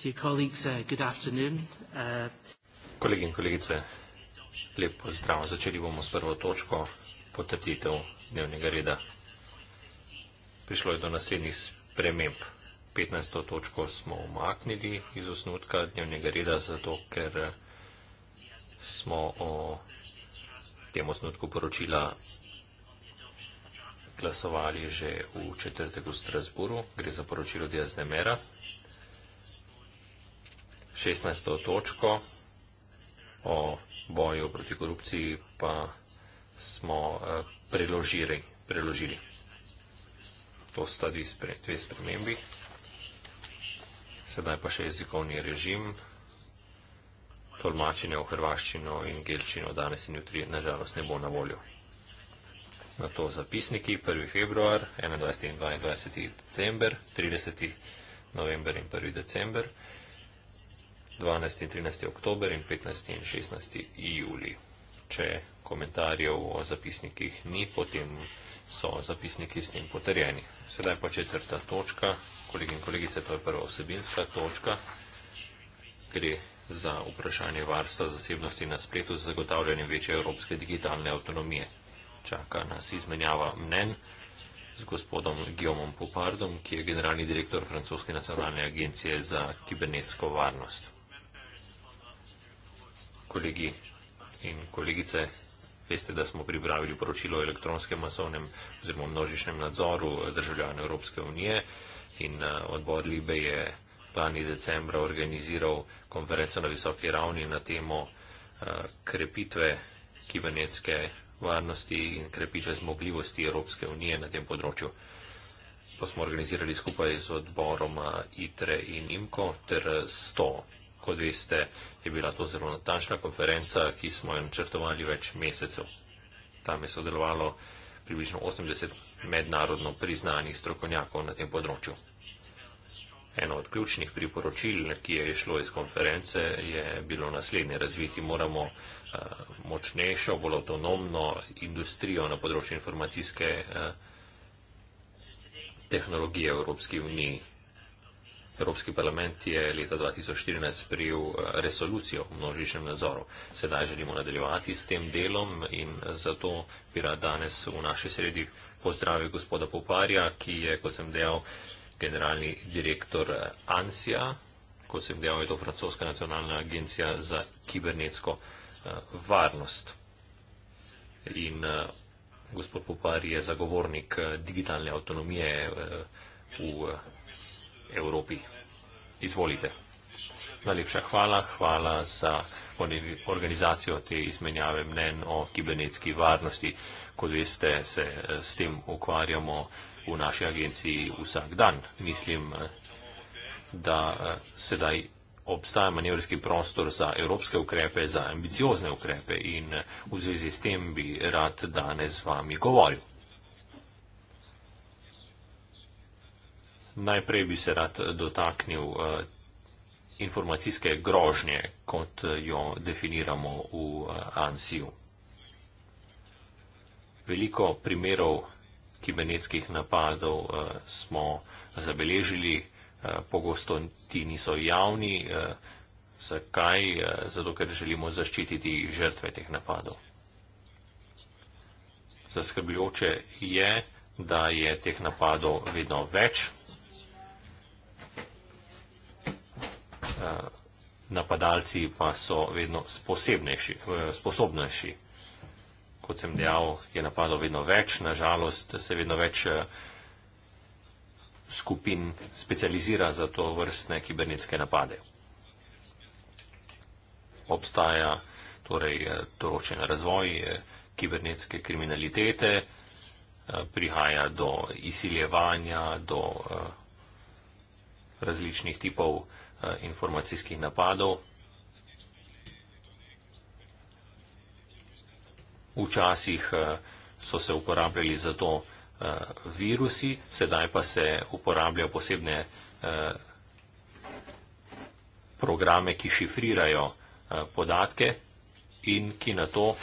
Dear colleagues, uh, good afternoon. Uh, Kolegi in kolegice, lep pozdrav. Začeli bomo s prvo točko potrditev dnevnega reda. Prišlo je do naslednjih sprememb. 15. točko smo umaknili iz osnutka dnevnega reda, zato ker uh, smo o tem osnutku poročila glasovali že v četrtek v Strasburu. Gre za poročilo Diaz de Mera. 16. točko o boju proti korupciji pa smo eh, preložili. preložili. To sta dve spremembi. Sedaj pa še jezikovni režim, tolmačenje v hrvaščino in gelčino danes in jutri nažalost ne bo na voljo. Na to zapisniki 1. februar, 21. in 22. december, 30. november in 1. december. 12. in 13. oktober in 15. in 16. juli. Če komentarjev o zapisnikih ni, potem so zapisniki s tem potrjeni. Sedaj pa četrta točka, kolegi in kolegice, to je prva osebinska točka, gre za vprašanje varstva zasebnosti na spletu z zagotavljanjem večje evropske digitalne avtonomije. Čaka nas izmenjava mnen z gospodom Guillaumom Popardom, ki je generalni direktor Francoske nacionalne agencije za kibernetsko varnost kolegi in kolegice, veste, da smo pripravili poročilo o elektronskem masovnem oziroma množičnem nadzoru eh, državljanov Evropske unije in eh, odbor Libe je lani decembra organiziral konferenco na visoki ravni na temo eh, krepitve kibernetske varnosti in krepitve zmogljivosti Evropske unije na tem področju. To smo organizirali skupaj z odborom ITRE in IMKO ter 100 kot veste, je bila to zelo natančna konferenca, ki smo jo načrtovali več mesecev. Tam je sodelovalo približno 80 mednarodno priznanih strokovnjakov na tem področju. Eno od ključnih priporočil, ki je išlo iz konference, je bilo naslednje. Razviti moramo eh, močnejšo, bolj avtonomno industrijo na področju informacijske eh, tehnologije v Evropski uniji. Evropski parlament je leta 2014 sprijel eh, resolucijo o množičnem nadzoru. Sedaj želimo nadaljevati s tem delom in zato bi rad danes v naši sredi pozdravil gospoda Poparja, ki je, kot sem dejal, generalni direktor eh, ANSIA, kot sem dejal, je to francoska nacionalna agencija za kibernetsko eh, varnost. In gospod Popar je zagovornik digitalne avtonomije v Evropi. Izvolite. Najlepša hvala, hvala za organizacijo te izmenjave mnen o kibernetski varnosti. Kot veste, se eh, s tem ukvarjamo v naši agenciji vsak dan. Mislim, eh, da eh, sedaj obstaja manevrski prostor za evropske ukrepe, za ambiciozne ukrepe in v zvezi s tem bi rad danes z vami govoril. Najprej bi se rad dotaknil eh, informacijske grožnje, kot jo definiramo v eh, ANSI-u. Veliko primerov kibernetskih napadov eh, smo zabeležili, pogosto ti niso javni. Zakaj? Zato, ker želimo zaščititi žrtve teh napadov. Zaskrbljujoče je, da je teh napadov vedno več, Eh, napadalci pa so vedno sposebnejši, eh, sposobnejši. Kot sem dejal, je napadov vedno več, nažalost se vedno več eh, skupin specializira za to vrstne kibernetske napade. Obstaja torej določen razvoj kibernetske kriminalitete, prihaja do izsiljevanja, do različnih tipov Eh, informacijskih napadov. Včasih eh, so se uporabljali za to eh, virusi, sedaj pa se uporabljajo posebne programe, ki šifrirajo podatke in ki na to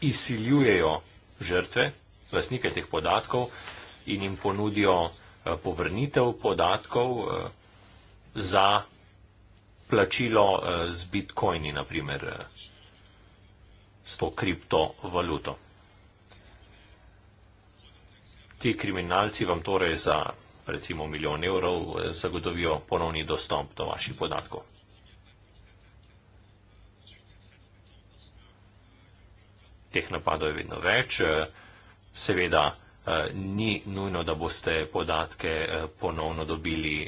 izsiljujejo žrtve, lasnike teh podatkov in jim ponudijo povrnitev podatkov za plačilo uh, z bitcoini, naprimer uh, eh, s to kriptovaluto. Ti kriminalci vam torej za recimo milijon evrov uh, zagotovijo ponovni dostop do vaših podatkov. Teh napadov je vedno več. Seveda ni nujno, da boste podatke ponovno dobili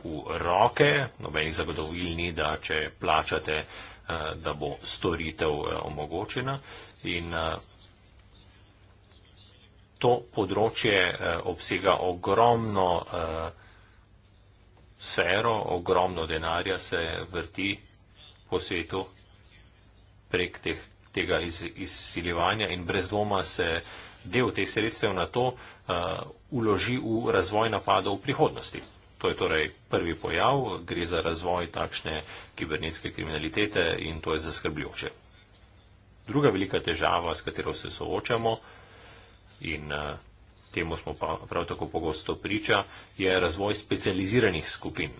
v roke, nobenih zagotovil ni, da če plačate, eh, da bo storitev eh, omogočena. In eh, to področje obsega ogromno sfero, ogromno denarja se vrti po svetu prek teh, tega iz, izsiljevanja in brez dvoma se del teh sredstev na to uh, uloži v razvoj napadov v prihodnosti. To je torej prvi pojav, gre za razvoj takšne kibernetske kriminalitete in to je zaskrbljujoče. Druga velika težava, s katero se soočamo in eh, temu smo pa prav tako pogosto priča, je razvoj specializiranih skupin,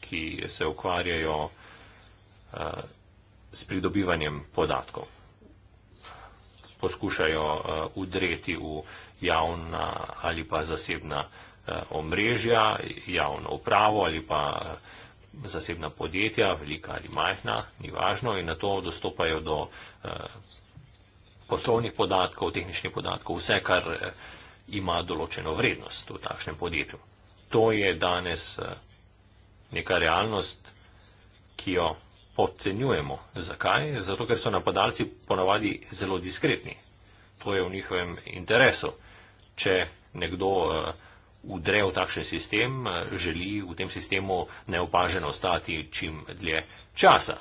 ki se ukvarjajo eh, s pridobivanjem podatkov. Poskušajo eh, udreti v javna ali pa zasebna skupina Eh, omrežja, javno upravo ali pa eh, zasebna podjetja, velika ali majhna, ni važno, in na to dostopajo do eh, poslovnih podatkov, tehničnih podatkov, vse, kar ima določeno vrednost v takšnem podjetju. To je danes neka realnost, ki jo podcenjujemo. Zakaj? Zato, ker so napadalci ponavadi zelo diskretni. To je v njihovem interesu. Če nekdo uh, vdre v takšen sistem, eh, želi v tem sistemu neopaženo ostati čim dlje časa.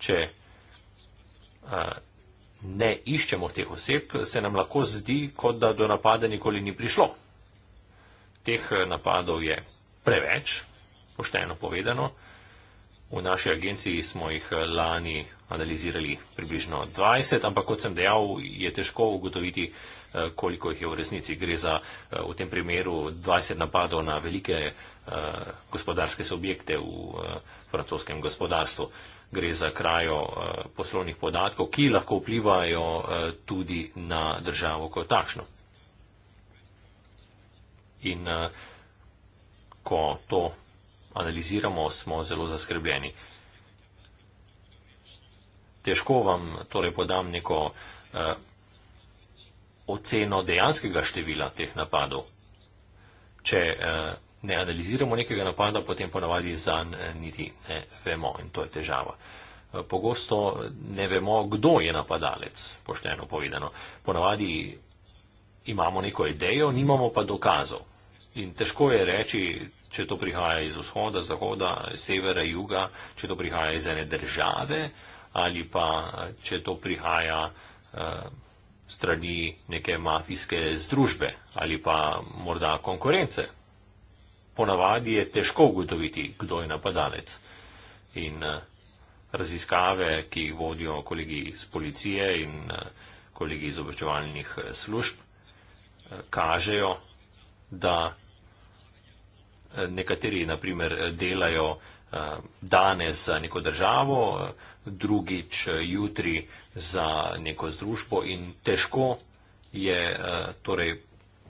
Če a, eh, ne iščemo teh oseb, se nam lahko zdi, kot da do napada nikoli ni prišlo. Teh eh, napadov je preveč, pošteno povedano, V naši agenciji smo jih eh, lani analizirali približno 20, ampak kot sem dejal, je težko ugotoviti, eh, koliko jih je v resnici. Gre za eh, v tem primeru 20 napadov na velike gospodarske subjekte v francoskem gospodarstvu. Gre za krajo poslovnih podatkov, ki lahko vplivajo tudi na državo kot takšno. In ko to analiziramo, smo zelo zaskrbljeni. Težko vam torej podam neko eh, oceno dejanskega števila teh napadov. Če eh, ne analiziramo nekega napada, potem ponavadi zanj eh, niti ne vemo in to je težava. Eh, pogosto ne vemo, kdo je napadalec, pošteno povedano. Ponavadi imamo neko idejo, nimamo pa dokazov. In težko je reči, če to prihaja iz vzhoda, zahoda, severa, juga, če to prihaja iz ene države ali pa če to prihaja uh, strani neke mafijske združbe ali pa morda konkurence. Ponavadi je težko ugotoviti, kdo je napadalec. In eh, raziskave, ki jih vodijo kolegi iz policije in eh, kolegi iz obrčevalnih služb, kažejo, da nekateri naprimer delajo eh, danes za neko državo, drugič eh, jutri za neko združbo in težko je eh, torej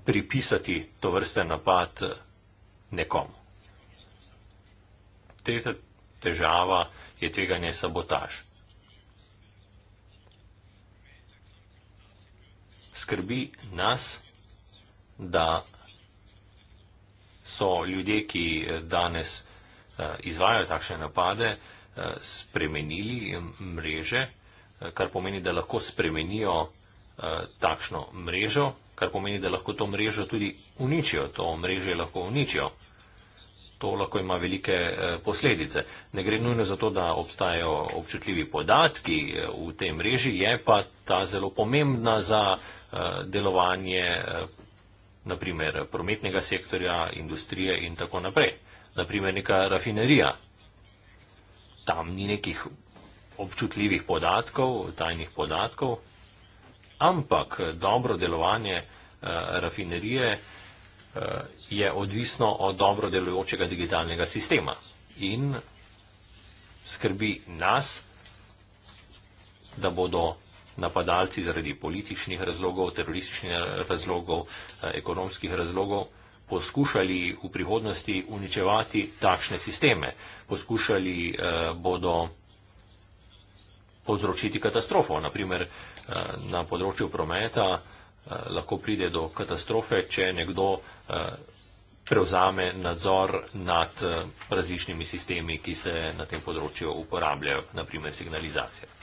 pripisati to vrste napad nekomu. Tretja težava je tveganje sabotaž. Skrbi nas, da so ljudje, ki eh, danes eh, izvajo takšne napade, eh, spremenili mreže, kar pomeni, da lahko spremenijo takšno mrežo, kar pomeni, da lahko to mrežo tudi uničijo, to mreže lahko uničijo. To lahko ima velike posledice. Ne gre nujno za to, da obstajajo občutljivi podatki v tej mreži, je pa ta zelo pomembna za delovanje naprimer prometnega sektorja, industrije in tako naprej. Naprimer neka rafinerija. Tam ni nekih občutljivih podatkov, tajnih podatkov, ampak dobro delovanje eh, rafinerije eh, je odvisno od dobro delujočega digitalnega sistema in skrbi nas, da bodo napadalci zaradi političnih razlogov, terorističnih razlogov, eh, ekonomskih razlogov poskušali v prihodnosti uničevati takšne sisteme. Poskušali eh, bodo povzročiti katastrofo. Naprimer, eh, na področju prometa eh, lahko pride do katastrofe, če nekdo eh, prevzame nadzor nad eh, različnimi sistemi, ki se na tem področju uporabljajo, naprimer signalizacija.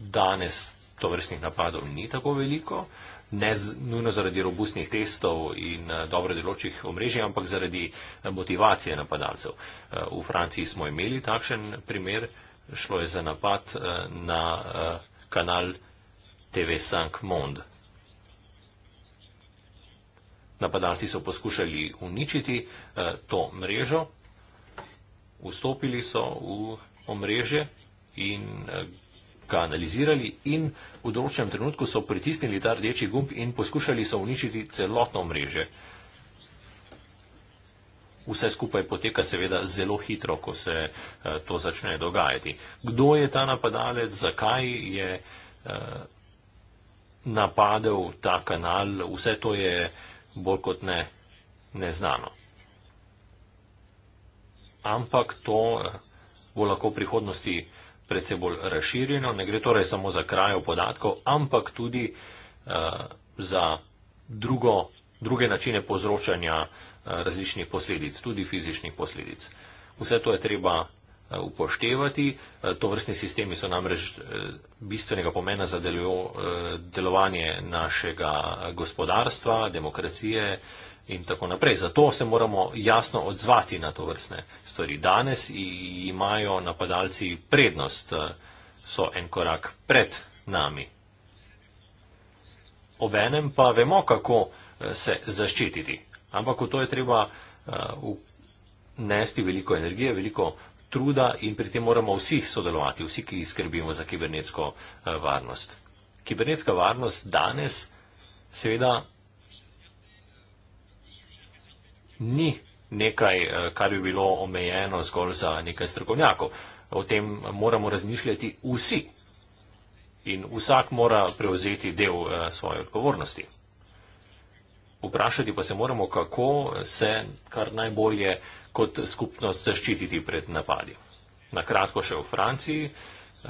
danes to vrstnih napadov ni tako veliko, ne z, nujno zaradi robustnih testov in eh, dobro deločih omrežij, ampak zaradi eh, motivacije napadalcev. Eh, v Franciji smo imeli takšen primer, šlo je za napad na kanal TV Sank Mond. Napadalci so poskušali uničiti to mrežo, vstopili so v omrežje in ga analizirali in v določenem trenutku so pritisnili ta rdeči gumb in poskušali so uničiti celotno mreže. Vse skupaj poteka seveda zelo hitro, ko se eh, to začne dogajati. Kdo je ta napadalec, zakaj je eh, napadel ta kanal, vse to je bolj kot ne neznano. Ampak to eh, bo lahko v prihodnosti uh, predvsej bolj razširjeno, ne gre torej samo za krajo podatkov, ampak tudi uh, za drugo, druge načine povzročanja uh, različnih posledic, tudi fizičnih posledic. Vse to je treba uh, upoštevati, uh, to vrstni sistemi so namreč uh, bistvenega pomena za delo, uh, delovanje našega gospodarstva, demokracije, uh, in tako naprej. Zato se moramo jasno odzvati na to vrstne stvari. Danes imajo napadalci prednost, so en korak pred nami. Obenem pa vemo, kako se zaščititi. Ampak v to je treba eh, vnesti veliko energije, veliko truda in pri tem moramo vsi sodelovati, vsi, ki skrbimo za kibernetsko eh, varnost. Kibernetska varnost danes seveda ni nekaj, eh, kar bi bilo omejeno zgolj za nekaj strokovnjakov. O tem moramo razmišljati vsi in vsak mora prevzeti del eh, svoje odgovornosti. Vprašati pa se moramo, kako se kar najbolje kot skupnost zaščititi pred napadi. Na kratko še v Franciji. Eh,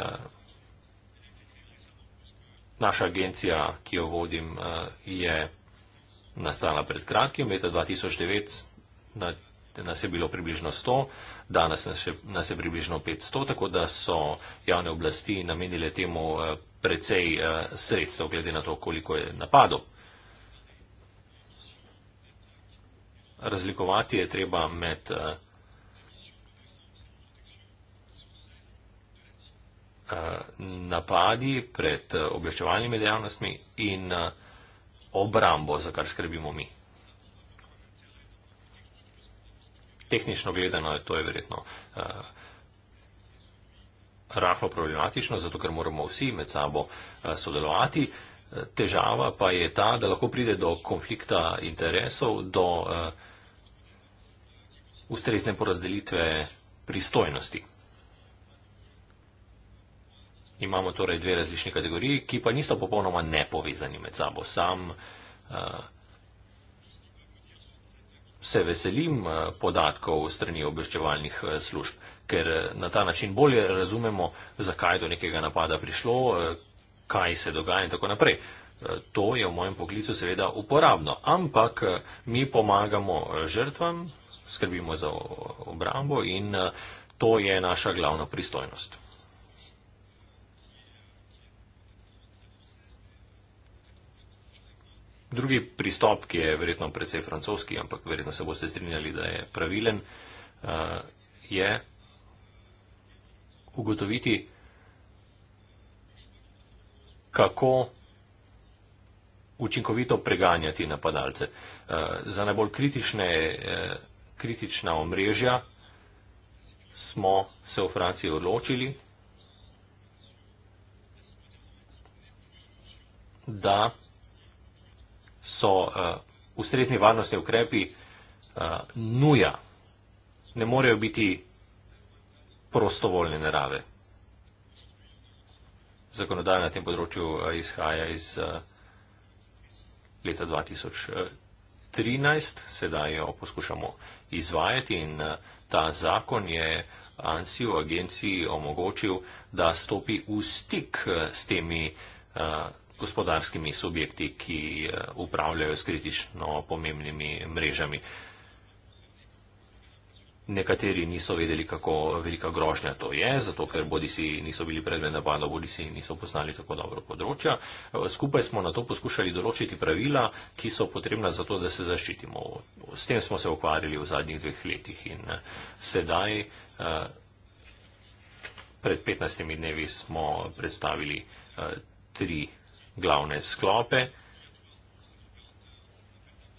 naša agencija, ki jo vodim, je nastala pred kratkim, leta 2009. Nas je bilo približno 100, danes nas je, nas je približno 500, tako da so javne oblasti namenile temu eh, precej eh, sredstev, glede na to, koliko je napadov. Razlikovati je treba med eh, napadi pred obveščevalnimi dejavnostmi in obrambo, za kar skrbimo mi. Tehnično gledano je to je verjetno uh, rahlo problematično, zato ker moramo vsi med sabo uh, sodelovati. Eh, težava pa je ta, da lahko pride do konflikta interesov, do uh, ustrezne porazdelitve pristojnosti imamo torej dve različni kategoriji, ki pa niso popolnoma nepovezani med sabo. Sam uh, se veselim uh, podatkov strani obveščevalnih uh, služb, ker na ta način bolje razumemo, zakaj je do nekega napada prišlo, uh, kaj se dogaja in tako naprej. To je v mojem poklicu seveda uporabno, ampak mi pomagamo žrtvam, skrbimo za obrambo in to je naša glavna pristojnost. drugi pristop, ki je verjetno precej francoski, ampak verjetno se boste strinjali, da je pravilen, uh, je ugotoviti, kako učinkovito preganjati napadalce. Uh, za najbolj kritične, uh, kritična omrežja smo se v Franciji odločili, da so uh, ustrezni varnostni ukrepi uh, nuja, ne morejo biti prostovoljne narave. Zakonodaja na tem področju eh, izhaja iz leta 2013, sedaj jo poskušamo izvajati in ta zakon je ANSI v agenciji omogočil, da stopi v stik s temi gospodarskimi subjekti, ki eh, upravljajo s kritično pomembnimi mrežami. Nekateri niso vedeli, kako velika grožnja to je, zato ker bodi si niso bili predmet napada, bodi si niso poznali tako dobro področja. Eh, skupaj smo na to poskušali določiti pravila, ki so potrebna za to, da se zaščitimo. S tem smo se ukvarjali v zadnjih dveh letih in eh, sedaj, pred 15 dnevi, smo predstavili tri glavne sklope.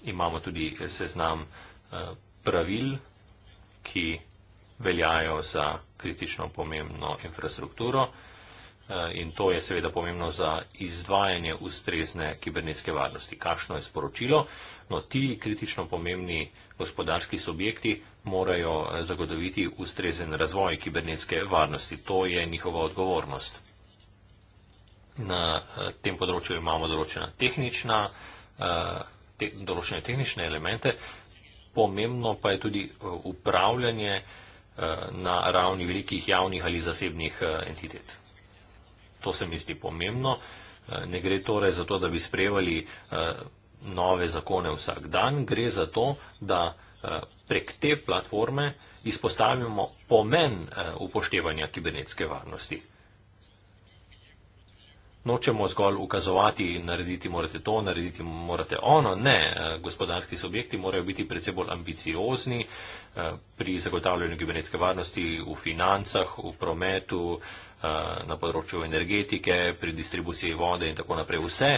Imamo tudi seznam eh, pravil, ki veljajo za kritično pomembno infrastrukturo eh, in to je seveda pomembno za izvajanje ustrezne kibernetske varnosti. Kakšno je sporočilo? No, ti kritično pomembni gospodarski subjekti morajo eh, zagotoviti ustrezen razvoj kibernetske varnosti. To je njihova odgovornost na eh, tem področju imamo določena tehnična, eh, te, določene tehnične elemente, pomembno pa je tudi eh, upravljanje na ravni velikih javnih ali zasebnih entitet. To se mi zdi pomembno. Ne gre torej za to, da bi sprejevali nove zakone vsak dan, gre za to, da prek te platforme izpostavimo pomen upoštevanja kibernetske varnosti nočemo zgolj ukazovati, narediti morate to, narediti morate ono. Ne, eh, gospodarski subjekti morajo biti predvsem bolj ambiciozni eh, pri zagotavljanju kibernetske varnosti v financah, v prometu, eh, na področju energetike, pri distribuciji vode in tako naprej. Vse,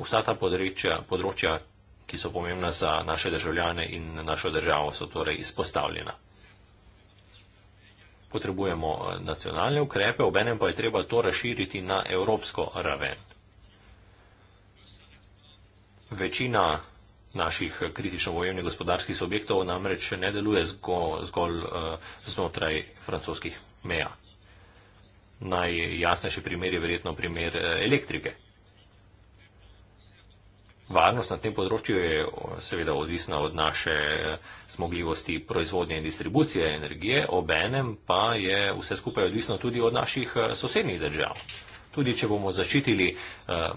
vsa ta področja, področja, ki so pomembna za naše državljane in našo državo, so torej izpostavljena potrebujemo eh, nacionalne ukrepe, ob enem pa je treba to razširiti na evropsko raven. Večina naših eh, kritično vojevnih gospodarskih subjektov namreč ne deluje zgo, zgolj eh, znotraj francoskih meja. Najjasnejši primer je verjetno primer elektrike. Varnost na tem področju je seveda odvisna od naše eh, zmogljivosti proizvodnje in distribucije energije, obenem pa je vse skupaj odvisno tudi od naših eh, sosednjih držav. Tudi če bomo zaščitili eh,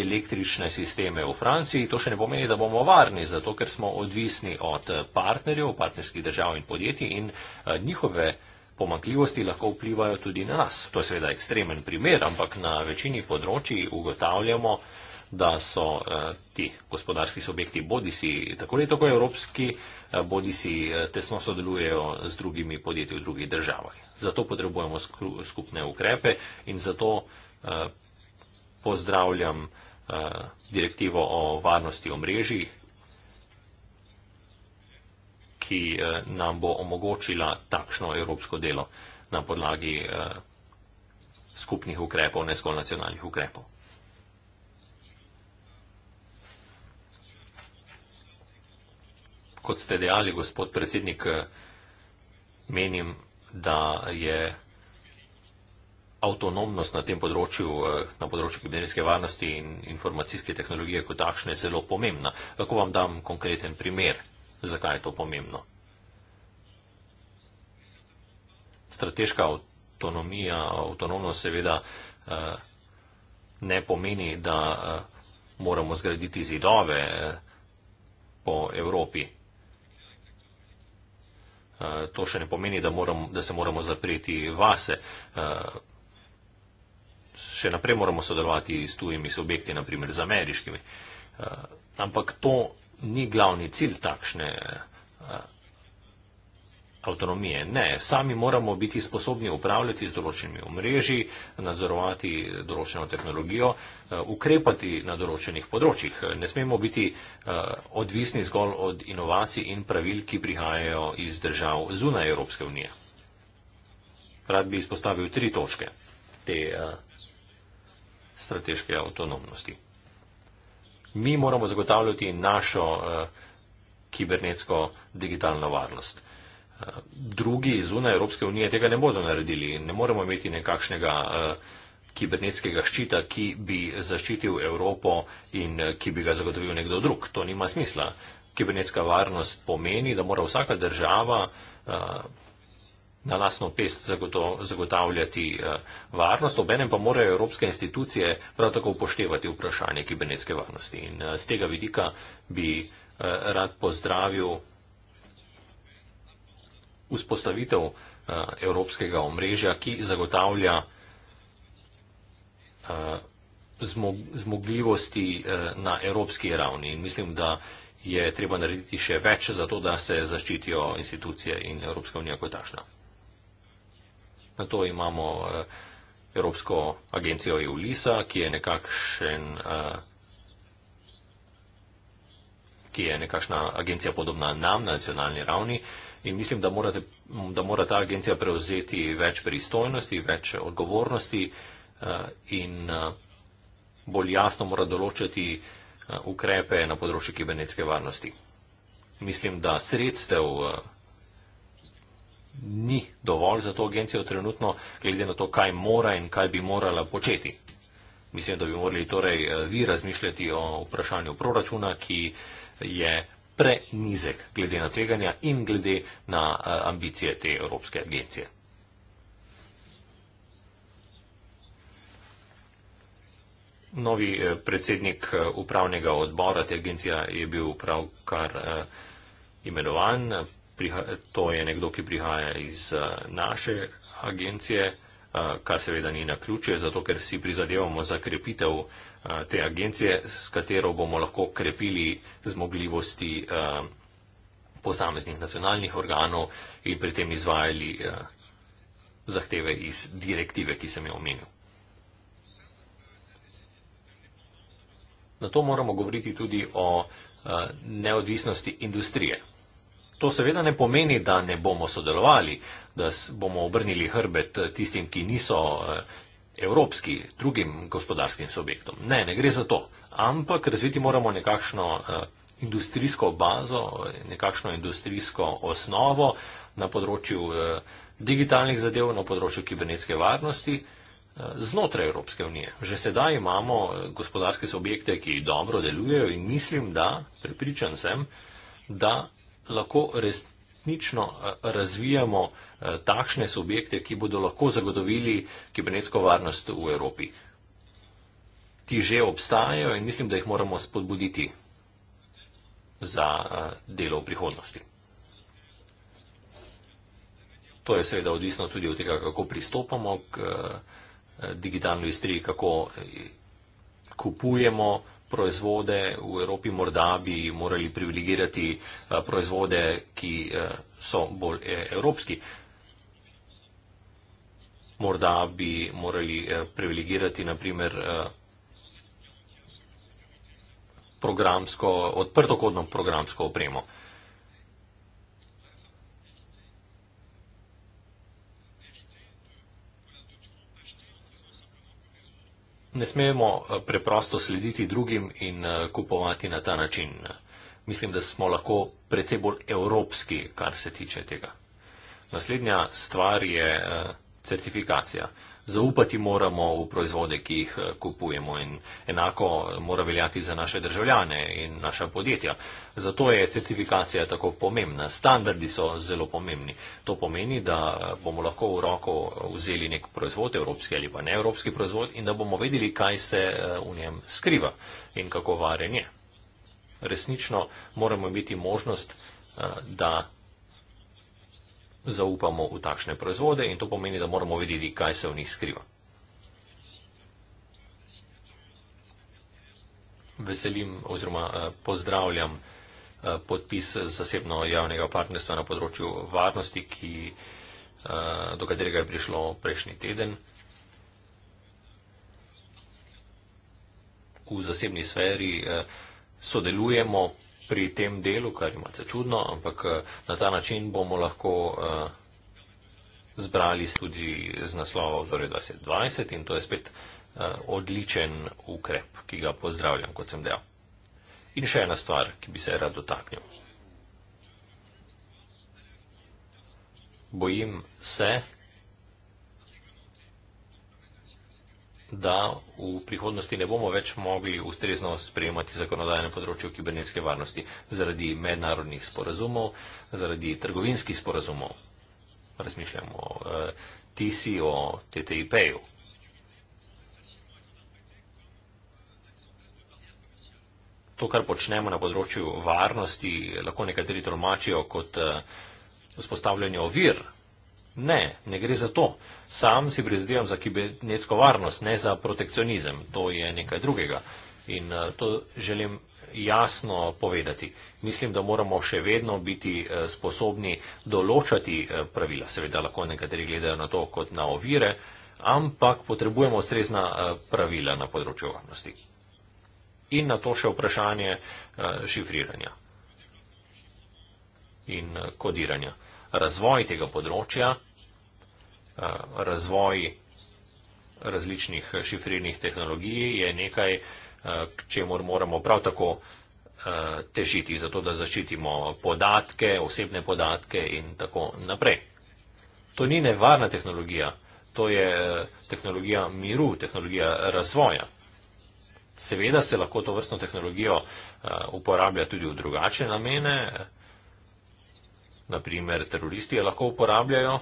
električne sisteme v Franciji, to še ne pomeni, da bomo varni, zato ker smo odvisni od partnerjev, partnerskih držav in podjetij in njihove pomankljivosti lahko vplivajo tudi na nas. To je seveda ekstremen primer, ampak na večini področji ugotavljamo, da so eh, ti gospodarski subjekti bodi si tako ali tako evropski, eh, bodi si eh, tesno sodelujejo z drugimi podjetji v drugih državah. Zato potrebujemo skupne ukrepe in zato pozdravljam direktivo o varnosti omrežij, ki nam bo omogočila takšno evropsko delo na podlagi skupnih ukrepov, ne zgolj nacionalnih ukrepov. kot ste dejali, gospod predsednik, eh, menim, da je avtonomnost na tem področju, eh, na področju kibernetske varnosti in informacijske tehnologije kot takšne zelo pomembna. Lahko vam dam konkreten primer, zakaj je to pomembno. Strateška avtonomija, avtonomnost seveda eh, ne pomeni, da moramo zgraditi zidove po Evropi, Eh, to še ne pomeni, da, moram, da se moramo zapreti vase. Eh, še naprej moramo sodelovati s tujimi subjekti, naprimer z ameriškimi. Eh, ampak to ni glavni cilj takšne Avtonomije. Ne, sami moramo biti sposobni upravljati z določenimi omrežji, nadzorovati določeno tehnologijo, eh, ukrepati na določenih področjih. Ne smemo biti eh, odvisni zgolj od inovacij in pravil, ki prihajajo iz držav zunaj Evropske unije. Rad bi izpostavil tri točke te eh, strateške avtonomnosti. Mi moramo zagotavljati našo kibernetsko digitalno varnost drugi zunaj Evropske unije tega ne bodo naredili. Ne moremo imeti nekakšnega eh, kibernetskega ščita, ki bi zaščitil Evropo in eh, ki bi ga zagotovil nekdo drug. To nima smisla. Kibernetska varnost pomeni, da mora vsaka država eh, na lasno pest zagotavljati varnost, obenem pa morajo evropske institucije prav tako upoštevati vprašanje kibernetske varnosti. In z tega vidika bi rad pozdravil vzpostavitev eh, evropskega omrežja, ki zagotavlja eh, zmogljivosti eh, na evropski ravni. In mislim, da je treba narediti še več za to, da se zaščitijo institucije in Evropska unija kot tašna. Na to imamo Evropsko agencijo EULISA, ki je nekakšen ki je nekakšna agencija podobna nam na nacionalni ravni, in mislim, da, morate, da mora ta agencija prevzeti več pristojnosti, več odgovornosti eh, in eh, bolj jasno mora določiti eh, ukrepe na področju kibernetske varnosti. Mislim, da sredstev ni dovolj za to agencijo trenutno, glede na to, kaj mora in kaj bi morala početi. Mislim, da bi morali torej vi razmišljati o vprašanju proračuna, ki je prenizek glede na tveganja in glede na eh, ambicije te Evropske agencije. Novi eh, predsednik eh, upravnega odbora te agencije je bil pravkar imenovan. To je nekdo, ki prihaja iz naše agencije, kar seveda ni na ključe, zato ker si prizadevamo za krepitev Eh, te agencije, s katero bomo lahko krepili zmogljivosti eh, posameznih nacionalnih organov in pri tem izvajali eh, zahteve iz direktive, ki sem jo omenil. Na to moramo govoriti tudi o neodvisnosti industrije. To seveda ne pomeni, da ne bomo sodelovali, da bomo obrnili hrbet tistim, ki niso evropski, drugim gospodarskim subjektom. Ne, ne gre za to. Ampak razviti moramo nekakšno eh, industrijsko bazo, nekakšno industrijsko osnovo na področju eh, digitalnih zadev, na področju kibernetske varnosti eh, znotraj Evropske unije. Že sedaj imamo gospodarske subjekte, ki dobro delujejo in mislim, da, prepričan sem, da lahko res resnično eh, razvijamo eh, takšne subjekte, ki bodo lahko zagotovili kibernetsko varnost v Evropi. Ti že obstajajo in mislim, da jih moramo spodbuditi za eh, delo v prihodnosti. To je seveda odvisno tudi od tega, kako pristopamo k digitalni industriji, kako kupujemo proizvode v Evropi morda bi morali privilegirati eh, proizvode, ki eh, so bolj eh, evropski. Morda bi morali privilegirati naprimer programsko, odprtokodno programsko opremo. ne smemo eh, preprosto slediti drugim in eh, kupovati na ta način. Mislim, da smo lahko predvsej bolj evropski, kar se tiče tega. Naslednja stvar je eh, certifikacija zaupati moramo v proizvode, ki jih eh, kupujemo in enako mora veljati za naše državljane in naša podjetja. Zato je certifikacija tako pomembna. Standardi so zelo pomembni. To pomeni, da eh, bomo lahko v roko vzeli nek proizvod, evropski ali pa neevropski proizvod in da bomo vedeli, kaj se eh, v njem skriva in kako varen je. Resnično moramo imeti možnost, da zaupamo v takšne proizvode in to pomeni, da moramo vedeti, kaj se v njih skriva. Veselim oziroma eh, pozdravljam eh, podpis zasebno javnega partnerstva na področju varnosti, ki, eh, do katerega je prišlo prejšnji teden. V zasebni sferi sodelujemo pri tem delu, kar je malce čudno, ampak eh, na ta način bomo lahko eh, zbrali tudi z naslova vzore 2020 in to je spet eh, odličen ukrep, ki ga pozdravljam, kot sem dejal. In še ena stvar, ki bi se rad dotaknil. Bojim se, da v prihodnosti ne bomo več mogli ustrezno sprejemati zakonodaje na področju kibernetske varnosti zaradi mednarodnih sporazumov, zaradi trgovinskih sporazumov. Razmišljamo eh, o eh, TISI, o TTIP-ju. To, kar počnemo na področju varnosti, lahko nekateri tolmačijo kot eh, vzpostavljanje ovir Ne, ne gre za to. Sam si prizadevam za kibernetsko varnost, ne za protekcionizem. To je nekaj drugega. In eh, to želim jasno povedati. Mislim, da moramo še vedno biti eh, sposobni določati eh, pravila. Seveda lahko nekateri gledajo na to kot na ovire, ampak potrebujemo strezna pravila na področju varnosti. In na to še vprašanje šifriranja in kodiranja razvoj tega področja, eh, razvoj različnih šifrirnih tehnologij je nekaj, eh, k čemu moramo prav tako eh, težiti, zato da zaščitimo podatke, osebne podatke in tako naprej. To ni nevarna tehnologija, to je tehnologija miru, tehnologija razvoja. Seveda se lahko to vrstno tehnologijo uporablja tudi v drugačne namene, naprimer teroristi, lahko uporabljajo,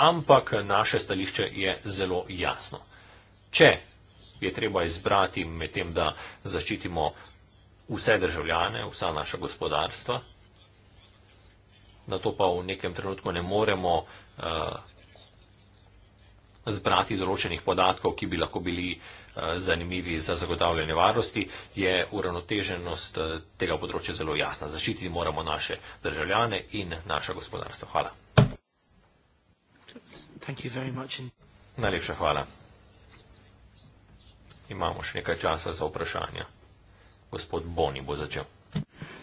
ampak naše stališče je zelo jasno. Če je treba izbrati med tem, da zaščitimo vse državljane, vsa naša gospodarstva, na to pa v nekem trenutku ne moremo. Uh, zbrati določenih podatkov, ki bi lahko bili eh, zanimivi za zagotavljanje varnosti, je uravnoteženost eh, tega področja zelo jasna. Zaščititi moramo naše državljane in naša gospodarstva. Hvala. Najlepša hvala. Imamo še nekaj časa za vprašanja. Gospod Boni bo začel.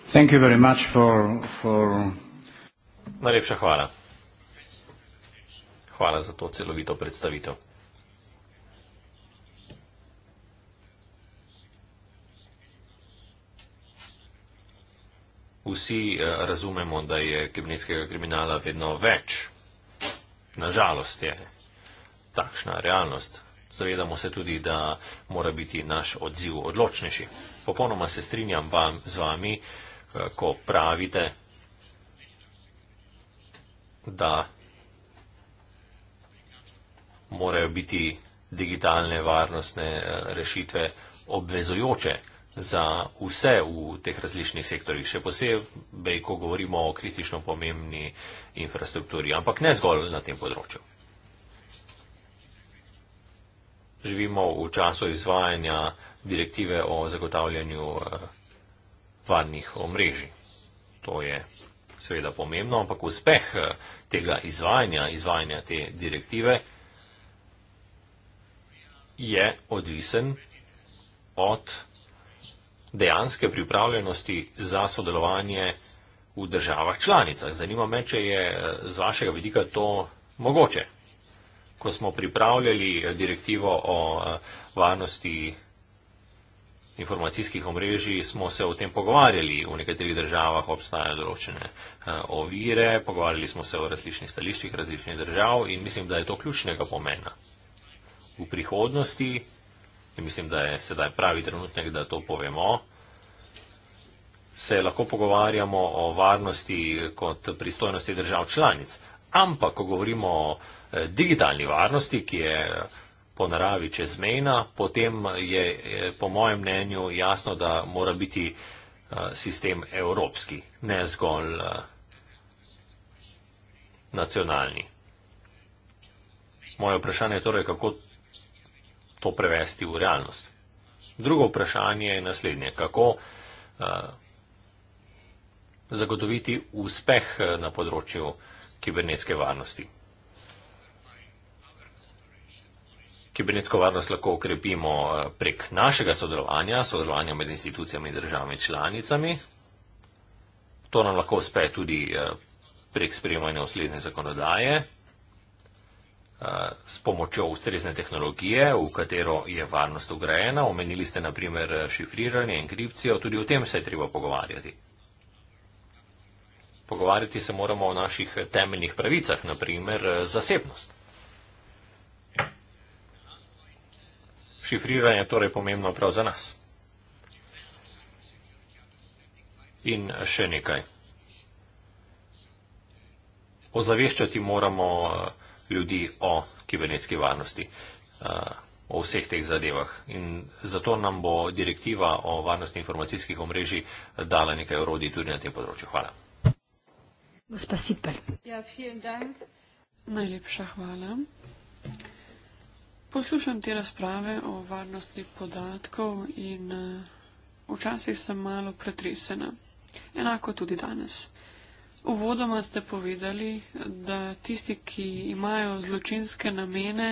For, for... Najlepša hvala. Hvala za to celovito predstavitev. Vsi eh, razumemo, da je kibernetskega kriminala vedno več. Nažalost je takšna realnost. Zavedamo se tudi, da mora biti naš odziv odločnejši. Popolnoma se strinjam vam, z vami, eh, ko pravite, da morajo biti digitalne varnostne eh, rešitve obvezojoče za vse v teh različnih sektorjih, še posebej, ko govorimo o kritično pomembni infrastrukturi, ampak ne zgolj na tem področju. Živimo v času izvajanja direktive o zagotavljanju eh, varnih omrežij. To je seveda pomembno, ampak uspeh eh, tega izvajanja, izvajanja te direktive, je odvisen od dejanske pripravljenosti za sodelovanje v državah članicah. Zanima me, če je eh, z vašega vidika to mogoče. Ko smo pripravljali eh, direktivo o eh, varnosti informacijskih omrežij, smo se o tem pogovarjali. V nekaterih državah obstajajo določene ovire, pogovarjali smo se o različnih stališčih različnih držav in mislim, da je to ključnega pomena v prihodnosti, in mislim, da je sedaj pravi trenutek, da to povemo, se lahko pogovarjamo o varnosti kot pristojnosti držav članic. Ampak, ko govorimo o eh, digitalni varnosti, ki je eh, po naravi čezmejna, potem je eh, po mojem mnenju jasno, da mora biti sistem evropski, ne zgolj nacionalni. Moje vprašanje je torej, kako to prevesti v realnost. Drugo vprašanje je naslednje. Kako uh, zagotoviti uspeh eh, na področju kibernetske varnosti? Kibernetsko varnost lahko ukrepimo eh, prek našega sodelovanja, sodelovanja med institucijami in državami članicami. To nam lahko uspe tudi prek sprejemanja osledne zakonodaje. Eh, s pomočjo ustrezne tehnologije, v katero je varnost ugrajena. Omenili ste naprimer šifriranje, enkripcijo, tudi o tem se je treba pogovarjati. Pogovarjati se moramo o naših temeljnih pravicah, naprimer eh, zasebnost. Šifriranje je torej pomembno prav za nas. In še nekaj. Ozaveščati moramo eh, ljudi o kibernetski varnosti, eh, o vseh teh zadevah. In zato nam bo direktiva o varnosti informacijskih omrežij dala nekaj urodij tudi na tem področju. Hvala. Gospa Sipel. Ja, vielen Dank. Najlepša hvala. Poslušam te razprave o varnosti podatkov in uh, včasih sem malo pretresena. Enako tudi danes. Uvodoma ste povedali, da tisti, ki imajo zločinske namene,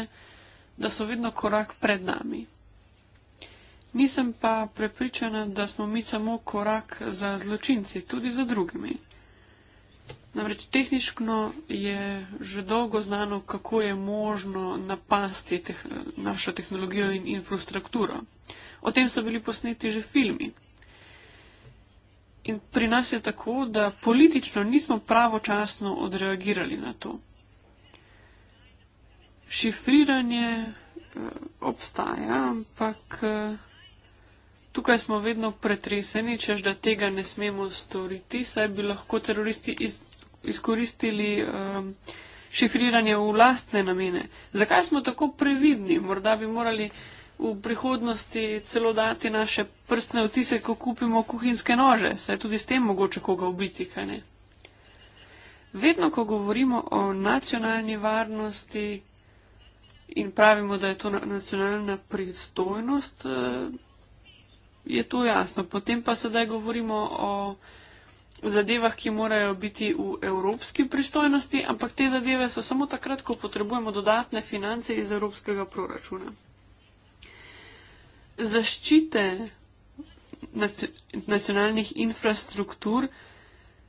da so vedno korak pred nami. Nisem pa prepričana, da smo mi samo korak za zločinci, tudi za drugimi. Namreč tehnično je že dolgo znano, kako je možno napasti teh, našo tehnologijo in infrastrukturo. O tem so bili posneti že filmi. In pri nas je tako, da politično nismo pravočasno odreagirali na to. Šifriranje eh, obstaja, ampak eh, tukaj smo vedno pretreseni, čež da tega ne smemo storiti, saj bi lahko teroristi iz, izkoristili um, šifriranje v lastne namene. Zakaj smo tako previdni? Morda bi morali uh, v prihodnosti celo dati naše prstne vtise, ko kupimo kuhinske nože, saj tudi s tem mogoče koga ubiti, kaj ne. Vedno, ko govorimo o nacionalni varnosti in pravimo, da je to nacionalna pristojnost, eh, je to jasno. Potem pa sedaj govorimo o zadevah, ki morajo biti v evropski pristojnosti, ampak te zadeve so samo takrat, ko potrebujemo dodatne finance iz evropskega proračuna zaščite nac nacionalnih infrastruktur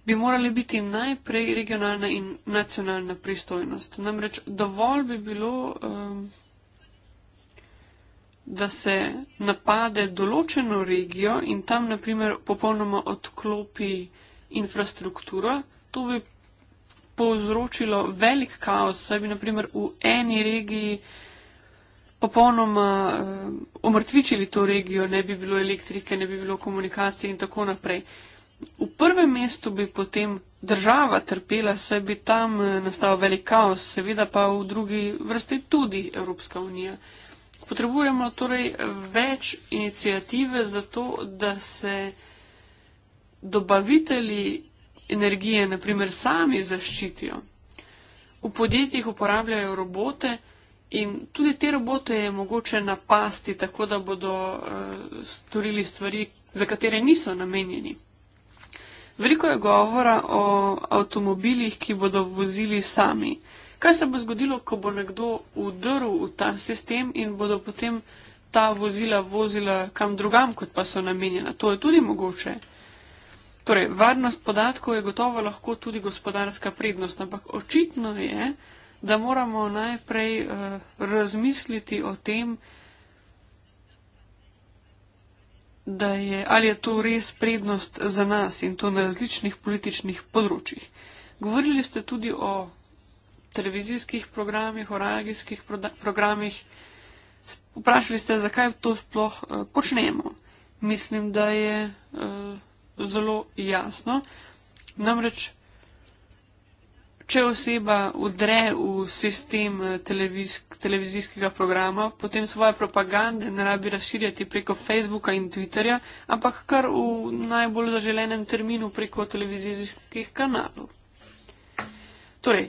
bi morali biti najprej regionalna in nacionalna pristojnost. Namreč dovolj bi bilo, um, da se napade določeno regijo in tam naprimer popolnoma odklopi infrastrukturo, to bi povzročilo velik kaos, saj bi naprimer v eni regiji uh, popolnoma eh, omrtvičili to regijo, ne bi bilo elektrike, ne bi bilo komunikacije in tako naprej. V prvem mestu bi potem država trpela, saj bi tam eh, nastal velik kaos, seveda pa v drugi vrsti tudi Evropska unija. Potrebujemo torej več inicijative za to, da se dobavitelji energije, naprimer, sami zaščitijo. V podjetjih uporabljajo robote, In tudi te robote je mogoče napasti, tako da bodo uh, storili stvari, za katere niso namenjeni. Veliko je govora o avtomobilih, ki bodo vozili sami. Kaj se bo zgodilo, ko bo nekdo vdrl v ta sistem in bodo potem ta vozila vozila kam drugam, kot pa so namenjena? To je tudi mogoče. Torej, varnost podatkov je gotovo lahko tudi gospodarska prednost, ampak očitno je, da moramo najprej uh, razmisliti o tem, da je, ali je to res prednost za nas in to na različnih političnih področjih. Govorili ste tudi o televizijskih programih, o radijskih programih. Vprašali ste, zakaj to sploh uh, počnemo. Mislim, da je uh, zelo jasno. Namreč Če oseba udre v sistem eh, televizijskega programa, potem svoje propagande ne rabi razširjati preko Facebooka in Twitterja, ampak kar v najbolj zaželenem terminu preko televizijskih kanalov. Torej,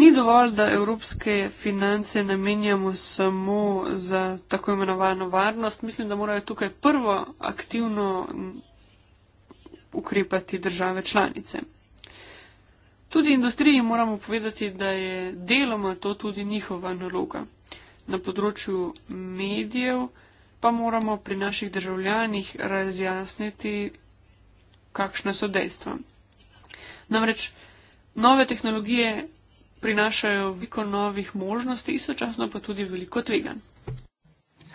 ni dovolj, da evropske finance namenjamo samo za tako imenovano varnost. Mislim, da morajo tukaj prvo aktivno ukrepati države članice. Tudi industriji moramo povedati, da je deloma to tudi njihova naloga. Na področju medijev pa moramo pri naših državljanih razjasniti, kakšne so dejstva. Namreč nove tehnologije prinašajo veliko novih možnosti, istočasno pa tudi veliko tveganj. Hvala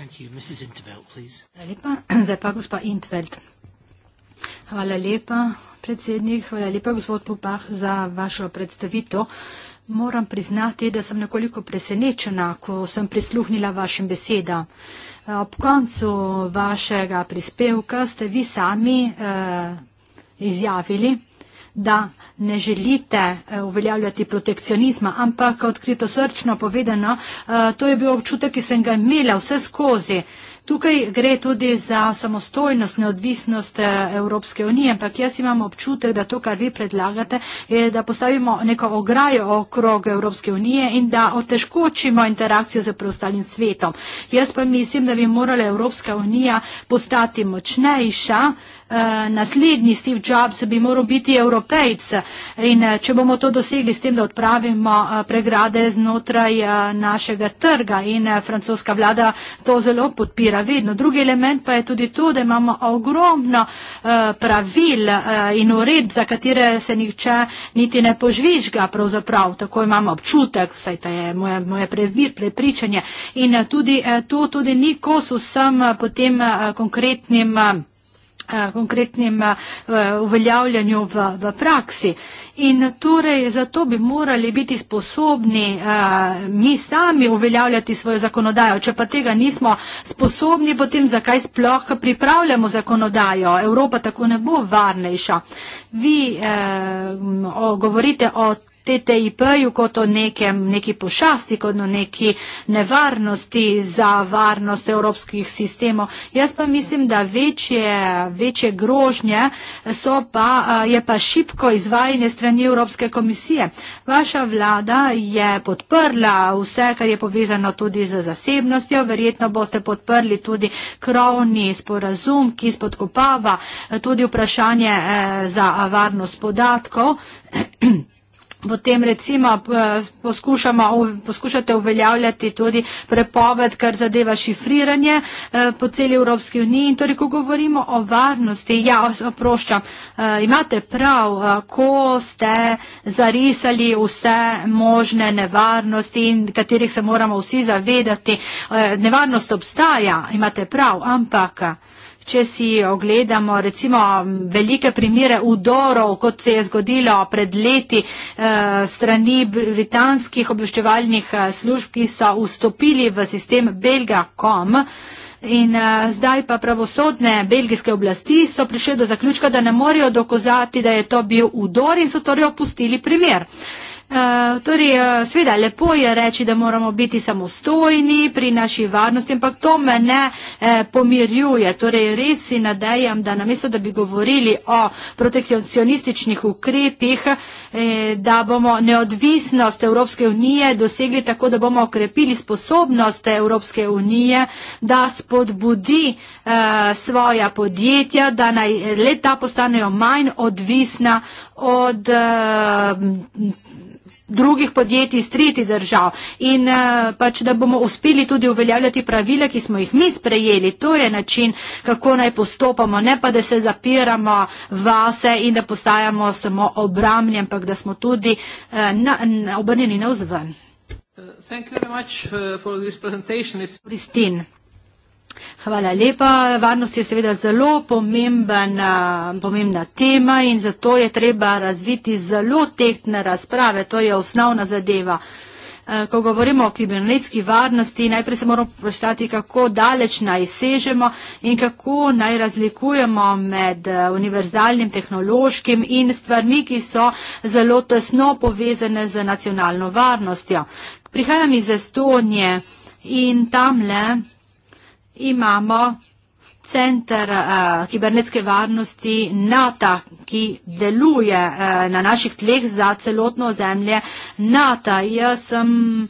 lepa, zdaj pa gospa Intveld. Hvala lepa, predsednik, hvala lepa gospod Popah za vašo predstavitev. Moram priznati, da sem nekoliko presenečena, ko sem prisluhnila vašim besedam. Ob koncu vašega prispevka ste vi sami eh, izjavili, da ne želite eh, uveljavljati protekcionizma, ampak odkrito srčno povedano, eh, to je bil občutek, ki sem ga imela vse skozi. Tukaj gre tudi za samostojnost, neodvisnost eh, Evropske unije, ampak jaz imam občutek, da to, kar vi predlagate, je, da postavimo neko ograjo okrog Evropske unije in da otežkočimo interakcijo z preostalim svetom. Jaz pa mislim, da bi morala Evropska unija postati močnejša, Eh, naslednji Steve Jobs bi moral biti evropejc in eh, če bomo to dosegli s tem, da odpravimo eh, pregrade znotraj našega trga in francoska vlada to zelo podpira vedno. Drugi element pa je tudi to, da imamo ogromno pravil in ured, za katere se nihče niti ne požvižga pravzaprav, tako imamo občutek, vsaj to je moje, moje prepričanje in tudi to tudi ni kos vsem potem konkretnim Eh, konkretnim eh, uveljavljanju v, v praksi. In torej zato bi morali biti sposobni eh, mi sami uveljavljati svojo zakonodajo. Če pa tega nismo sposobni, potem zakaj sploh pripravljamo zakonodajo? Evropa tako ne bo varnejša. Vi govorite o TTIP-ju kot o nekem, neki pošasti, kot o neki nevarnosti za varnost evropskih sistemov. Jaz pa mislim, da večje, večje grožnje pa, je pa šipko izvajanje strani Evropske komisije. Vaša vlada je podprla vse, kar je povezano tudi z zasebnostjo. Verjetno boste podprli tudi krovni sporazum, ki spodkopava tudi vprašanje eh, za varnost podatkov. Potem recimo eh, poskušate uveljavljati tudi prepoved, kar zadeva šifriranje eh, po celi Evropski uniji. In torej, ko govorimo o varnosti, ja, oproščam, eh, imate prav, ko ste zarisali vse možne nevarnosti, katerih se moramo vsi zavedati. Nevarnost obstaja, imate prav, ampak če si ogledamo recimo velike primere udorov, kot se je zgodilo pred leti eh, strani britanskih obveščevalnih eh, služb, ki so vstopili v sistem belga.com. In uh, zdaj pa pravosodne belgijske oblasti so prišli do zaključka, da ne morejo dokazati, da je to bil udor in so torej opustili primer. Uh, Eh, torej, eh, sveda, lepo je reči, da moramo biti samostojni pri naši varnosti, ampak to me ne eh, pomirjuje. Torej, res si nadejam, da namesto, da bi govorili o protekcionističnih ukrepih, eh, da bomo neodvisnost Evropske unije dosegli tako, da bomo okrepili sposobnost Evropske unije, da spodbudi eh, svoja podjetja, da naj leta postanejo manj odvisna od. Eh, drugih podjetij iz tretjih držav in eh, pač, da bomo uspeli tudi uveljavljati pravile, ki smo jih mi sprejeli. To je način, kako naj postopamo, ne pa, da se zapiramo vase in da postajamo samo obramni, ampak da smo tudi eh, na, na, obrnjeni navzven. Uh, thank you very much uh, for this presentation. It's... Christine. Hvala lepa. Varnost je seveda zelo pomembna, pomembna tema in zato je treba razviti zelo tehtne razprave. To je osnovna zadeva. Ko govorimo o kibernetski varnosti, najprej se moramo vprašati, kako daleč naj sežemo in kako naj razlikujemo med univerzalnim tehnološkim in stvarmi, ki so zelo tesno povezane z nacionalno varnostjo. Prihajam iz Estonije in tamle imamo centar uh, eh, kibernetske varnosti NATO, ki deluje uh, na naših tleh za celotno zemlje NATO. Jaz sem,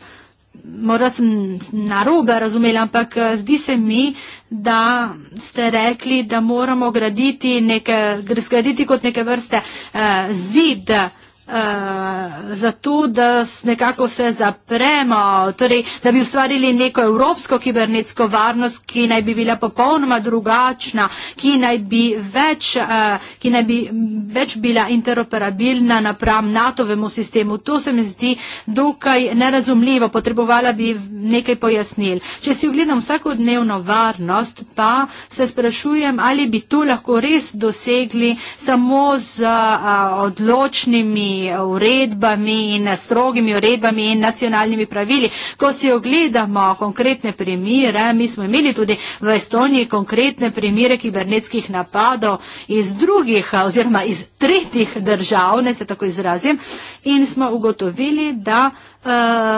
morda sem narobe razumela, ampak eh, zdi se mi, da ste rekli, da moramo graditi, neke, graditi kot neke vrste uh, zid. Uh, Eh, zato, da nekako se zapremo, torej, da bi ustvarili neko evropsko kibernetsko varnost, ki naj bi bila popolnoma drugačna, ki naj bi več, uh, ki naj bi več bila interoperabilna napram NATO-vemu sistemu. To se mi zdi dokaj nerazumljivo, potrebovala bi nekaj pojasnil. Če si ogledam vsakodnevno varnost, pa se sprašujem, ali bi to lahko res dosegli samo z uh, odločnimi uh, uredbami in strogimi uredbami in nacionalnimi pravili. Ko si ogledamo konkretne primere, mi smo imeli tudi v Estoniji konkretne primere kibernetskih napadov iz drugih oziroma iz tretjih držav, ne se tako izrazim, in smo ugotovili, da eh,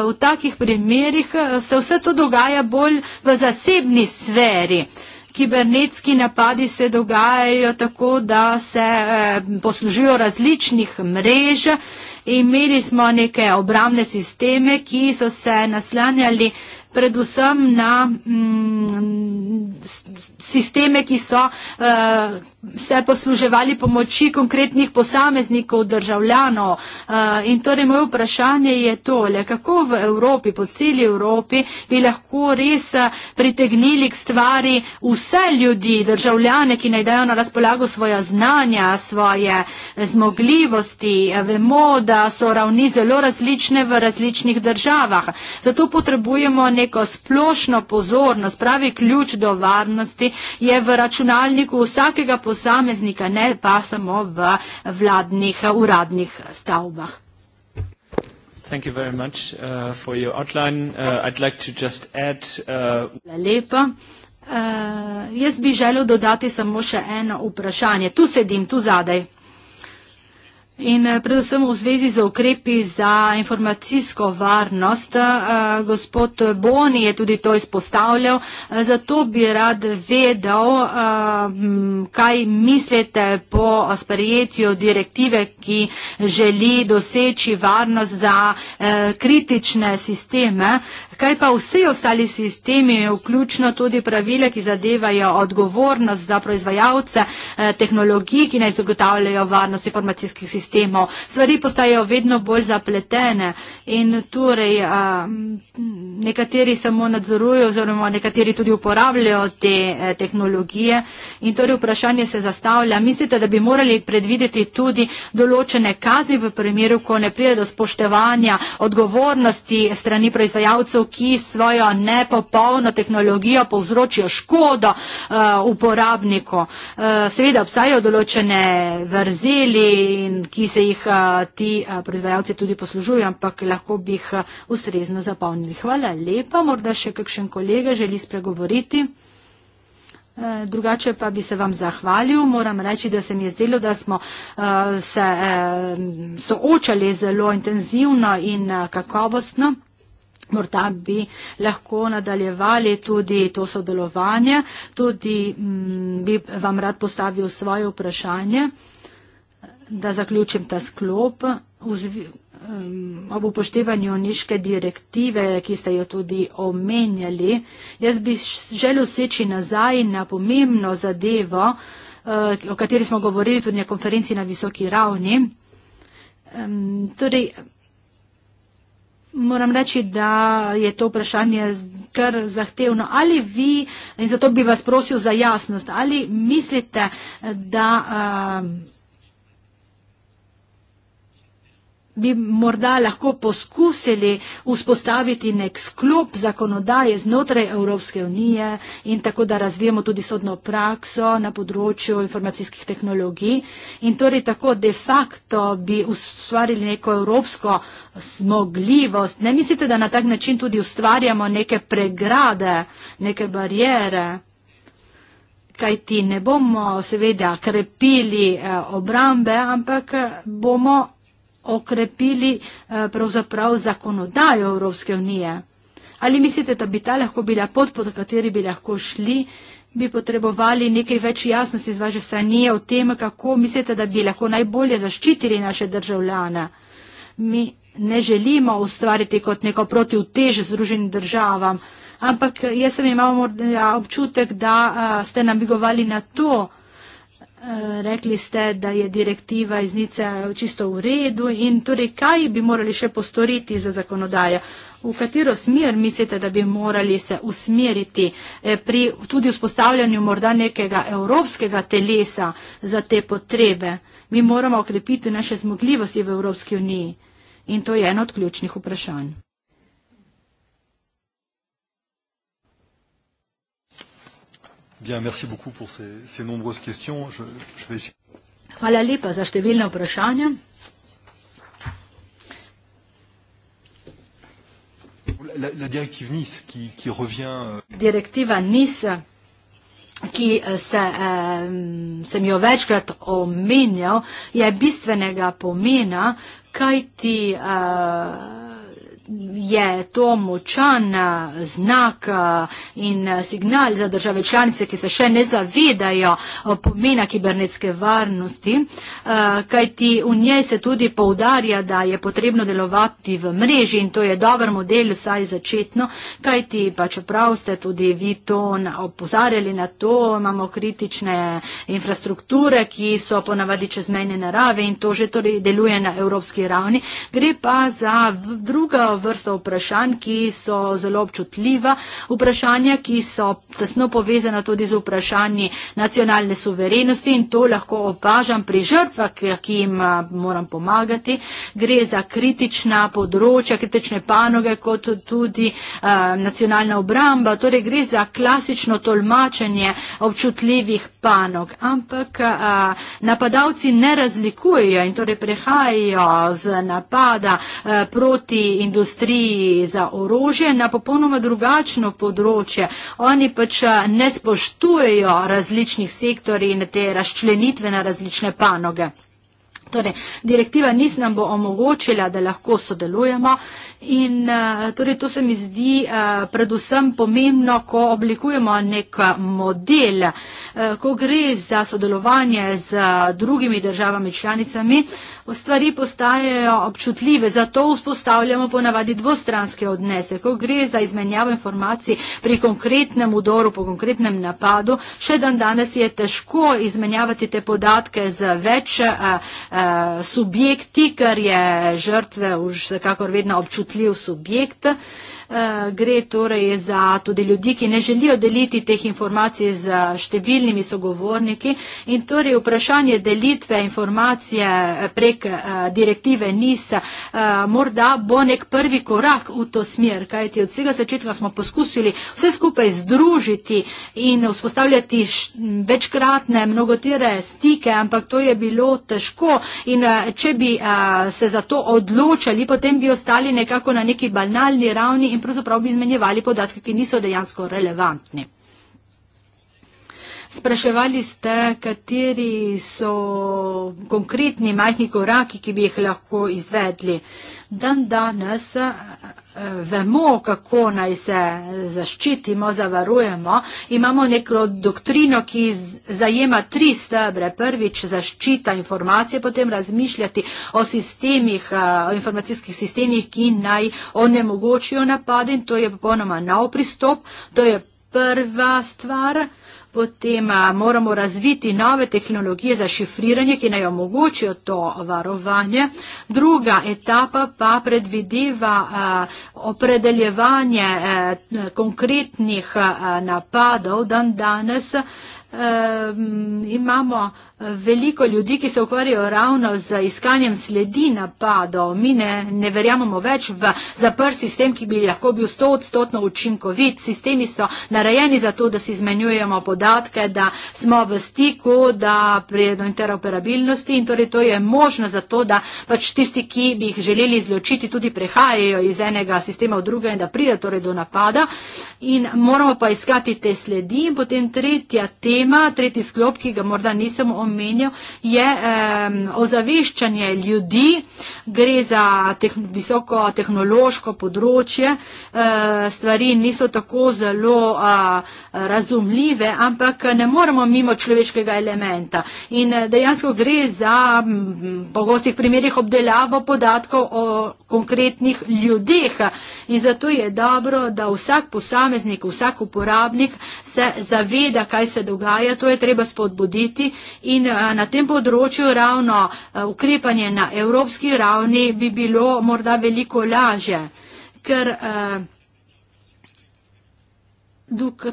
v takih primerih eh, se vse to dogaja bolj v zasebni sferi. Kibernetski napadi se dogajajo tako, da se eh, poslužijo različnih mrež. Imeli smo neke obramne sisteme, ki so se naslanjali predvsem na mm, sisteme, ki so uh, se posluževali pomoči konkretnih posameznikov, državljanov. Eh, in torej moje vprašanje je tole, kako v Evropi, po celi Evropi bi lahko res eh, pritegnili k stvari vse ljudi, državljane, ki naj dajo na razpolago svoja znanja, svoje eh, zmogljivosti. Vemo, da so ravni zelo različne v različnih državah. Zato potrebujemo neko splošno pozornost. Pravi ključ do varnosti je v računalniku vsakega posameznika posameznika, ne pa samo v vladnih eh, uradnih stavbah. Thank you very much uh, for your outline. Uh, I'd like to just add. Uh... Lepa. Uh, jaz bi želel dodati samo še eno vprašanje. Tu sedim, tu zadaj. In eh, predvsem v zvezi z ukrepi za informacijsko varnost, eh, gospod Boni je tudi to izpostavljal, eh, zato bi rad vedel, kaj mislite po sprejetju direktive, ki želi doseči varnost za kritične sisteme, Kaj pa vse ostali sistemi, vključno tudi pravile, ki zadevajo odgovornost za proizvajalce eh, tehnologij, ki naj zagotavljajo varnost informacijskih sistemov. Stvari postajajo vedno bolj zapletene in torej eh, nekateri samo nadzorujo oziroma nekateri tudi uporabljajo te eh, tehnologije. In torej vprašanje se zastavlja, mislite, da bi morali predvideti tudi določene kazni v primeru, ko ne pride do spoštevanja odgovornosti strani proizvajalcev, tistih, ki svojo nepopolno tehnologijo povzročijo škodo uh, uporabniku. Uh, seveda obstajajo določene vrzeli, ki se jih uh, ti uh, proizvajalci tudi poslužujejo, ampak lahko bi jih ustrezno zapolnili. Hvala lepa. Morda še kakšen kolega želi spregovoriti. Drugače pa bi se vam zahvalil. Moram reči, da se mi je zdelo, da smo se soočali zelo intenzivno in kakovostno morda bi lahko nadaljevali tudi to sodelovanje, tudi m, mm, bi vam rad postavil svoje vprašanje, da zaključim ta sklop. Vzvi, mm, ob upoštevanju niške direktive, ki ste jo tudi omenjali. Jaz bi želel seči nazaj na pomembno zadevo, eh, o kateri smo govorili tudi na konferenci na visoki ravni. Torej, Moram reči, da je to vprašanje kar zahtevno. Ali vi, in zato bi vas prosil za jasnost, ali mislite, da. Uh, bi morda lahko poskusili vzpostaviti nek sklop zakonodaje znotraj Evropske unije in tako da razvijemo tudi sodno prakso na področju informacijskih tehnologij in torej tako de facto bi ustvarili neko evropsko zmogljivost. Ne mislite, da na tak način tudi ustvarjamo neke pregrade, neke barijere? kaj ti ne bomo seveda krepili eh, obrambe, ampak eh, bomo okrepili eh, pravzaprav zakonodajo Evropske unije. Ali mislite, da bi ta lahko bila pot, pod kateri bi lahko šli, bi potrebovali nekaj več jasnosti z vaše strani o tem, kako mislite, da bi lahko najbolje zaščitili naše državljane? Mi ne želimo ustvariti kot neko protivtež združenim državam, ampak jaz sem imel občutek, da eh, ste namigovali na to, Eh, rekli ste, da je direktiva iz Nice čisto v redu in torej kaj bi morali še postoriti za zakonodajo? V katero smer mislite, da bi morali se usmeriti eh, pri tudi vzpostavljanju morda nekega evropskega telesa za te potrebe? Mi moramo okrepiti naše zmogljivosti v Evropski uniji in to je eno od ključnih vprašanj. Bien, merci beaucoup pour ces, ces nombreuses questions. Je, je vais essayer. Hvala lepa za številne vprašanja. La, la directive Nice qui, qui revient. Euh, Directiva Nice, qui eh, se eh, mi ovečkrat omenjal, je bistvenega pomena, kaj ti uh, eh, je to močan eh, znak eh, in eh, signal za države članice, ki se še ne zavedajo pomena kibernetske varnosti, kaj ti v njej se tudi poudarja, da je potrebno delovati v mreži in to je dober model vsaj začetno, kaj ti pa čeprav ste tudi vi to opozarjali na to, imamo kritične infrastrukture, ki so ponavadi čezmejne narave in to že torej deluje na evropski ravni, gre pa za drugo vrsto vprašanj, ki so zelo občutljiva, vprašanja, ki so tesno povezana tudi z vprašanji nacionalne suverenosti in to lahko opažam pri žrtvah, ki jim moram pomagati. Gre za kritična področja, kritične panoge, kot tudi uh, nacionalna obramba, torej gre za klasično tolmačenje občutljivih panog. Ampak uh, napadalci ne razlikujejo in torej prehajajo z napada uh, proti industrijo industriji za orožje na popolnoma drugačno področje. Oni pač eh, ne spoštujejo različnih sektorjev in te razčlenitve na različne panoge. Torej, direktiva nis nam bo omogočila, da lahko sodelujemo in eh, torej, to se mi zdi eh, predvsem pomembno, ko oblikujemo nek model, ko gre za sodelovanje z drugimi državami članicami stvari postajajo občutljive, zato vzpostavljamo ponavadi dvostranske odnese. Ko gre za izmenjavo informacij pri konkretnem udoru, po konkretnem napadu, še dan danes je težko izmenjavati te podatke z več a, eh, a, eh, subjekti, ker je žrtve už vsekakor vedno občutljiv subjekt. A, Eh, gre torej za tudi ljudi, ki ne želijo deliti teh informacij z številnimi sogovorniki in torej vprašanje delitve informacije eh, prek eh, direktive NIS morda bo nek prvi korak v to smer, kajti od vsega začetka smo poskusili vse skupaj združiti in vzpostavljati večkratne mnogotire stike, ampak to je bilo težko in če bi se za to odločali, potem bi ostali nekako na neki banalni ravni in pravzaprav bi izmenjevali podatke, ki niso dejansko relevantni. Spraševali ste, kateri so konkretni majhni koraki, ki bi jih lahko izvedli. Dan danes eh, vemo, kako naj se zaščitimo, zavarujemo. Imamo neko doktrino, ki zajema tri stebre. Prvič zaščita informacije, potem razmišljati o sistemih, eh, o informacijskih sistemih, ki naj onemogočijo napade in to je popolnoma nov pristop, to je prva stvar. Potem moramo razviti nove tehnologije za šifriranje, ki naj omogočijo to varovanje. Druga etapa pa predvideva opredeljevanje konkretnih napadov dan danes um, imamo eh, veliko ljudi, ki se ukvarjajo ravno z iskanjem sledi napadov. Mi ne, ne verjamemo več v zaprt sistem, ki bi lahko bil stotstotno učinkovit. Sistemi so narejeni za to, da si izmenjujemo podatke, da smo v stiku, da prije do interoperabilnosti in torej to je možno za to, da pač tisti, ki bi jih želeli izločiti, tudi prehajajo iz enega sistema v druge in da pride torej do napada. In moramo pa iskati te sledi. Potem tretja tema tema, tretji sklop, ki ga morda nisem omenil, je um, ozaveščanje ljudi. Gre za teh, visoko tehnološko področje. Uh, stvari niso tako zelo uh, razumljive, ampak ne moramo mimo človeškega elementa. In eh, dejansko gre za pogostih primerjih obdelavo podatkov o konkretnih ljudeh. In zato je dobro, da vsak posameznik, vsak uporabnik se zaveda, kaj se dogaja prihaja, to je treba spodbuditi in eh, na tem področju ravno eh, ukrepanje na evropski ravni bi bilo morda veliko laže, ker eh,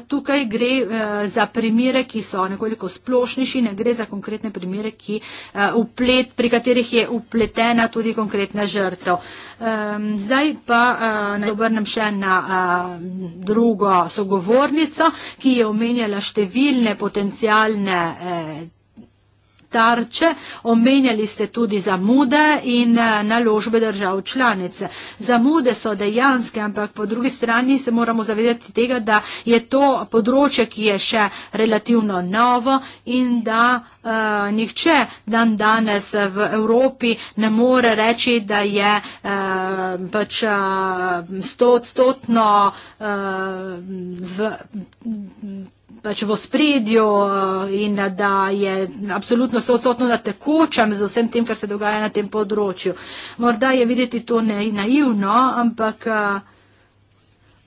tukaj gre eh, za primere, ki so nekoliko splošnejši, ne gre za konkretne primere, uplet, eh, pri katerih je upletena tudi konkretna žrtev. Ehm, zdaj pa eh, naj obrnem še na drugo sogovornico, ki je omenjala številne potencialne tarče, omenjali ste tudi zamude in eh, naložbe držav članice. Zamude so dejanske, ampak po drugi strani se moramo zavedati tega, da je to področje, ki je še relativno novo in da uh, nihče dan danes v Evropi ne more reči, da je uh, pač uh, stot, stotno uh, v pač v spredju eh, in da je absolutno soodsotno na tekočem z vsem tem, kar se dogaja na tem področju. Morda je videti to ne, naivno, ampak eh,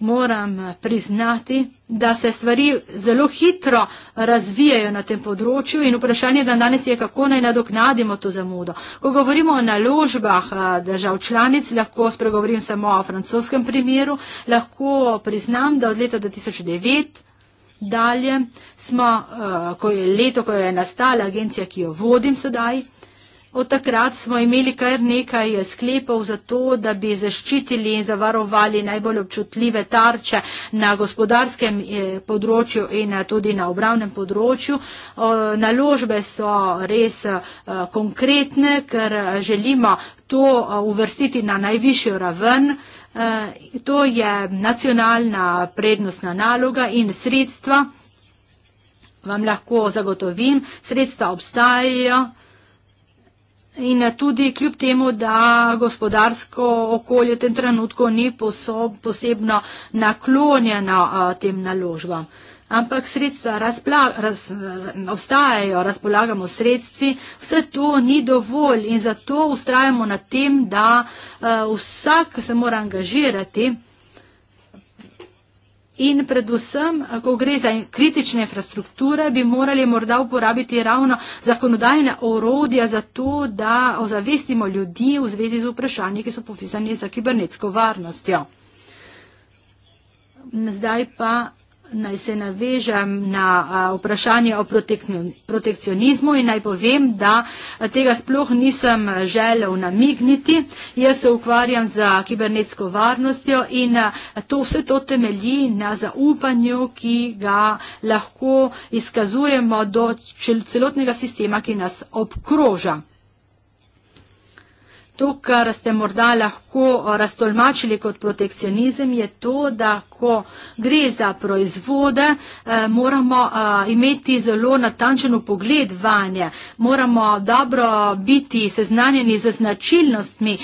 moram eh, priznati, da se stvari zelo hitro razvijajo na tem področju in vprašanje dan danes je, kako naj nadoknadimo to zamudo. Ko govorimo o naložbah držav članic, lahko spregovorim samo o francoskem primeru, lahko priznam, da od leta 2009 dalje smo, eh, ko je leto, ko je nastala agencija, ki jo vodim sedaj, od takrat smo imeli kar nekaj sklepov za to, da bi zaščitili in zavarovali najbolj občutljive tarče na gospodarskem eh, področju in eh, tudi na obravnem področju. Naložbe so res konkretne, ker želimo to uvrstiti na najvišjo raven. Eh, to je nacionalna prednostna naloga in sredstva, vam lahko zagotovim, sredstva obstajajo in tudi kljub temu, da gospodarsko okolje v tem trenutku ni posebno naklonjeno eh, tem naložbam ampak sredstva razpla, raz, obstajajo, razpolagamo sredstvi, vse to ni dovolj in zato ustrajamo na tem, da uh, vsak se mora angažirati in predvsem, eh, ko gre za kritične infrastrukture, bi morali morda uporabiti ravno zakonodajne orodja za to, da ozavestimo ljudi v zvezi z vprašanji, ki so povezani za kibernetsko varnostjo. Zdaj pa Naj se navežem na vprašanje o protekcionizmu in naj povem, da tega sploh nisem želel namigniti. Jaz se ukvarjam z kibernetsko varnostjo in to vse to temelji na zaupanju, ki ga lahko izkazujemo do celotnega sistema, ki nas obkroža. To, kar ste morda lahko eh, raztolmačili kot protekcionizem, je to, da ko gre za proizvode, eh, moramo eh, imeti zelo natančen pogled vanje, moramo dobro biti seznanjeni z značilnostmi,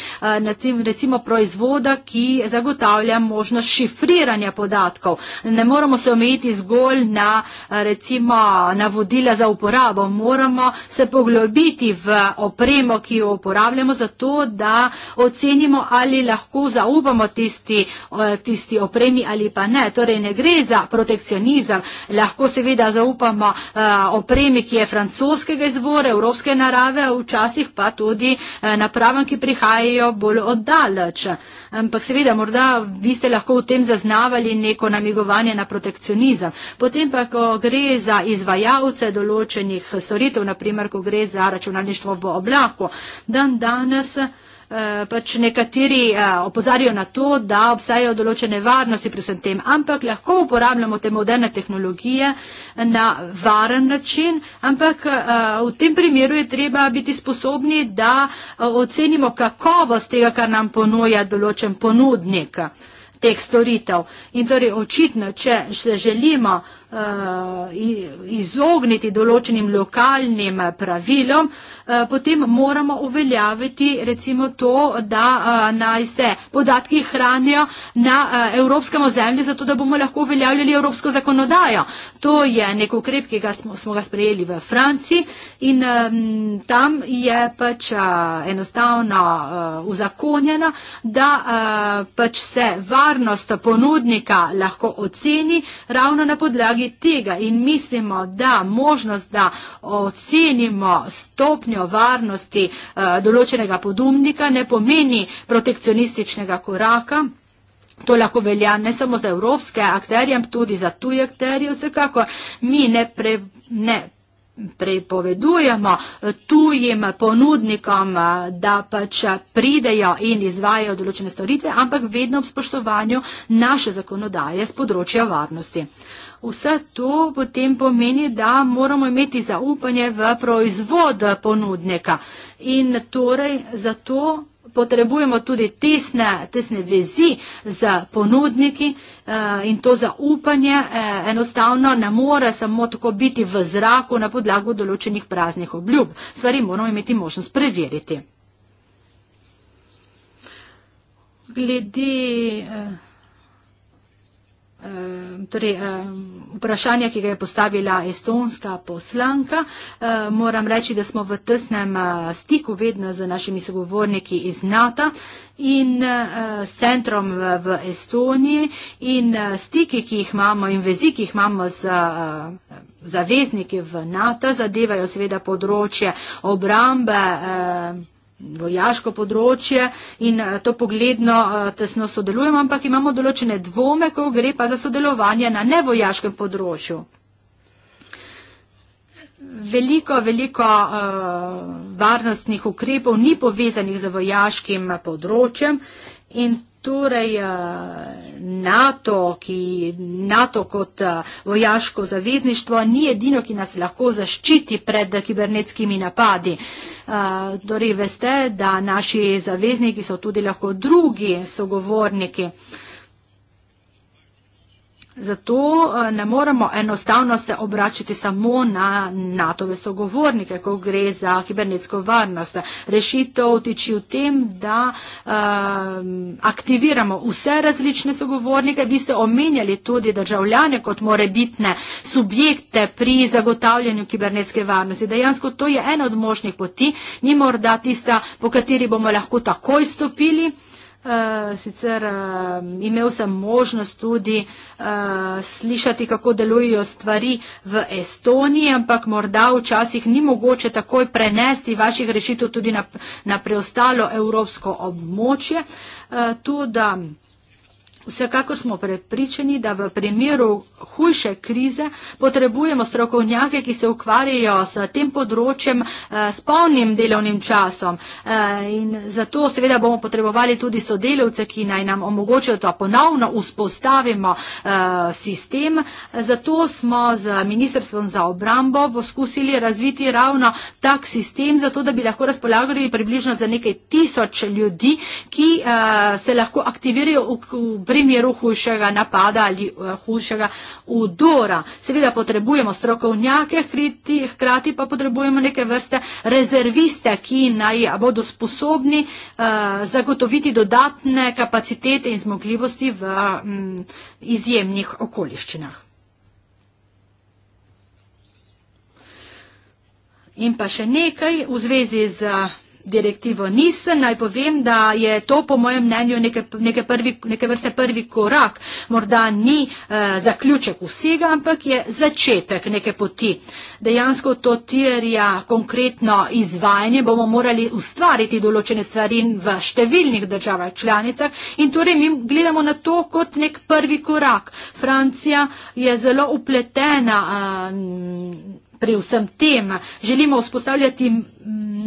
recimo proizvoda, ki zagotavlja možnost šifriranja podatkov. Ne moramo se omejiti zgolj na, recimo, navodila za uporabo, moramo se poglobiti v opremo, ki jo uporabljamo, zato, da ocenimo, ali lahko zaupamo tisti, eh, tisti opremi ali pa ne. Torej ne gre za protekcionizem, lahko seveda zaupamo eh, opremi, ki je francoskega izvora, evropske narave, včasih pa tudi eh, napravam, ki prihajajo bolj oddaleč. Ampak seveda morda vi ste lahko v tem zaznavali neko namigovanje na protekcionizem. Potem pa, ko gre za izvajalce določenih storitev, naprimer, ko gre za računalništvo v oblaku, dan danes Eh, pač nekateri eh, opozarjajo na to, da obstajajo določene varnosti pri vsem tem, ampak lahko uporabljamo te moderne tehnologije na varen način, ampak eh, v tem primeru je treba biti sposobni, da ocenimo kakovost tega, kar nam ponuja določen ponudnik teh storitev. In torej očitno, če se želimo Eh, izogniti določenim lokalnim pravilom, eh, potem moramo uveljaviti recimo to, da eh, naj se podatki hranijo na evropskem ozemlju, zato da bomo lahko uveljavljali evropsko zakonodajo. To je nek ukrep, ki ga smo, smo ga sprejeli v Franciji in tam je pač enostavno uzakonjena, da pač se varnost ponudnika lahko oceni ravno na podlagi podlagi tega in mislimo, da možnost, da ocenimo stopnjo varnosti eh, določenega podumnika ne pomeni protekcionističnega koraka. To lahko velja ne samo za evropske akterje, tudi za tuje akterje. Vsekako mi ne, pre, ne prepovedujemo eh, tujim ponudnikom, eh, da pač pridejo in izvajajo določene storitve, ampak vedno ob spoštovanju naše zakonodaje z področja varnosti. Vse to potem pomeni, da moramo imeti zaupanje v proizvod ponudnika. In torej zato potrebujemo tudi tesne, tesne vezi z ponudniki eh, in to zaupanje eh, enostavno ne more samo tako biti v zraku na podlagu določenih praznih obljub. Stvari moramo imeti možnost preveriti. Glede. Uh torej, vprašanja, ki ga je postavila estonska poslanka. Moram reči, da smo v tesnem eh, stiku vedno z našimi sogovorniki iz NATO in eh, s centrom v Estoniji in eh, stiki, ki jih imamo in vezi, ki jih imamo z. Zavezniki v NATO zadevajo seveda področje obrambe. Eh, vojaško področje in eh, to pogledno eh, tesno sodelujemo, ampak imamo določene dvome, ko gre pa za sodelovanje na nevojaškem področju. Veliko, veliko uh, varnostnih ukrepov ni povezanih z vojaškim področjem in Torej, eh, NATO, ki, NATO kot eh, vojaško zavezništvo ni edino, ki nas lahko zaščiti pred kibernetskimi napadi. Eh, torej, veste, da naši zavezniki so tudi lahko drugi sogovorniki. Zato eh, ne moremo enostavno se obračati samo na NATO-ve sogovornike, ko gre za kibernetsko varnost. Rešitev tiči v tem, da um, aktiviramo vse različne sogovornike. Vi ste omenjali tudi državljane kot morebitne subjekte pri zagotavljanju kibernetske varnosti. Dejansko to je ena od možnih poti, ni morda tista, po kateri bomo lahko takoj stopili. Uh, sicer uh, imel sem možnost tudi uh, slišati, kako delujejo stvari v Estoniji, ampak morda včasih ni mogoče takoj prenesti vaših rešitev tudi na, na preostalo evropsko območje. Uh, tudi, uh, Vsekakor smo prepričani, da v primeru hujše krize potrebujemo strokovnjake, ki se ukvarjajo s tem področjem eh, s polnim delovnim časom. Eh, in zato seveda bomo potrebovali tudi sodelavce, ki naj nam omogočajo to ponovno vzpostavimo eh, sistem. Zato smo z Ministrstvom za obrambo poskusili razviti ravno tak sistem, zato da bi lahko razpolagali približno za nekaj tisoč ljudi, ki se lahko aktivirajo v primeru hujšega napada ali eh, hujšega udora. Seveda potrebujemo strokovnjake, hkrati pa potrebujemo neke vrste rezerviste, ki naj bodo sposobni eh, zagotoviti dodatne kapacitete in zmogljivosti v mm, izjemnih okoliščinah. In pa še nekaj v zvezi z direktivo nisem, naj povem, da je to po mojem mnenju neke, neke, prvi, neke vrste prvi korak. Morda ni uh, zaključek vsega, ampak je začetek neke poti. Dejansko to terja konkretno izvajanje, bomo morali ustvariti določene stvari v številnih državah članicah in torej mi gledamo na to kot nek prvi korak. Francija je zelo upletena. Uh, pri vsem tem. Želimo vzpostavljati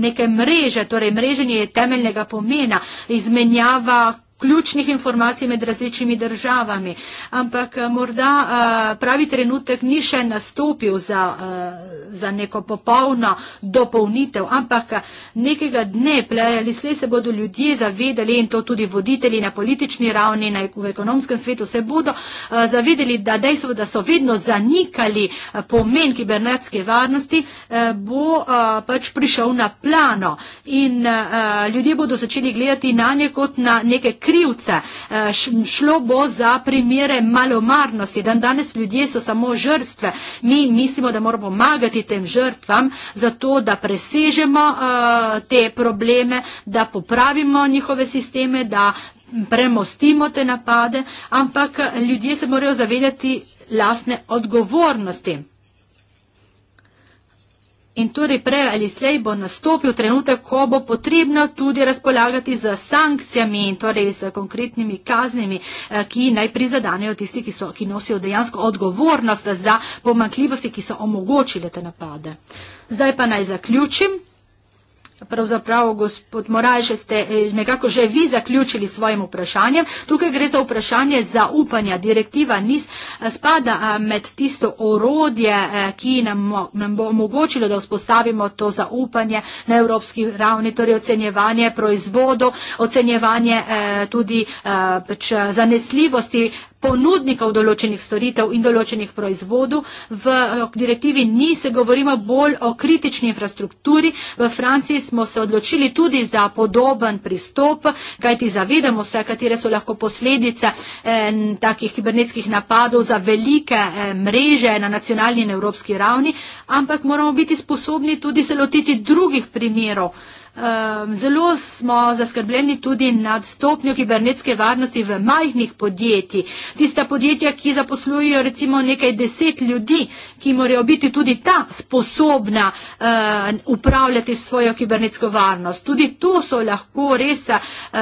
neke mreže, torej mreženje je temeljnega pomena, izmenjava ključnih informacij med različnimi državami. Ampak eh, morda eh, pravi trenutek ni še nastopil za, eh, za neko popolno dopolnitev, ampak nekega dne, plejali sle, se bodo ljudje zavedali in to tudi voditelji na politični ravni, na, v ekonomskem svetu se bodo zavedali, da dejstvo, da so vedno zanikali pomen kibernetske varnosti, bo pač prišel na plano in ljudje bodo začeli gledati na nje kot na neke krize krivca. Eh, šlo bo za primere malomarnosti. Dan danes ljudje so samo žrtve. Mi mislimo, da moramo pomagati tem žrtvam, zato da presežemo eh, te probleme, da popravimo njihove sisteme, da premostimo te napade, ampak eh, ljudje se morajo zavedati lasne odgovornosti. In tudi prej ali slej bo nastopil trenutek, ko bo potrebno tudi razpolagati z sankcijami in torej z konkretnimi kaznimi, eh, ki naj prizadanejo tisti, ki, so, ki nosijo dejansko odgovornost za pomankljivosti, ki so omogočile te napade. Zdaj pa naj zaključim. Pravzaprav, gospod Morajš, ste eh, nekako že vi zaključili svojim vprašanjem. Tukaj gre za vprašanje zaupanja. Direktiva NIS eh, spada eh, med tisto orodje, ki nam bo omogočilo, da vzpostavimo to zaupanje na evropski ravni, torej ocenjevanje proizvodov, ocenjevanje tudi pač, zanesljivosti ponudnikov določenih storitev in določenih proizvodov. V eh, direktivi ni, se govorimo bolj o kritični infrastrukturi. V Franciji smo se odločili tudi za podoben pristop, kajti zavedamo se, katere so lahko posledice eh, takih kibernetskih napadov za velike eh, mreže na nacionalni in evropski ravni, ampak moramo biti sposobni tudi se lotiti drugih primerov. Um, zelo smo zaskrbljeni tudi nad stopnjo kibernetske varnosti v majhnih podjetij. Tista podjetja, ki zaposlujejo recimo nekaj deset ljudi, ki morajo biti tudi ta sposobna uh, upravljati svojo kibernetsko varnost. Tudi to so lahko res uh,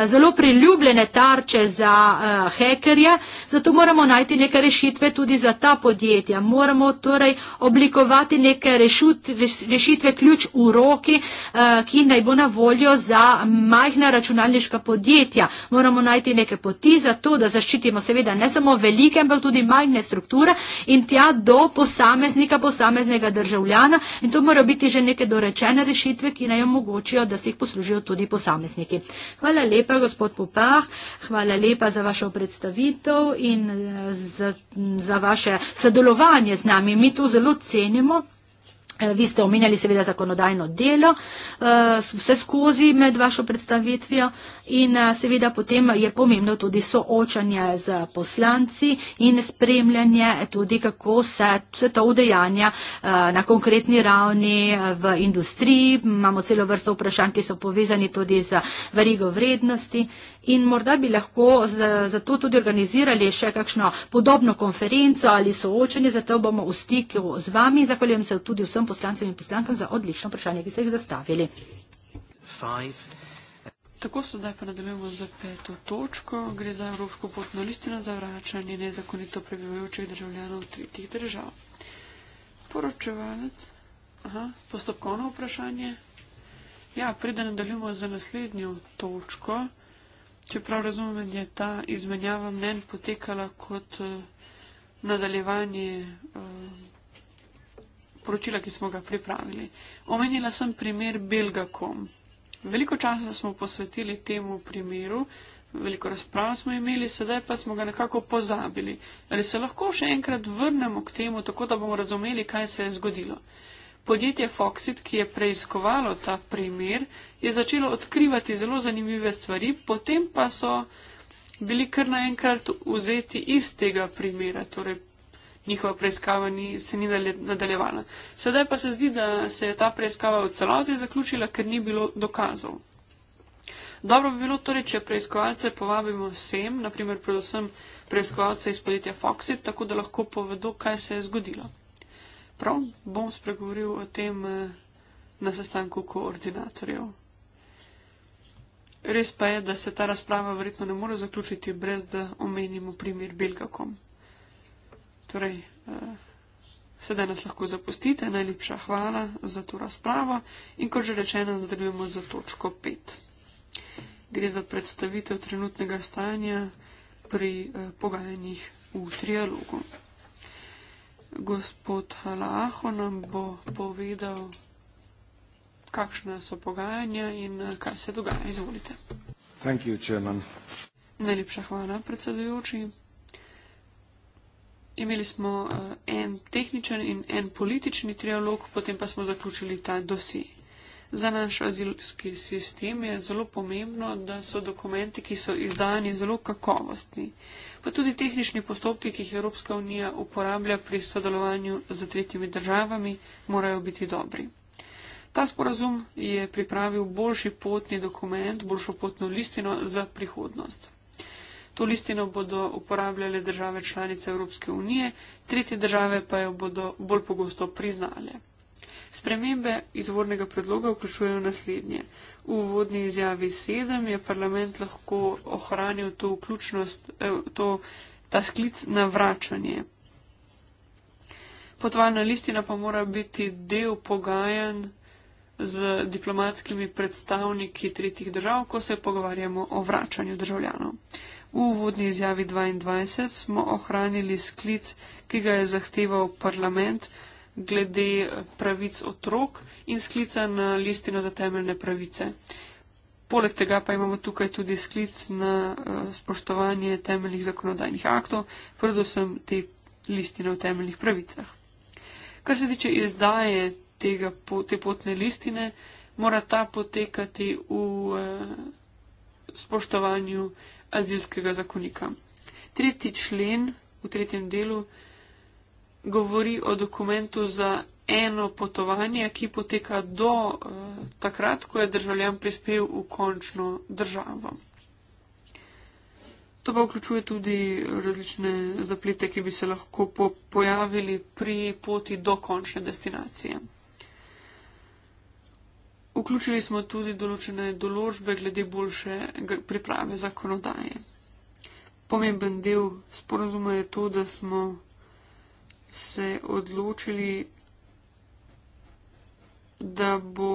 zelo priljubljene tarče za uh, hekerje, zato moramo najti neke rešitve tudi za ta podjetja. Moramo torej oblikovati neke rešut, reš, rešitve ključ v roki, uh, ki naj bo na voljo za majhna računalniška podjetja. Moramo najti neke poti za to, da zaščitimo seveda ne samo velike, ampak tudi majhne strukture in tja do posameznika, posameznega državljana. In to morajo biti že neke dorečene rešitve, ki naj omogočijo, da se jih poslužijo tudi posamezniki. Hvala lepa, gospod Popah. Hvala lepa za vašo predstavitev in eh, za, za vaše sodelovanje z nami. Mi to zelo cenimo. Eh, vi ste omenjali seveda zakonodajno delo, eh, vse skozi med vašo predstavitvijo in eh, seveda potem je pomembno tudi soočanje z poslanci in spremljanje tudi, kako se, se to udejanja na konkretni ravni v industriji. Imamo celo vrsto vprašanj, ki so povezani tudi z verigo vrednosti in morda bi lahko zato tudi organizirali še kakšno podobno konferenco ali soočanje, zato bomo v stiku z vami. Zahvaljujem se tudi vsem poslancem in poslankam za odlično vprašanje, ki so jih zastavili. Tako sedaj pa nadaljujemo za peto točko. Gre za Evropsko potno listino za vračanje nezakonito prebivajočih državljanov tretjih držav. Poročevalec. Aha, postopkovno vprašanje. Ja, preden nadaljujemo za naslednjo točko. Čeprav razumem, da je ta izmenjava mnen potekala kot eh, nadaljevanje eh, poročila, ki smo ga pripravili. Omenila sem primer Belgakom. Veliko časa smo posvetili temu primeru, veliko razprav smo imeli, sedaj pa smo ga nekako pozabili. Ali se lahko še enkrat vrnemo k temu, tako da bomo razumeli, kaj se je zgodilo? Podjetje Foxit, ki je preiskovalo ta primer, je začelo odkrivati zelo zanimive stvari, potem pa so bili kar naenkrat vzeti iz tega primera, torej njihova preiskava ni, se ni nadaljevala. Sedaj pa se zdi, da se je ta preiskava v celoti zaključila, ker ni bilo dokazov. Dobro bi bilo torej, če preiskovalce povabimo vsem, naprimer predvsem preiskovalce iz podjetja Foxit, tako da lahko povedo, kaj se je zgodilo. Prav, bom spregovoril o tem eh, na sestanku koordinatorjev. Res pa je, da se ta razprava verjetno ne more zaključiti, brez da omenimo primer Belgakom. Torej, eh, sedaj nas lahko zapustite, najlepša hvala za to razpravo in kot že rečeno, nadaljujemo za točko 5. Gre za predstavitev trenutnega stanja pri eh, pogajanjih v trialogu. Gospod Halaho nam bo povedal, kakšne so pogajanja in eh, kaj se dogaja. Izvolite. Thank you, Najlepša hvala, predsedujoči. Imeli smo uh, en tehničen in en politični trialog, potem pa smo zaključili ta dosi. Za naš azilski sistem je zelo pomembno, da so dokumenti, ki so izdani, zelo kakovostni. Pa tudi tehnični postopki, ki jih Evropska unija uporablja pri sodelovanju z tretjimi državami, morajo biti dobri. Ta sporazum je pripravil boljši potni dokument, boljšo potno listino za prihodnost. To listino bodo uporabljale države članice Evropske unije, tretje države pa jo bodo bolj pogosto priznale. Spremembe izvornega predloga vključujejo naslednje. V uvodni izjavi 7 je parlament lahko ohranil to vključnost, eh, to, ta sklic na vračanje. Potovalna listina pa mora biti del pogajanj z diplomatskimi predstavniki tretjih držav, ko se pogovarjamo o vračanju državljanov. V uvodni izjavi 22 smo ohranili sklic, ki ga je zahteval parlament glede eh, pravic otrok in sklica na listino za temeljne pravice. Poleg tega pa imamo tukaj tudi sklic na eh, spoštovanje temeljnih zakonodajnih aktov, predvsem te listine o temeljnih pravicah. Kar se tiče izdaje tega, te potne listine, mora ta potekati v eh, spoštovanju azijskega zakonika. Tretji člen v tretjem delu govori o dokumentu za eno potovanje, ki poteka do eh, takrat, ko je državljan prispel v končno državo. To pa vključuje tudi različne zaplete, ki bi se lahko pojavili pri poti do končne destinacije. Vključili smo tudi določene določbe glede boljše priprave zakonodaje. Pomemben del sporozuma je to, da smo se odločili, da bo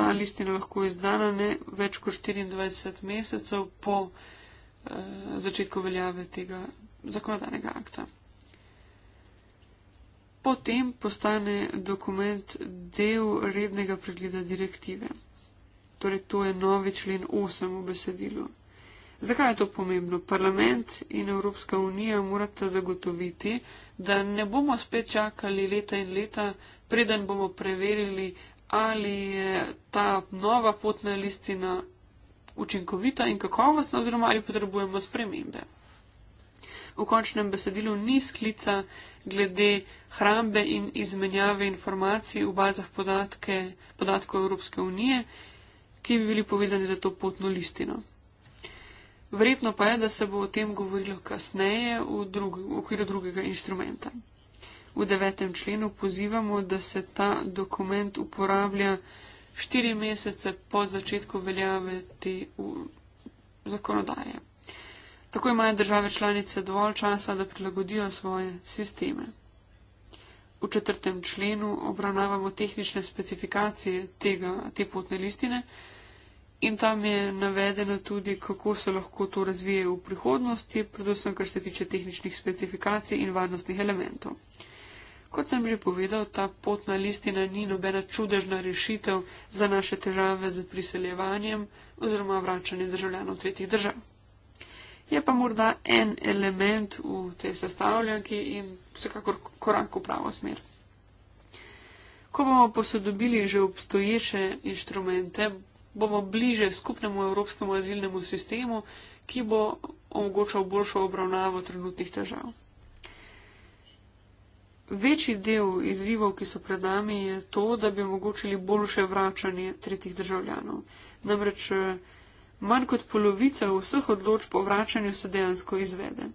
ta listina lahko izdana ne več kot 24 mesecev po eh, začetku veljave tega zakonodajnega akta potem postane dokument del rednega pregleda direktive. Torej, to je novi člen 8 v besedilu. Zakaj je to pomembno? Parlament in Evropska unija morata zagotoviti, da ne bomo spet čakali leta in leta, preden bomo preverili, ali je ta nova potna listina učinkovita in kakovostna oziroma ali potrebujemo spremembe. V končnem besedilu ni sklica glede hrambe in izmenjave informacij v bazah podatke, podatkov Evropske unije, ki bi bili povezani za to potno listino. Verjetno pa je, da se bo o tem govorilo kasneje v, drug, v okviru drugega inštrumenta. V devetem členu pozivamo, da se ta dokument uporablja štiri mesece po začetku veljave te zakonodaje. Tako imajo države članice dovolj časa, da prilagodijo svoje sisteme. V četrtem členu obravnavamo tehnične specifikacije tega, te potne listine in tam je navedeno tudi, kako se lahko to razvije v prihodnosti, predvsem kar se tiče tehničnih specifikacij in varnostnih elementov. Kot sem že povedal, ta potna listina ni nobena čudežna rešitev za naše težave z priseljevanjem oziroma vračanjem državljanov tretjih držav je pa morda en element v tej sestavljanki in vsekakor korak v pravo smer. Ko bomo posodobili že obstoječe inštrumente, bomo bliže skupnemu evropskemu azilnemu sistemu, ki bo omogočal boljšo obravnavo trenutnih težav. Večji del izzivov, ki so pred nami, je to, da bi omogočili boljše vračanje tretjih državljanov. Namreč manj kot polovica vseh odločb o vračanju se dejansko izvede.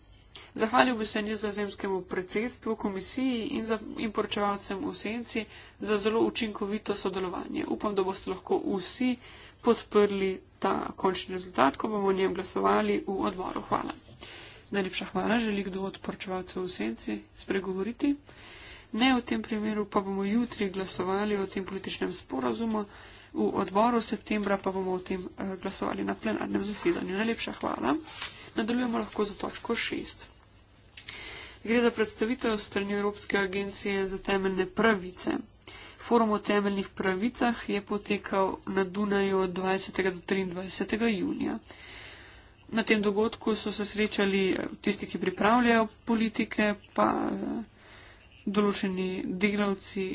Zahvalil bi se nizozemskemu predsedstvu, komisiji in, za, in poročevalcem v senci za zelo učinkovito sodelovanje. Upam, da boste lahko vsi podprli ta končni rezultat, ko bomo o njem glasovali v odboru. Hvala. Najlepša hvala. Želi kdo od poročevalcev v senci spregovoriti? Ne, v tem primeru pa bomo jutri glasovali o tem političnem sporazumu v odboru, septembra pa bomo o tem eh, glasovali na plenarnem zasedanju. Najlepša hvala. Nadaljujemo lahko za točko 6. Gre za predstavitev strani Evropske agencije za temeljne pravice. Forum o temeljnih pravicah je potekal na Dunaju od 20. do 23. junija. Na tem dogodku so se srečali eh, tisti, ki pripravljajo politike, pa eh, določeni delavci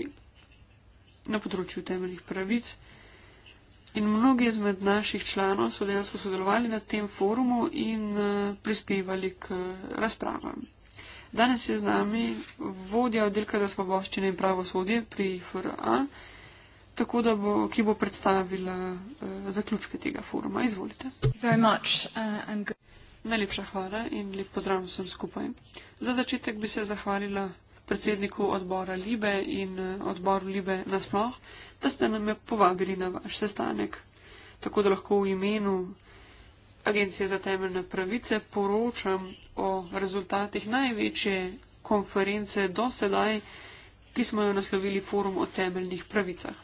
na področju temeljnih pravic. In mnogi izmed naših članov so dejansko sodelovali na tem forumu in eh, prispevali k eh, razpravam. Danes je z nami vodja oddelka za svoboščine in pravosodje pri FRA, tako da bo, ki bo predstavila uh, zaključke tega foruma. Izvolite. Much, uh, Najlepša hvala in lep pozdrav vsem skupaj. Za začetek bi se zahvalila predsedniku odbora Libe in eh, odboru Libe nasploh, da ste nam je povabili na vaš sestanek, tako da lahko v imenu Agencije za temeljne pravice poročam o rezultatih največje konference do sedaj, ki smo jo naslovili Forum o temeljnih pravicah.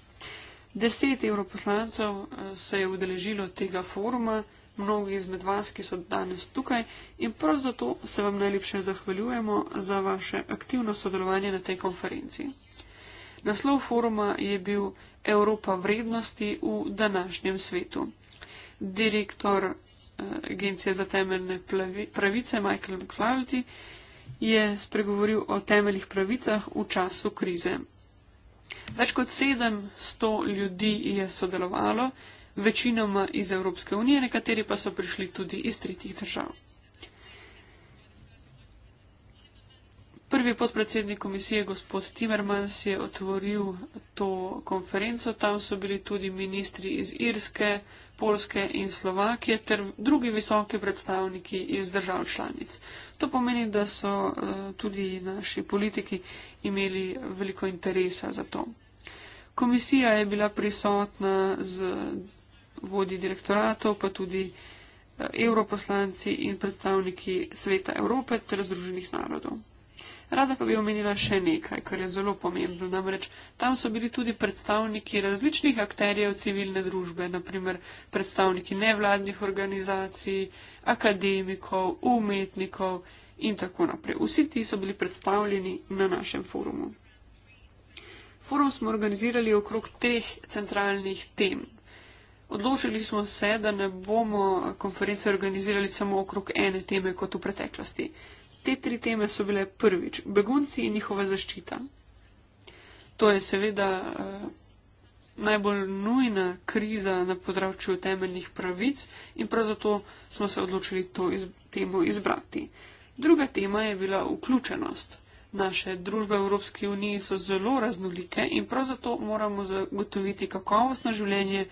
Deset evroposlancev eh, se je udeležilo tega foruma mnogi izmed vas, ki so danes tukaj in prav zato se vam najlepše zahvaljujemo za vaše aktivno sodelovanje na tej konferenciji. Naslov foruma je bil Evropa vrednosti v današnjem svetu. Direktor eh, Agencije za temeljne pravice Michael McClarty je spregovoril o temeljih pravicah v času krize. Več kot 700 ljudi je sodelovalo, večinoma iz Evropske unije, nekateri pa so prišli tudi iz tretjih držav. Prvi podpredsednik komisije, gospod Timmermans, je otvoril to konferenco. Tam so bili tudi ministri iz Irske, Polske in Slovakije ter drugi visoki predstavniki iz držav članic. To pomeni, da so eh, tudi naši politiki imeli veliko interesa za to. Komisija je bila prisotna z vodji direktoratov, pa tudi eh, europoslanci in predstavniki Sveta Evrope ter Združenih narodov. Rada pa bi omenila še nekaj, kar je zelo pomembno. Namreč tam so bili tudi predstavniki različnih akterjev civilne družbe, naprimer predstavniki nevladnih organizacij, akademikov, umetnikov in tako naprej. Vsi ti so bili predstavljeni na našem forumu. Forum smo organizirali okrog treh centralnih tem. Odločili smo se, da ne bomo konference organizirali samo okrog ene teme kot v preteklosti. Te tri teme so bile prvič begunci in njihova zaščita. To je seveda eh, najbolj nujna kriza na področju temeljnih pravic in prav zato smo se odločili to iz temo izbrati. Druga tema je bila vključenost naše družbe v Evropski uniji so zelo raznolike in prav zato moramo zagotoviti kakovostno življenje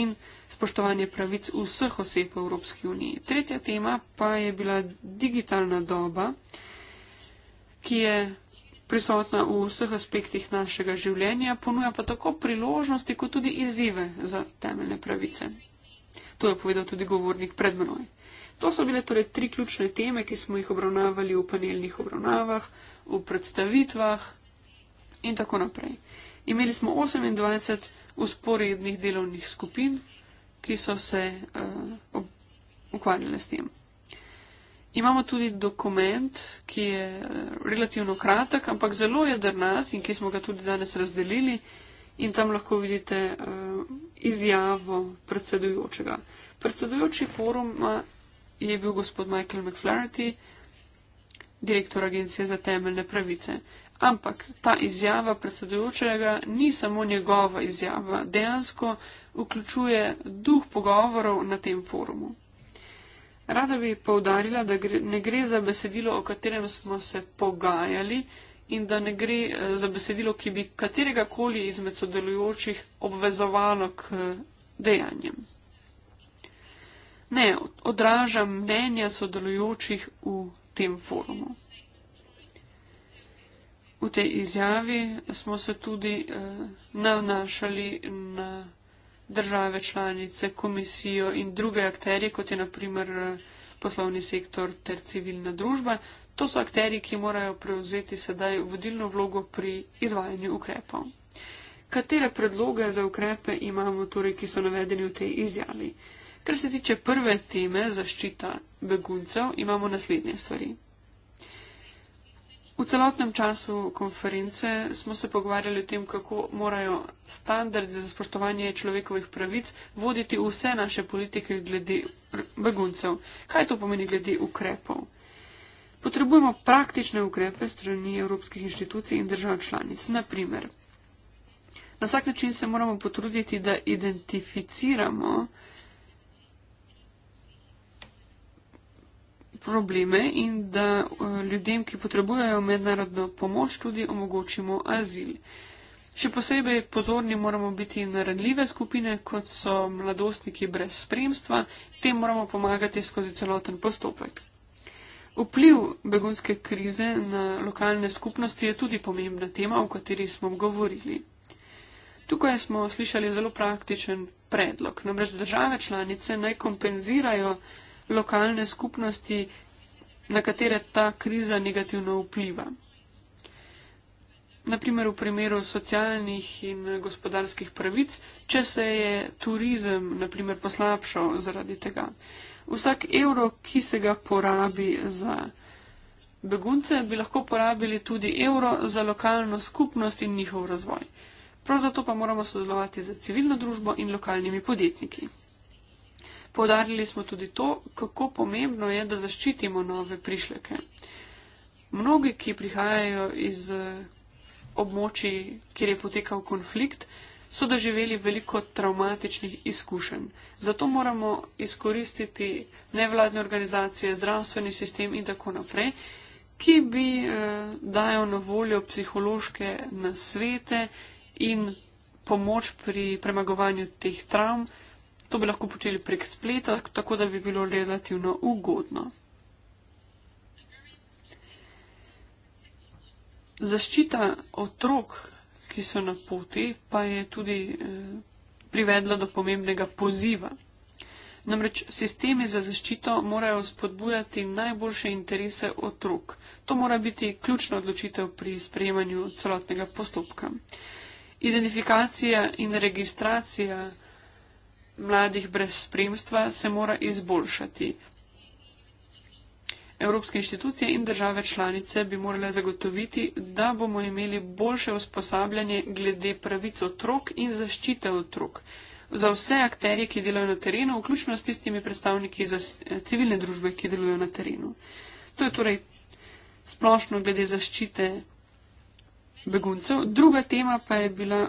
in spoštovanje pravic vseh oseb v Evropski uniji. Tretja tema pa je bila digitalna doba, ki je prisotna v vseh aspektih našega življenja, ponuja pa tako priložnosti, kot tudi izzive za temeljne pravice. To je povedal tudi govornik pred menoj. To so bile torej tri ključne teme, ki smo jih obravnavali v panelnih obravnavah v predstavitvah in tako naprej. Imeli smo 28 usporednih delovnih skupin, ki so se uh, ukvarjale s tem. Imamo tudi dokument, ki je eh, relativno kratek, ampak zelo jedrnat in ki smo ga tudi danes razdelili in tam lahko vidite uh, izjavo predsedujočega. Predsedujoči foruma je bil gospod Michael McFlaherty, uh, direktor Agencije za temeljne pravice. Ampak ta izjava predsedujočega ni samo njegova izjava, dejansko vključuje duh pogovorov na tem forumu. Rada bi povdarila, da ne gre za besedilo, o katerem smo se pogajali in da ne gre eh, za besedilo, ki bi katerega koli izmed sodelujočih obvezovalo k eh, dejanjem. Ne, odraža mnenja sodelujočih v tem forumu. V tej izjavi smo se tudi eh, navnašali na države članice, komisijo in druge akterje, kot je naprimer eh, poslovni sektor ter civilna družba. To so akteri, ki morajo prevzeti sedaj vodilno vlogo pri izvajanju ukrepov. Katere predloge za ukrepe imamo torej, ki so navedeni v tej izjavi? Eh, Kar se tiče prve teme zaščita beguncev, imamo naslednje stvari. V celotnem času konference smo se pogovarjali o tem, kako morajo standardi za spoštovanje človekovih pravic voditi vse naše politike glede beguncev. Kaj to pomeni glede ukrepov? Potrebujemo praktične ukrepe strani evropskih inštitucij in držav članic. Naprimer, na vsak način se moramo potruditi, da identificiramo probleme in da eh, ljudem, ki potrebujejo mednarodno pomoč, tudi omogočimo azil. Še posebej pozorni moramo biti na ranljive skupine, kot so mladostniki brez spremstva, tem moramo pomagati skozi celoten postopek. Vpliv begunske krize na lokalne skupnosti je tudi pomembna tema, o kateri smo govorili. Tukaj smo slišali zelo praktičen predlog, namreč države članice naj kompenzirajo lokalne skupnosti, na katere ta kriza negativno vpliva. Naprimer v primeru socialnih in gospodarskih pravic, če se je turizem naprimer, poslabšal zaradi tega. Vsak evro, ki se ga porabi za begunce, bi lahko porabili tudi evro za lokalno skupnost in njihov razvoj. Prav zato pa moramo sodelovati za civilno družbo in lokalnimi podjetniki. Podarili smo tudi to, kako pomembno je, da zaščitimo nove prišleke. Mnogi, ki prihajajo iz eh, območij, kjer je potekal konflikt, so doživeli veliko traumatičnih izkušenj. Zato moramo izkoristiti nevladne organizacije, zdravstveni sistem in tako naprej, ki bi eh, dajo na voljo psihološke nasvete in pomoč pri premagovanju teh travm, To bi lahko počeli prek spleta, tako da bi bilo relativno ugodno. Zaščita otrok, ki so na poti, pa je tudi eh, privedla do pomembnega poziva. Namreč sistemi za zaščito morajo spodbujati najboljše interese otrok. To mora biti ključna odločitev pri sprejemanju celotnega postopka. Identifikacija in registracija mladih brez spremstva se mora izboljšati. Evropske inštitucije in države članice bi morale zagotoviti, da bomo imeli boljše usposabljanje glede pravic otrok in zaščite otrok. Za vse akterje, ki delajo na terenu, vključno s tistimi predstavniki za eh, civilne družbe, ki delajo na terenu. To je torej splošno glede zaščite beguncev. Druga tema pa je bila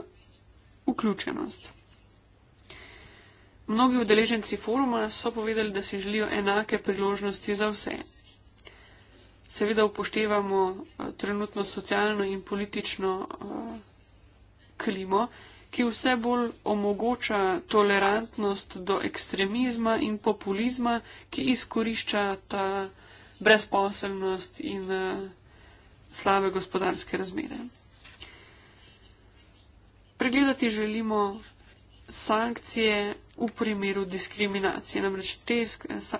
vključenost. Mnogi udeleženci foruma so povedali, da si želijo enake priložnosti za vse. Seveda upoštevamo eh, trenutno socialno in politično eh, klimo, ki vse bolj omogoča tolerantnost do ekstremizma in populizma, ki izkorišča ta brezposelnost in eh, slabe gospodarske razmere. Pregledati želimo sankcije v primeru diskriminacije. Namreč te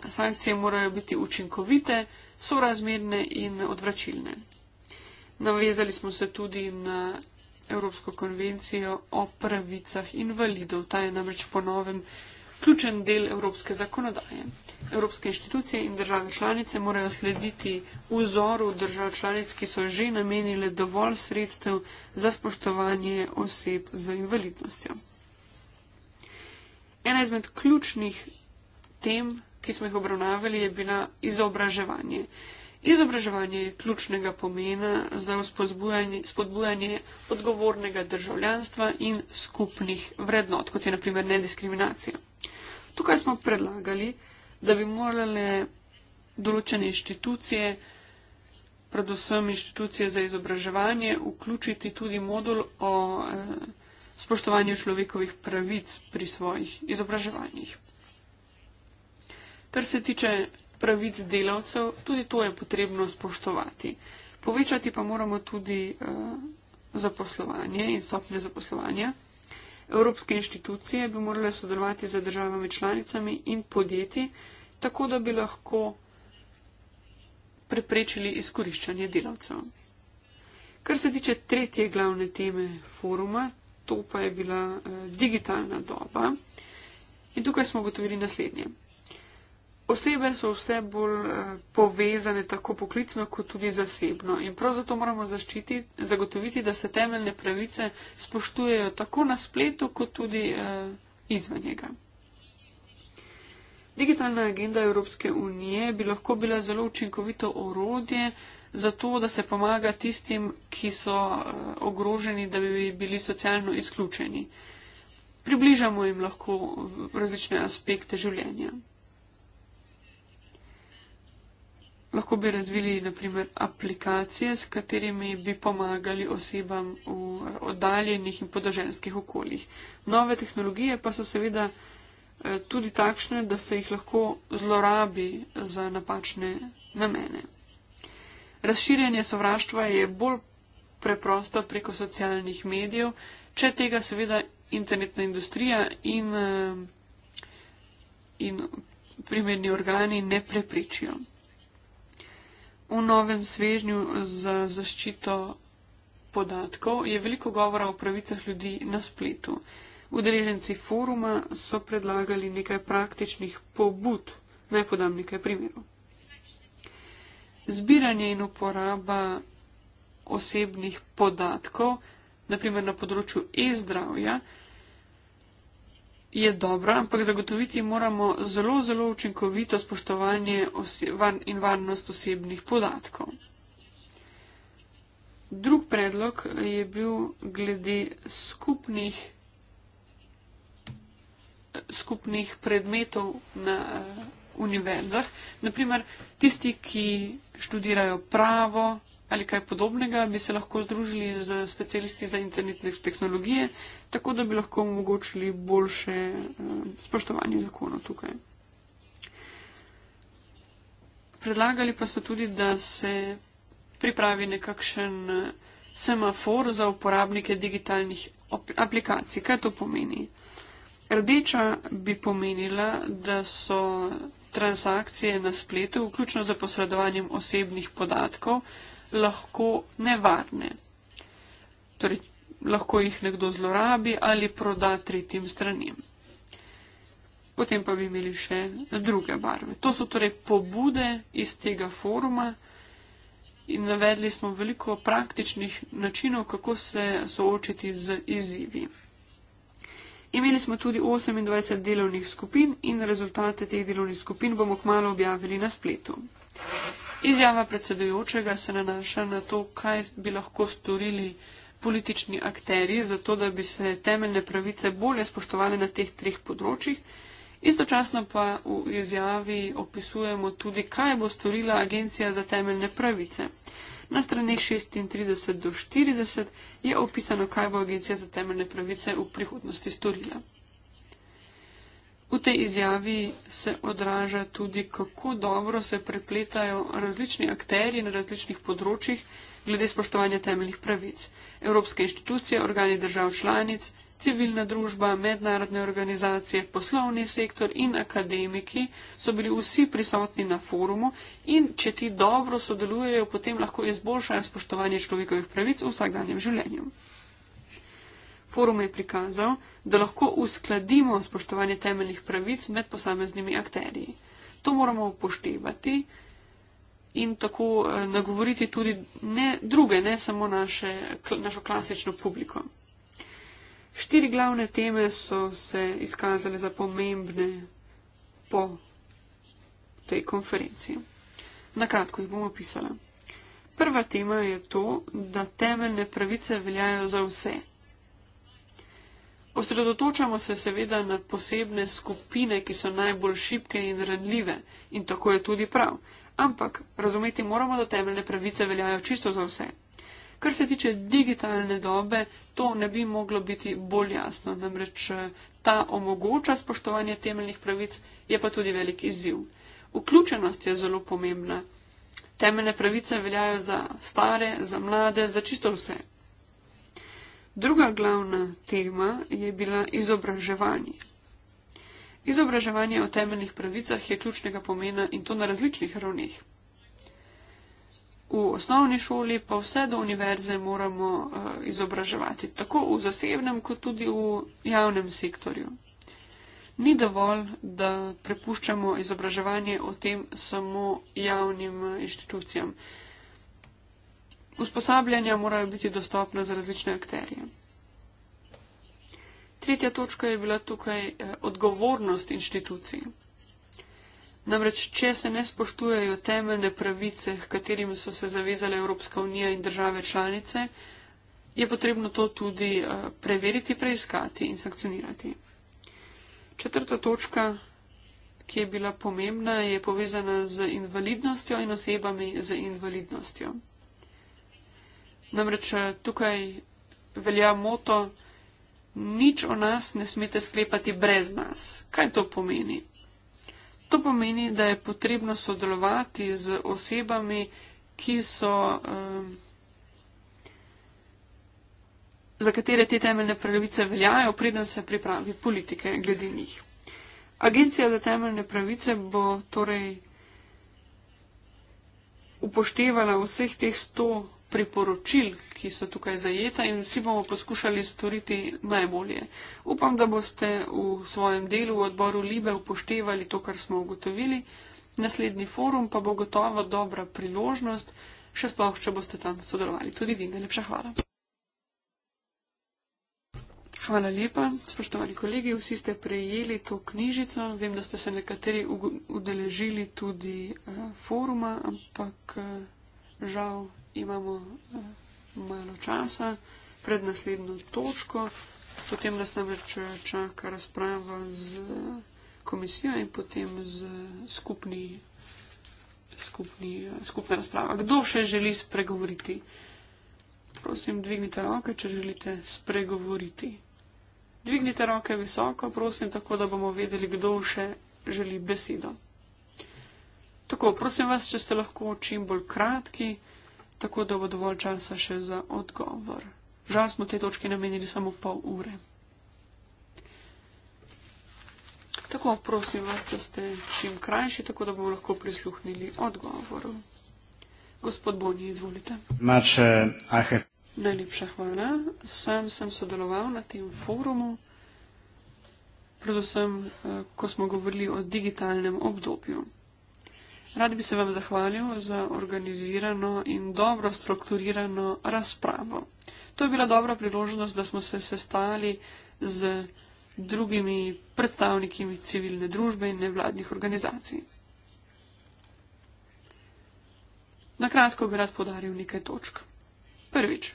sankcije morajo biti učinkovite, sorazmerne in odvračilne. Navezali smo se tudi na Evropsko konvencijo o pravicah invalidov. Ta je namreč ponovem ključen del evropske zakonodaje. Evropske inštitucije in države članice morajo slediti vzoru držav članic, ki so že namenile dovolj sredstev za spoštovanje oseb z invalidnostjo ena izmed ključnih tem, ki smo jih obravnavali, je bila izobraževanje. Izobraževanje je ključnega pomena za spodbujanje odgovornega državljanstva in skupnih vrednot, kot je naprimer nediskriminacija. Tukaj smo predlagali, da bi morale določene inštitucije, predvsem inštitucije za izobraževanje, vključiti tudi modul o eh, spoštovanju človekovih pravic pri svojih izobraževanjih. Kar se tiče pravic delavcev, tudi to je potrebno spoštovati. Povečati pa moramo tudi uh, zaposlovanje in stopnje zaposlovanja. Evropske inštitucije bi morale sodelovati z državami članicami in podjetji, tako da bi lahko preprečili izkoriščanje delavcev. Kar se tiče tretje glavne teme foruma, to pa je bila eh, digitalna doba. In tukaj smo ugotovili naslednje. Osebe so vse bolj eh, povezane tako poklicno kot tudi zasebno in prav zato moramo zagotoviti, da se temeljne pravice spoštujejo tako na spletu kot tudi eh, izven njega. Digitalna agenda Evropske unije bi lahko bila zelo učinkovito orodje, zato, da se pomaga tistim, ki so eh, ogroženi, da bi bili socialno izključeni. Približamo jim lahko različne aspekte življenja. Lahko bi razvili naprimer aplikacije, s katerimi bi pomagali osebam v eh, oddaljenih in podoženskih okoljih. Nove tehnologije pa so seveda eh, tudi takšne, da se jih lahko zlorabi za napačne namene. Razširjanje sovraštva je bolj preprosto preko socialnih medijev, če tega seveda internetna industrija in, eh, in primerni organi ne preprečijo. V novem svežnju za zaščito podatkov je veliko govora o pravicah ljudi na spletu. Udeleženci foruma so predlagali nekaj praktičnih pobud, naj podam nekaj primerov zbiranje in uporaba osebnih podatkov, naprimer na področju e-zdravja, je dobra, ampak zagotoviti moramo zelo, zelo učinkovito spoštovanje in varnost osebnih podatkov. Drug predlog je bil glede skupnih, skupnih predmetov na univerzah. Naprimer, tisti, ki študirajo pravo ali kaj podobnega, bi se lahko združili z specialisti za internetne tehnologije, tako da bi lahko omogočili boljše eh, spoštovanje zakonov tukaj. Predlagali pa so tudi, da se pripravi nekakšen eh, semafor za uporabnike digitalnih aplikacij. Kaj to pomeni? Rdeča bi pomenila, da so transakcije na spletu, vključno za posredovanjem osebnih podatkov, lahko nevarne. Torej, lahko jih nekdo zlorabi ali proda tretjim stranim. Potem pa bi imeli še druge barve. To so torej pobude iz tega foruma in navedli smo veliko praktičnih načinov, kako se soočiti z izzivi. Imeli smo tudi 28 delovnih skupin in rezultate teh delovnih skupin bomo kmalo objavili na spletu. Izjava predsedujočega se nanaša na to, kaj bi lahko storili politični akteri, zato da bi se temeljne pravice bolje spoštovali na teh treh področjih. Istočasno pa v izjavi opisujemo tudi, kaj bo storila Agencija za temeljne pravice. Na strani 36 do 40 je opisano, kaj bo Agencija za temeljne pravice v prihodnosti storila. V tej izjavi se odraža tudi, kako dobro se prepletajo različni akteri na različnih področjih glede spoštovanja temeljnih pravic. Evropske inštitucije, organi držav članic, civilna družba, mednarodne organizacije, poslovni sektor in akademiki so bili vsi prisotni na forumu in če ti dobro sodelujejo, potem lahko izboljšajo spoštovanje človekovih pravic v vsakdanjem življenju. Forum je prikazal, da lahko uskladimo spoštovanje temeljnih pravic med posameznimi akterji. To moramo upoštevati in tako eh, nagovoriti tudi ne druge, ne samo naše, našo klasično publiko. Štiri glavne teme so se izkazale za pomembne po tej konferenci. Na kratko jih bom opisala. Prva tema je to, da temeljne pravice veljajo za vse. Osredotočamo se seveda na posebne skupine, ki so najbolj šibke in ranljive in tako je tudi prav. Ampak razumeti moramo, da temeljne pravice veljajo čisto za vse. Kar se tiče digitalne dobe, to ne bi moglo biti bolj jasno, namreč eh, ta omogoča spoštovanje temeljnih pravic, je pa tudi velik izziv. Vključenost je zelo pomembna. Temeljne pravice veljajo za stare, za mlade, za čisto vse. Druga glavna tema je bila izobraževanje. Izobraževanje o temeljnih pravicah je ključnega pomena in to na različnih ravneh. V osnovni šoli pa vse do univerze moramo uh, izobraževati, tako v zasebnem, kot tudi v javnem sektorju. Ni dovolj, da prepuščamo izobraževanje o tem samo javnim eh, inštitucijam. Usposabljanja morajo biti dostopna za različne akterje. Tretja točka je bila tukaj eh, odgovornost inštitucij. Namreč, če se ne spoštujejo temeljne pravice, h katerim so se zavezale Evropska unija in države članice, je potrebno to tudi eh, preveriti, preiskati in sankcionirati. Četrta točka, ki je bila pomembna, je povezana z invalidnostjo in osebami z invalidnostjo. Namreč eh, tukaj velja moto, nič o nas ne smete sklepati brez nas. Kaj to pomeni? To pomeni, da je potrebno sodelovati z osebami, ki so, um, za katere te temeljne pravice veljajo, preden se pripravi politike glede njih. Agencija za temeljne pravice bo torej upoštevala vseh teh sto priporočil, ki so tukaj zajeta in vsi bomo poskušali storiti najbolje. Upam, da boste v svojem delu v odboru Libe upoštevali to, kar smo ugotovili. Naslednji forum pa bo gotovo dobra priložnost, še sploh, če boste tam sodelovali. Tudi vi, najlepša hvala. Hvala lepa, spoštovani kolegi, vsi ste prejeli to knjižico. Vem, da ste se nekateri udeležili tudi uh, foruma, ampak uh, žal imamo eh, malo časa pred naslednjo točko, potem nas namreč eh, čaka razprava z komisijo in potem z skupni, skupni, eh, skupna razprava. Kdo še želi spregovoriti? Prosim, dvignite roke, če želite spregovoriti. Dvignite roke visoko, prosim, tako da bomo vedeli, kdo še želi besedo. Tako, prosim vas, če ste lahko čim bolj kratki tako da bo dovolj časa še za odgovor. Žal smo te točke namenili samo pol ure. Tako prosim vas, da ste čim krajši, tako da bomo lahko prisluhnili odgovoru. Gospod Bonji, izvolite. Mače, eh, ahe. Najlepša hvala. Sam sem sodeloval na tem forumu, predvsem, eh, ko smo govorili o digitalnem obdobju. Rad bi se vam zahvalil za organizirano in dobro strukturirano razpravo. To je bila dobra priložnost, da smo se sestali z drugimi predstavniki civilne družbe in nevladnih organizacij. Na kratko bi rad podaril nekaj točk. Prvič.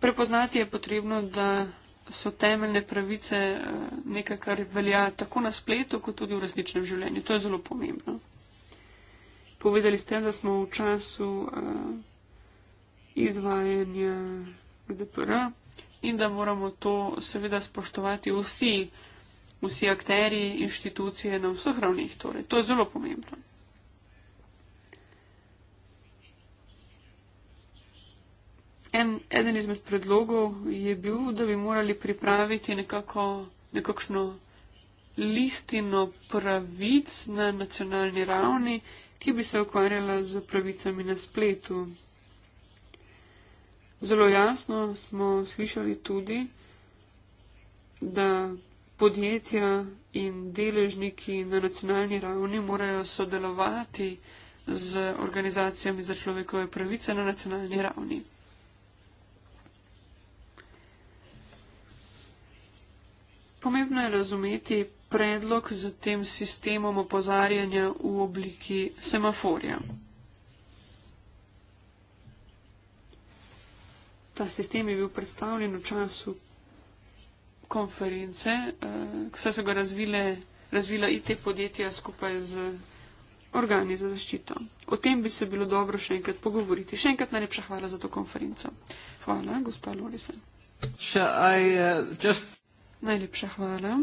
Prepoznati je potrebno, da so temeljne pravice eh, nekaj, kar velja tako na spletu, kot tudi v resničnem življenju. To je zelo pomembno. Povedali ste, da smo v času eh, izvajanja GDPR in da moramo to seveda spoštovati vsi, vsi akteri, inštitucije na vseh ravneh. Torej, to je zelo pomembno. En, eden izmed predlogov je bil, da bi morali pripraviti nekako, nekakšno listino pravic na nacionalni ravni, ki bi se ukvarjala z pravicami na spletu. Zelo jasno smo slišali tudi, da podjetja in deležniki na nacionalni ravni morajo sodelovati z organizacijami za človekove pravice na nacionalni ravni. Pomembno je razumeti predlog z tem sistemom opozarjanja v obliki semaforja. Ta sistem je bil predstavljen v času konference, ko eh, so ga razvile, razvila IT podjetja skupaj z organi za zaščito. O tem bi se bilo dobro še enkrat pogovoriti. Še enkrat najlepša hvala za to konferenco. Hvala, gospod Lorisen. Sure, I, uh, just... Najlepša hvala.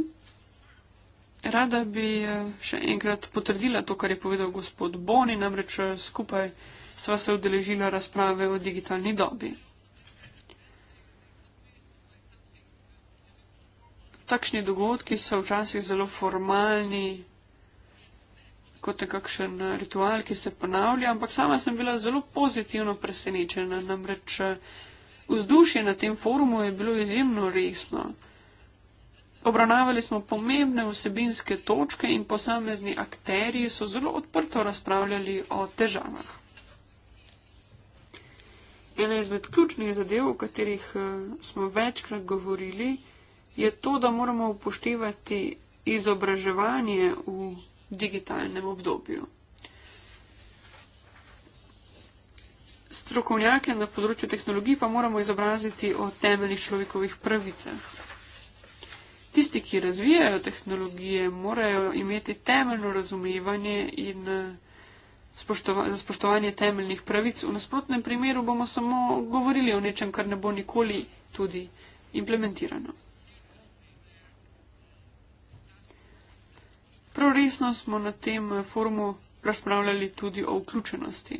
Rada bi eh, še enkrat potrdila to, kar je povedal gospod Boni, namreč eh, skupaj sva se udeležila razprave o digitalni dobi. Takšni dogodki so včasih zelo formalni, kot nekakšen eh, ritual, ki se ponavlja, ampak sama sem bila zelo pozitivno presenečena, namreč vzdušje na tem forumu je bilo izjemno resno. Obravnavali smo pomembne vsebinske točke in posamezni akteri so zelo odprto razpravljali o težavah. Ena izmed ključnih zadev, o katerih eh, smo večkrat govorili, je to, da moramo upoštevati izobraževanje v digitalnem obdobju. Strokovnjake na področju tehnologij pa moramo izobraziti o temeljih človekovih pravicah tisti, ki razvijajo tehnologije, morajo imeti temeljno razumevanje in eh, spoštova, za spoštovanje temeljnih pravic. V nasprotnem primeru bomo samo govorili o nečem, kar ne bo nikoli tudi implementirano. Prav resno smo na tem forumu razpravljali tudi o vključenosti.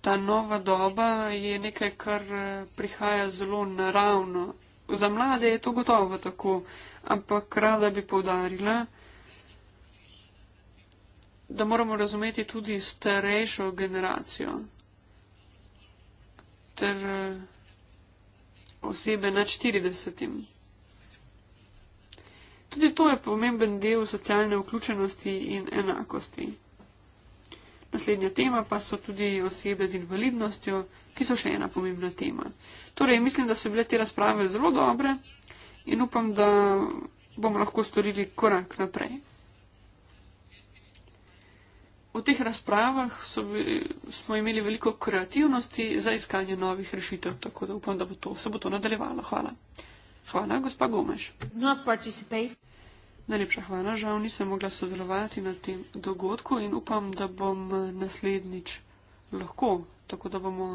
Ta nova doba je nekaj, kar eh, prihaja zelo naravno za mlade je to gotovo tako, ampak rada bi povdarila, da moramo razumeti tudi starejšo generacijo ter eh, osebe nad 40. Tudi to je pomemben del socialne vključenosti in enakosti. Naslednja tema pa so tudi osebe z invalidnostjo ki so še ena pomembna tema. Torej, mislim, da so bile te razprave zelo dobre in upam, da bomo lahko storili korak naprej. V teh razpravah so, smo imeli veliko kreativnosti za iskanje novih rešitev, tako da upam, da bo to, se bo to nadaljevalo. Hvala. Hvala, gospa Gomeš. No Najlepša hvala, žal nisem mogla sodelovati na tem dogodku in upam, da bom eh, naslednjič lahko, tako da bomo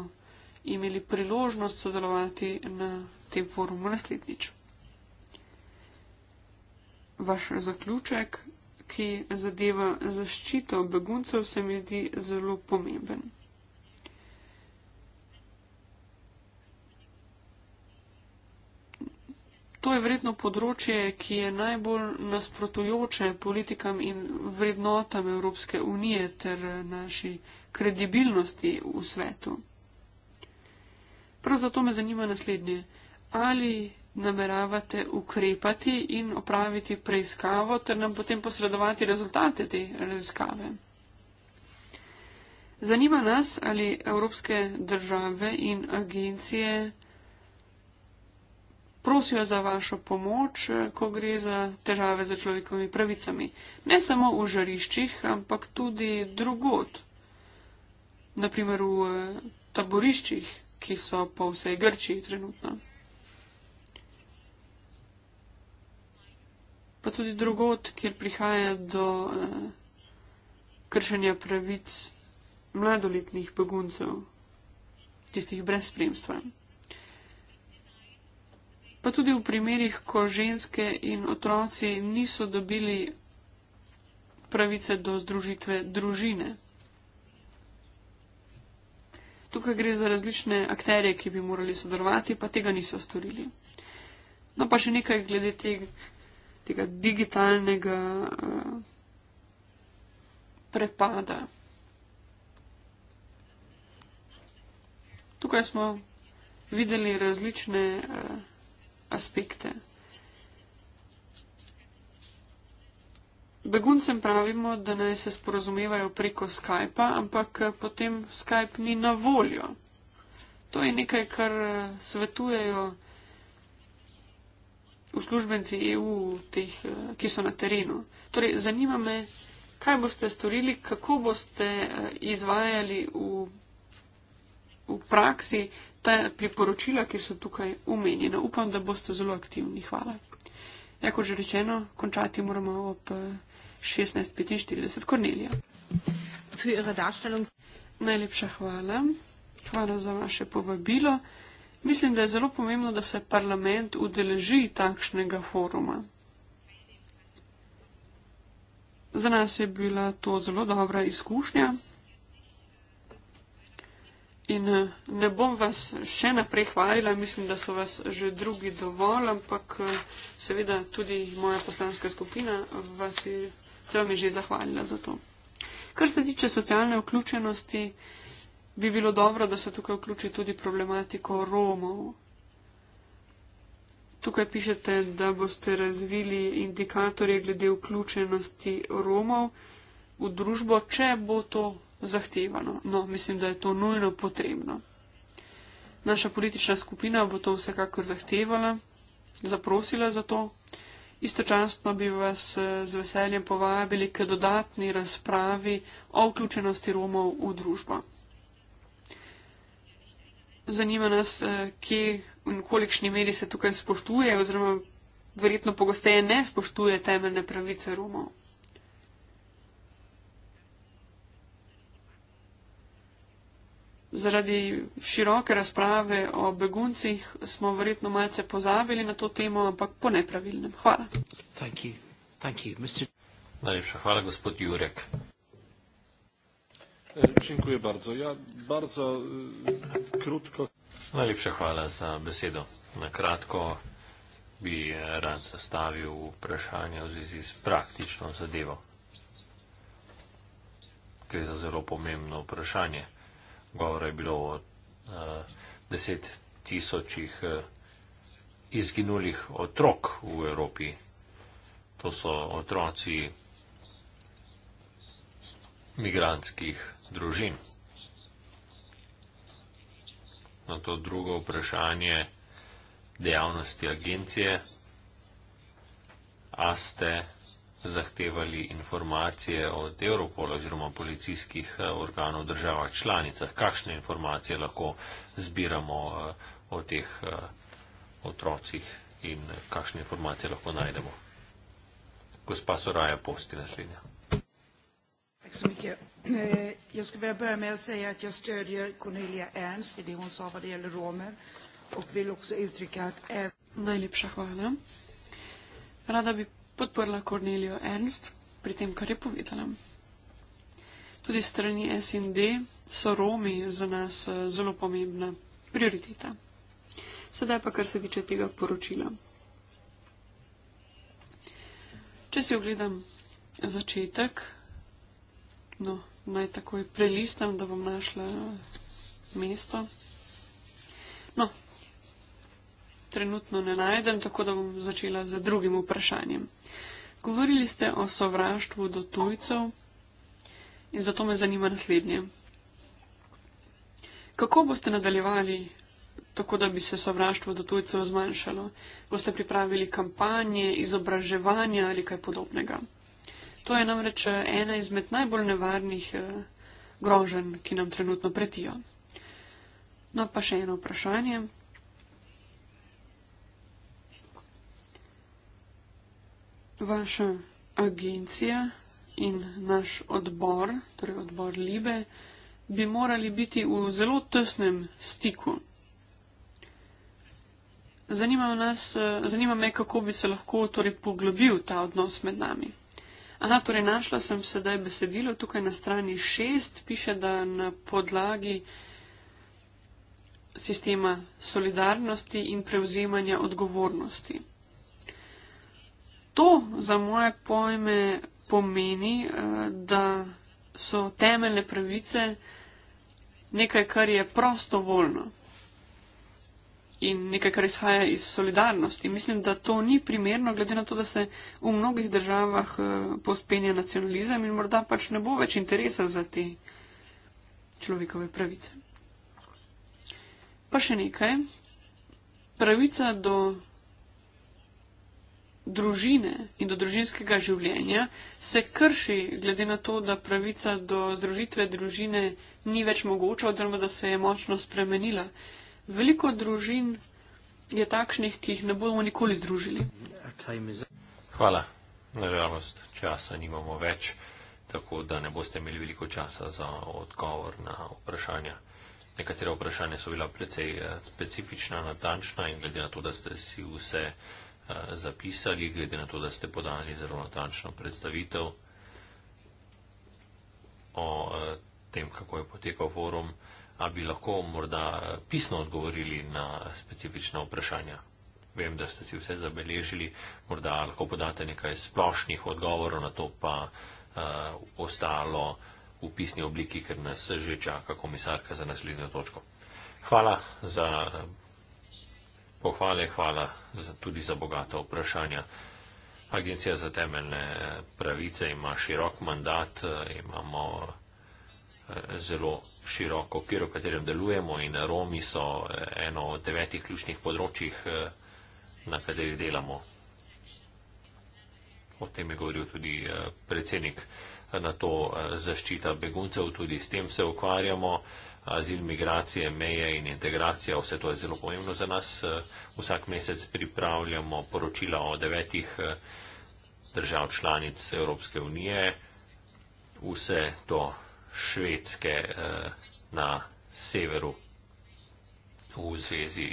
imeli priložnost sodelovati na tem forumu naslednjič. Vaš zaključek, ki zadeva zaščito beguncev, se mi zdi zelo pomemben. To je vredno področje, ki je najbolj nasprotujoče politikam in vrednotam Evropske unije ter naši kredibilnosti v svetu. Prav zato me zanima naslednje. Ali nameravate ukrepati in opraviti preiskavo ter nam potem posredovati rezultate te raziskave? Zanima nas, ali evropske države in agencije prosijo za vašo pomoč, ko gre za težave za človekovimi pravicami. Ne samo v žariščih, ampak tudi drugot, naprimer v eh, taboriščih, ki so po vsej Grčiji trenutno. Pa tudi drugot, kjer prihaja do eh, kršenja pravic mladoletnih beguncev, tistih brez spremstva. Pa tudi v primerih, ko ženske in otroci niso dobili pravice do združitve družine. Tukaj gre za različne akterje, ki bi morali sodelovati, pa tega niso storili. No pa še nekaj glede tega, tega digitalnega uh, prepada. Tukaj smo videli različne uh, aspekte. Beguncem pravimo, da naj se sporozumevajo preko Skypa, ampak eh, potem Skype ni na voljo. To je nekaj, kar eh, svetujejo uslužbenci EU, teh, eh, ki so na terenu. Torej, zanima me, kaj boste storili, kako boste izvajali v, v praksi ta priporočila, ki so tukaj umenjena. Upam, da boste zelo aktivni. Hvala. Jako že rečeno, končati moramo ob. 1645 Kornelija. Najlepša hvala. Hvala za vaše povabilo. Mislim, da je zelo pomembno, da se parlament udeleži takšnega foruma. Za nas je bila to zelo dobra izkušnja in ne bom vas še naprej hvalila, mislim, da so vas že drugi dovolj, ampak seveda tudi moja poslanska skupina vas je se vam je že zahvalila za to. Kar se tiče socialne vključenosti, bi bilo dobro, da se tukaj vključi tudi problematiko Romov. Tukaj pišete, da boste razvili indikatorje glede vključenosti Romov v družbo, če bo to zahtevano. No, mislim, da je to nujno potrebno. Naša politična skupina bo to vsekakor zahtevala, zaprosila za to, Istočasno bi vas eh, z veseljem povabili k dodatni razpravi o vključenosti Romov v družbo. Zanima nas, eh, kje in kolikšni meri se tukaj spoštuje oziroma verjetno pogosteje ne spoštuje temeljne pravice Romov. zaradi široke razprave o beguncih smo verjetno malce pozabili na to temo, ampak po nepravilnem. Hvala. Thank you. Thank you, Mr. Najlepša hvala, gospod Jurek. E, dziękuję bardzo. Ja bardzo e, krótko. Najlepša hvala za besedo. Na kratko bi rad zastavil vprašanje v zvezi s praktično zadevo. Gre za zelo pomembno vprašanje govora je bilo o uh, deset tisočih uh, izginulih otrok v Evropi. To so otroci migranskih družin. Na to drugo vprašanje dejavnosti agencije, a ste zahtevali informacije od Europola oziroma policijskih eh, organov država članicah. Kakšne informacije lahko zbiramo eh, o teh eh, otrocih in kakšne informacije lahko najdemo? Gospa Soraja Posti naslednja. Tak så mycket. Jag ska börja med att säga att jag stödjer Cornelia Ernst i det hon sa vad det gäller romer och vill också uttrycka att... Najlepša hvala. Rada bi podprla Kornelijo Ernst pri tem, kar je povedala. Tudi strani SND so Romi za nas eh, zelo pomembna prioriteta. Sedaj pa, kar se tiče tega poročila. Če si ogledam začetek, no, naj takoj prelistam, da bom našla mesto. No, trenutno ne najdem, tako da bom začela z drugim vprašanjem. Govorili ste o sovraštvu do tujcev in zato me zanima naslednje. Kako boste nadaljevali, tako da bi se sovraštvo do tujcev zmanjšalo? Boste pripravili kampanje, izobraževanja ali kaj podobnega? To je namreč eh, ena izmed najbolj nevarnih eh, grožen, ki nam trenutno pretijo. No pa še eno vprašanje. vaša agencija in naš odbor, torej odbor Libe, bi morali biti v zelo tesnem stiku. Zanima, nas, eh, zanima me, kako bi se lahko torej, poglobil ta odnos med nami. Aha, torej našla sem sedaj besedilo tukaj na strani 6, piše, da na podlagi sistema solidarnosti in prevzemanja odgovornosti to za moje pojme pomeni, eh, da so temeljne pravice nekaj, kar je prostovoljno in nekaj, kar izhaja iz solidarnosti. Mislim, da to ni primerno, glede na to, da se v mnogih državah eh, pospenja nacionalizem in morda pač ne bo več interesa za te človekove pravice. Pa še nekaj. Pravica do družine in do družinskega življenja se krši, glede na to, da pravica do združitve družine ni več mogoča, oziroma da se je močno spremenila. Veliko družin je takšnih, ki jih ne bomo nikoli združili. Hvala. Nažalost, časa nimamo več, tako da ne boste imeli veliko časa za odgovor na vprašanja. Nekatera vprašanja so bila precej eh, specifična, natančna in glede na to, da ste si vse Eh, zapisali, glede na to, da ste podali zelo natančno predstavitev o eh, tem, kako je potekal forum, a bi lahko morda eh, pisno odgovorili na specifična vprašanja. Vem, da ste si vse zabeležili, morda lahko podate nekaj splošnih odgovorov, na to pa uh, ostalo v pisni obliki, ker nas že čaka komisarka za naslednjo točko. Hvala za. Uh, pohvale, hvala za, tudi za bogata vprašanja. Agencija za temeljne eh, pravice ima širok mandat, eh, imamo eh, zelo širok okvir, v katerem delujemo in Romi so eno od devetih ključnih področjih, na katerih delamo. O tem je govoril tudi predsednik. Na to zaščita beguncev tudi s tem se ukvarjamo azil, migracije, meje in integracija, vse to je zelo pomembno za nas. Eh, vsak mesec pripravljamo poročila o devetih eh, držav članic Evropske unije, vse to švedske eh, na severu v zvezi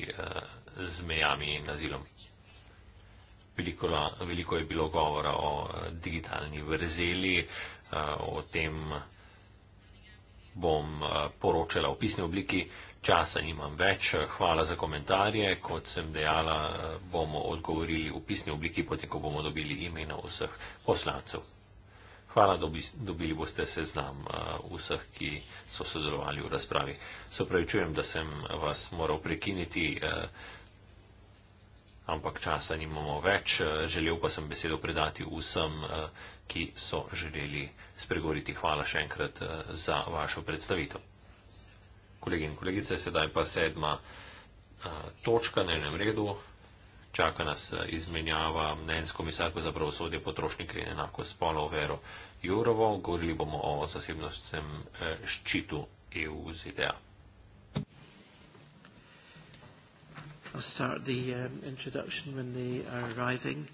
z mejami in azilom. Veliko, veliko je bilo govora o digitalni vrzeli, o tem, bom eh, poročala v pisni obliki, časa nimam več. Hvala za komentarje. Kot sem dejala, eh, bomo odgovorili v pisni obliki, potem, ko bomo dobili imena vseh poslancev. Hvala, dobili boste seznam eh, vseh, ki so sodelovali v razpravi. Se pravi, čujem, da sem vas moral prekiniti ampak časa nimamo več. Eh, Želel pa sem besedo predati vsem, eh, ki so želeli spregovoriti. Hvala še enkrat eh, za vašo predstavitev. Kolegi in kolegice, sedaj pa sedma točka na enem redu. Čaka nas izmenjava mnenj s komisarko za pravosodje potrošnike in enako spolo Vero Jurovo. Govorili bomo o zasebnostnem ščitu EU ZDA. I'll start the um, introduction when they are arriving.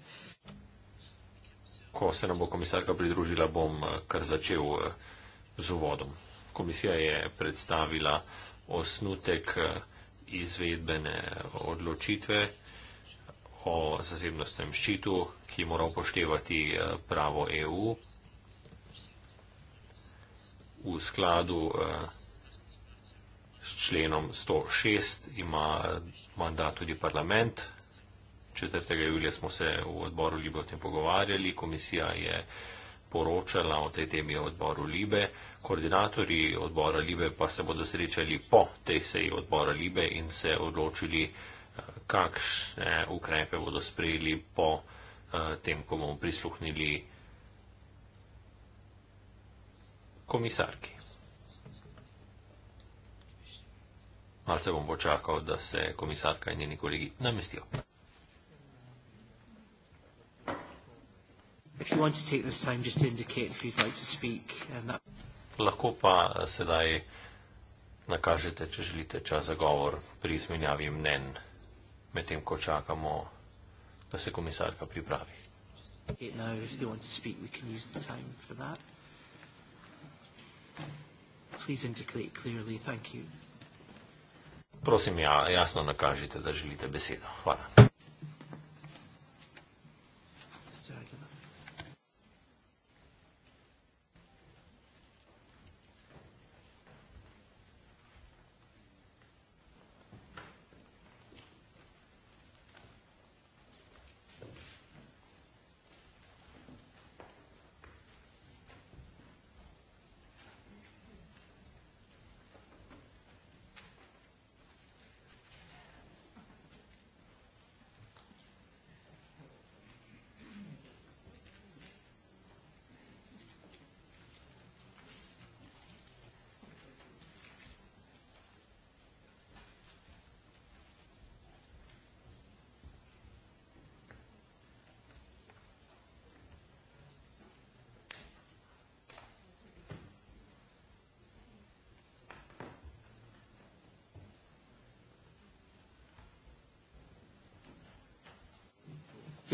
Ko se nam bo komisarka pridružila, bom uh, kar začel uh, z uvodom. Komisija je predstavila osnutek uh, izvedbene odločitve o zasebnostnem ščitu, ki mora upoštevati pravo EU v skladu s členom 106 ima mandat tudi parlament. 4. julija smo se v odboru Libe o tem pogovarjali, komisija je poročala o tej temi odboru Libe, koordinatori odbora Libe pa se bodo srečali po tej seji odbora Libe in se odločili, eh, kakšne ukrepe bodo sprejeli po eh, tem, ko bomo prisluhnili komisarki. Malce bom počakal, da se komisarka in njeni kolegi namestijo. Lahko pa eh, sedaj nakažete, če želite čas za govor pri izmenjavi mnen, medtem ko čakamo, da se komisarka pripravi. Please indicate clearly. Thank you. Prosim, ja, jasno nakažite, da želite besedo. Hvala.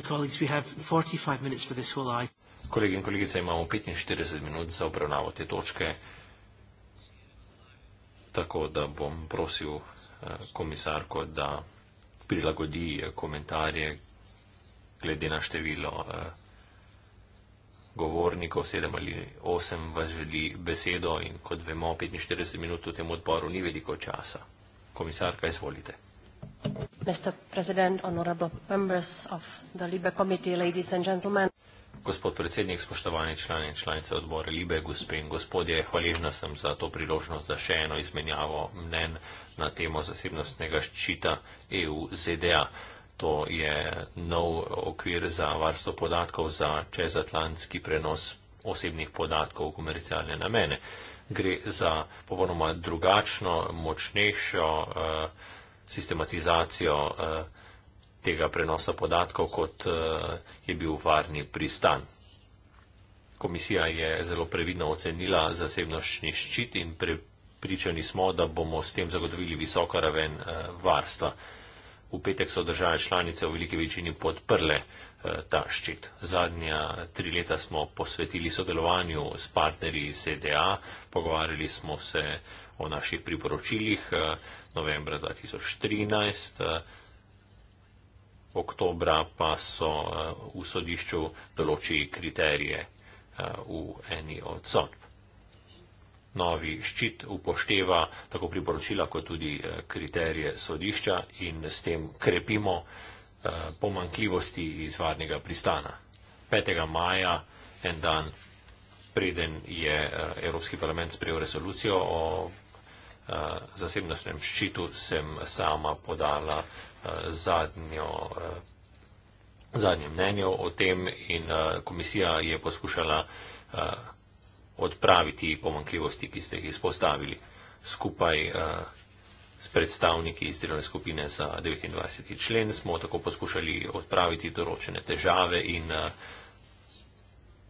Kolegi in kolegice, imamo 45 minut za obravnavo te točke, tako da bom prosil eh, komisarko, da prilagodi eh, komentarje glede na število eh, govornikov, sedem ali osem vas želi besedo in kot vemo, 45 minut v tem odboru ni veliko časa. Komisarka, izvolite. Mr. President, honorable members of the Libe Committee, ladies and gentlemen. Gospod predsednik, spoštovani člani in članice odbora Libe, gospe in gospodje, hvaležna sem za to priložnost, da še eno izmenjavo mnen na temo zasebnostnega ščita EU-ZDA. To je nov okvir za varstvo podatkov za čezatlantski prenos osebnih podatkov v komercialne namene. Gre za popolnoma drugačno, močnejšo. Uh, sistematizacijo eh, tega prenosa podatkov, kot eh, je bil varni pristan. Komisija je zelo previdno ocenila zasebnostni ščit in pripričani smo, da bomo s tem zagotovili visoka raven eh, varstva. V petek so države članice v veliki večini podprle ta ščit. Zadnja tri leta smo posvetili sodelovanju s partnerji iz CDA, pogovarjali smo se o naših priporočilih eh, novembra 2013. Eh, oktobra pa so eh, v sodišču določili kriterije v eni od sodb. Novi ščit upošteva tako priporočila, kot tudi kriterije sodišča in s tem krepimo pomankljivosti izvarnega pristana. 5. maja, en dan preden je Evropski parlament sprejel resolucijo o Eh, zasebnostnem ščitu sem sama podala eh, zadnjo, eh, zadnje mnenje o tem in komisija je poskušala odpraviti pomankljivosti, ki ste jih izpostavili skupaj s predstavniki iz delovne skupine za 29. člen. Smo tako poskušali odpraviti določene težave in uh,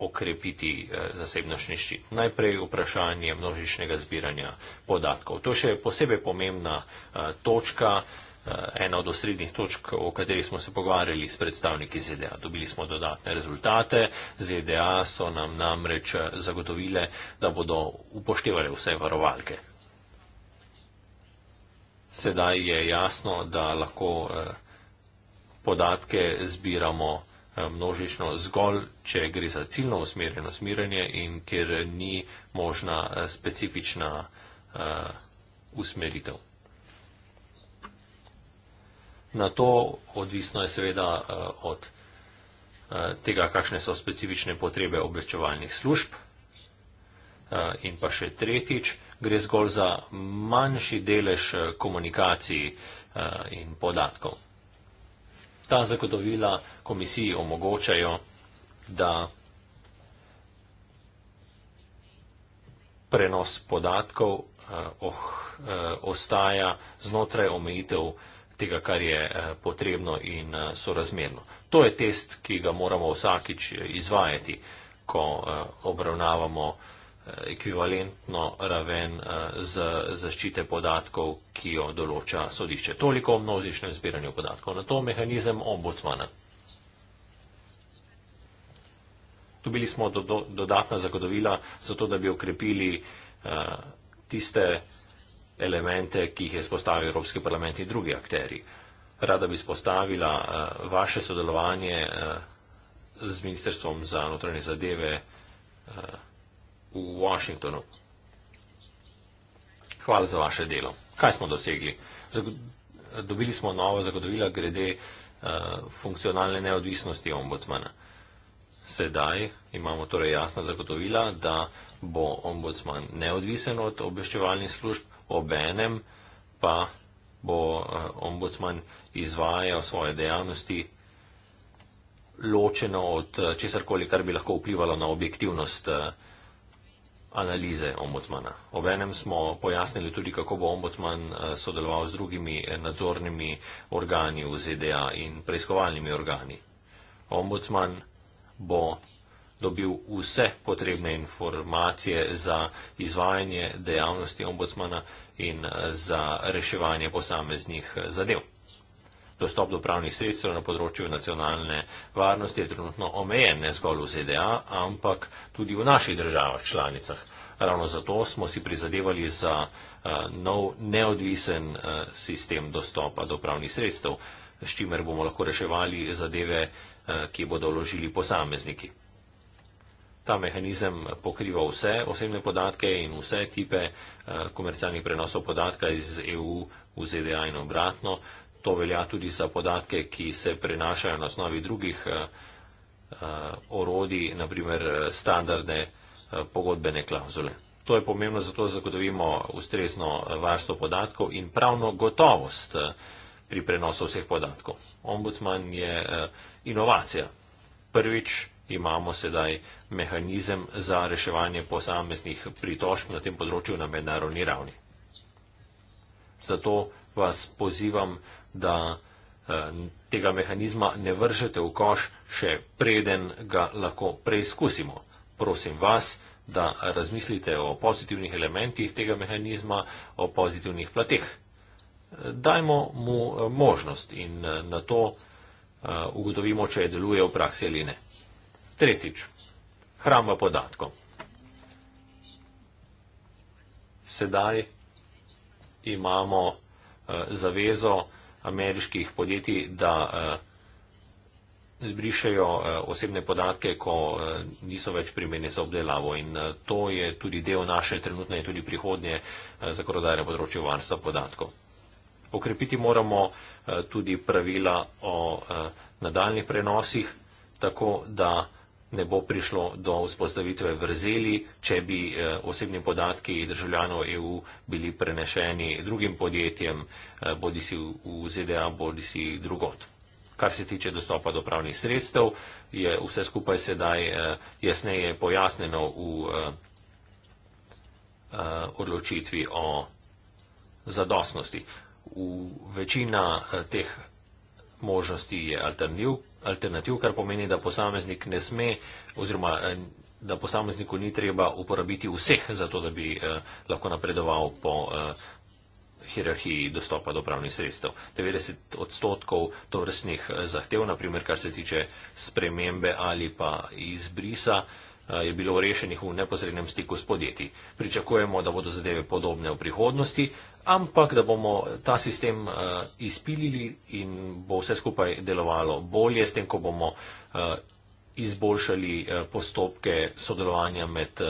okrepiti eh, zasebnostni ščit. Najprej vprašanje množičnega zbiranja podatkov. To je še posebej pomembna eh, točka, eh, ena od osrednjih točk, o kateri smo se pogovarjali s predstavniki ZDA. Dobili smo dodatne rezultate, ZDA so nam namreč zagotovile, da bodo upoštevali vse varovalke. Sedaj je jasno, da lahko podatke zbiramo podatke Eh, množično zgolj, če gre za ciljno usmerjeno smirjanje in kjer ni možna eh, specifična eh, usmeritev. Na to odvisno je seveda od tega, kakšne so specifične potrebe obveščevalnih služb. In pa še tretjič, gre zgolj za manjši delež komunikacij in podatkov. Ta zagotovila komisiji omogočajo, da prenos podatkov eh, oh, eh, ostaja znotraj omejitev tega, kar je eh, potrebno in eh, sorazmerno. To je test, ki ga moramo vsakič eh, izvajati, ko eh, obravnavamo eh, Eh, ekvivalentno raven eh, z zaščite podatkov, ki jo določa sodišče. Toliko o množičnem zbiranju podatkov. Na to mehanizem ombudsmana. Dobili smo do, do, dodatna zagotovila za to, da bi okrepili eh, tiste elemente, ki jih je spostavil Evropski parlament in drugi akteri. Rada bi spostavila vaše sodelovanje z Ministrstvom za notranje zadeve v Washingtonu. Hvala za vaše delo. Kaj smo dosegli? Dobili smo novo zagodovilo glede eh, funkcionalne neodvisnosti ombudsmana. Sedaj imamo torej jasna zagotovila, da bo ombudsman neodvisen od obveščevalnih služb, obenem pa bo eh, ombudsman izvajal svoje dejavnosti ločeno od eh, česarkoli, kar bi lahko vplivalo na objektivnost uh, analize ombudsmana. Obenem smo pojasnili tudi, kako bo ombudsman eh, sodeloval z drugimi eh, nadzornimi organi v ZDA in preiskovalnimi organi. Ombudsman bo dobil vse potrebne informacije za izvajanje dejavnosti ombudsmana in eh, za reševanje posameznih zadev. Dostop do pravnih sredstev na področju nacionalne varnosti je trenutno omejen ne zgolj v ZDA, ampak tudi v naših državah članicah. Ravno zato smo si prizadevali za uh, nov neodvisen uh, sistem dostopa do pravnih sredstev, s čimer bomo lahko reševali zadeve, uh, ki bodo vložili posamezniki. Ta mehanizem pokriva vse osebne podatke in vse tipe uh, komercialnih prenosov podatka iz EU v ZDA in obratno, To velja tudi za podatke, ki se prenašajo na osnovi drugih uh, orodij, naprimer eh, standardne uh, pogodbene klauzule. To je pomembno zato, da zagotovimo ustrezno varstvo podatkov in pravno gotovost pri prenosu vseh podatkov. Ombudsman je inovacija. Prvič imamo sedaj mehanizem za reševanje posameznih pritožb na tem področju na mednarodni ravni. Zato vas pozivam da eh, tega mehanizma ne vržete v koš, še preden ga lahko preizkusimo. Prosim vas, da razmislite o pozitivnih elementih tega mehanizma, o pozitivnih plateh. Dajmo mu eh, možnost in eh, na to ugotovimo, če je deluje v praksi ali ne. Tretjič. Hramba podatkov. Sedaj imamo zavezo, ameriških podjetij, da eh, zbrišajo eh, osebne podatke, ko eh, niso več primerne za obdelavo. In to je tudi del naše trenutne in tudi prihodnje zakonodajne področje varstva podatkov. Okrepiti moramo tudi pravila o nadaljnih prenosih, tako da ne bo prišlo do vzpostavitve vrzeli, če bi eh, osebni podatki državljanov EU bili prenešeni drugim podjetjem, eh, bodi si v ZDA, bodi si drugot. Kar se tiče dostopa do pravnih sredstev, je vse skupaj sedaj eh, jasneje pojasneno v odločitvi o zadostnosti. Večina teh možnosti je alternativ, alternativ, kar pomeni, da posameznik ne sme oziroma eh, da posamezniku ni treba uporabiti vseh za to, da bi eh, lahko napredoval po eh, hierarhiji dostopa do pravnih sredstev. 90 odstotkov tovrstnih eh, zahtev, naprimer, kar se tiče spremembe ali pa izbrisa, eh, Eh, je bilo rešenih v neposrednem stiku s podjetji. Pričakujemo, da bodo zadeve podobne v prihodnosti, ampak da bomo ta sistem eh, izpilili in bo vse skupaj delovalo bolje, s tem, ko bomo eh, izboljšali postopke sodelovanja med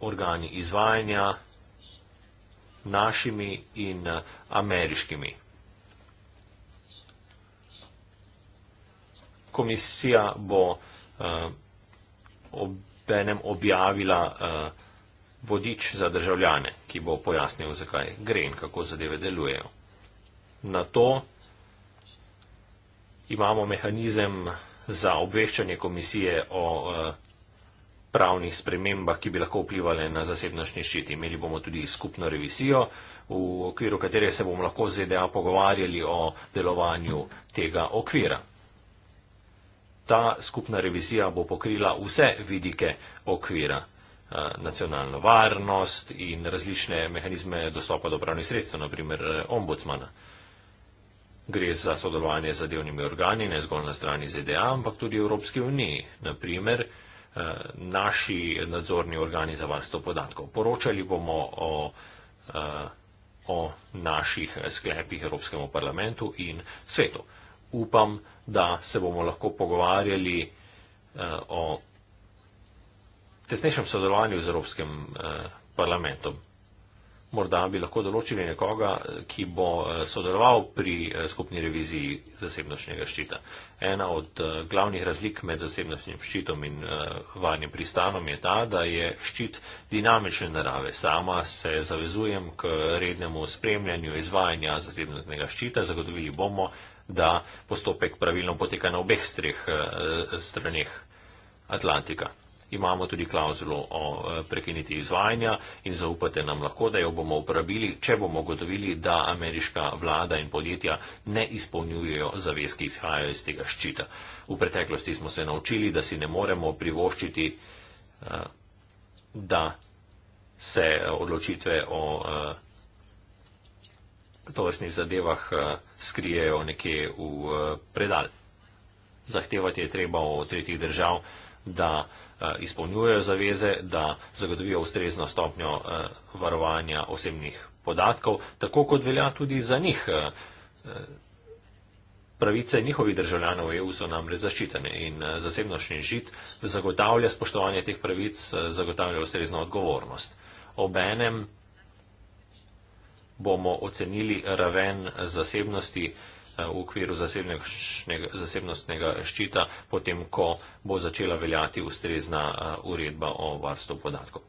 organi izvajanja, našimi in ameriškimi. Komisija bo uh, ob, enem objavila uh, vodič za državljane, ki bo pojasnil, zakaj gre in kako zadeve delujejo. Na to imamo mehanizem za obveščanje komisije o uh, pravnih spremembah, ki bi lahko vplivali na zasebnošnji ščit. Imeli bomo tudi skupno revizijo, v okviru katere se bomo lahko z ZDA pogovarjali o delovanju tega okvira ta skupna revizija bo pokrila vse vidike okvira eh, nacionalno varnost in različne mehanizme dostopa do pravnih sredstev, naprimer eh, ombudsmana. Gre za sodelovanje z zadevnimi organi, ne zgolj na strani ZDA, ampak tudi Evropske unije, naprimer eh, naši nadzorni organi za varstvo podatkov. Poročali bomo o, o naših sklepih Evropskemu parlamentu in svetu. Upam, da se bomo lahko pogovarjali eh, o tesnejšem sodelovanju z Evropskim eh, parlamentom. Morda bi lahko določili nekoga, ki bo eh, sodeloval pri skupni reviziji zasebnostnega ščita. Ena od glavnih razlik med zasebnostnim ščitom in varnim pristanom je ta, da je ščit dinamične narave. Sama se zavezujem k rednemu spremljanju izvajanja zasebnostnega ščita. Zagotovili bomo, da postopek pravilno poteka na obeh streh, eh, eh, straneh Atlantika. Imamo tudi klauzulo o eh, prekiniti izvajanja in zaupate nam lahko, da jo bomo uporabili, če bomo gotovili, da ameriška vlada in podjetja ne izpolnjujejo zavez, ki izhajajo iz tega ščita. V preteklosti smo se naučili, da si ne moremo privoščiti, da se odločitve o to vrstnih zadevah eh, skrijejo nekje v eh, predal. Zahtevati je treba od tretjih držav, da eh, izpolnjujejo zaveze, da zagotovijo ustrezno stopnjo varovanja osebnih podatkov, tako kot velja tudi za njih. Pravice njihovih državljanov EU so namreč zaščitene in zasebnošnji žit zagotavlja spoštovanje teh pravic, zagotavlja ustrezno odgovornost. Obenem bomo ocenili raven zasebnosti eh, v okviru zasebnostnega ščita, potem ko bo začela veljati ustrezna eh, uredba o varstvu podatkov.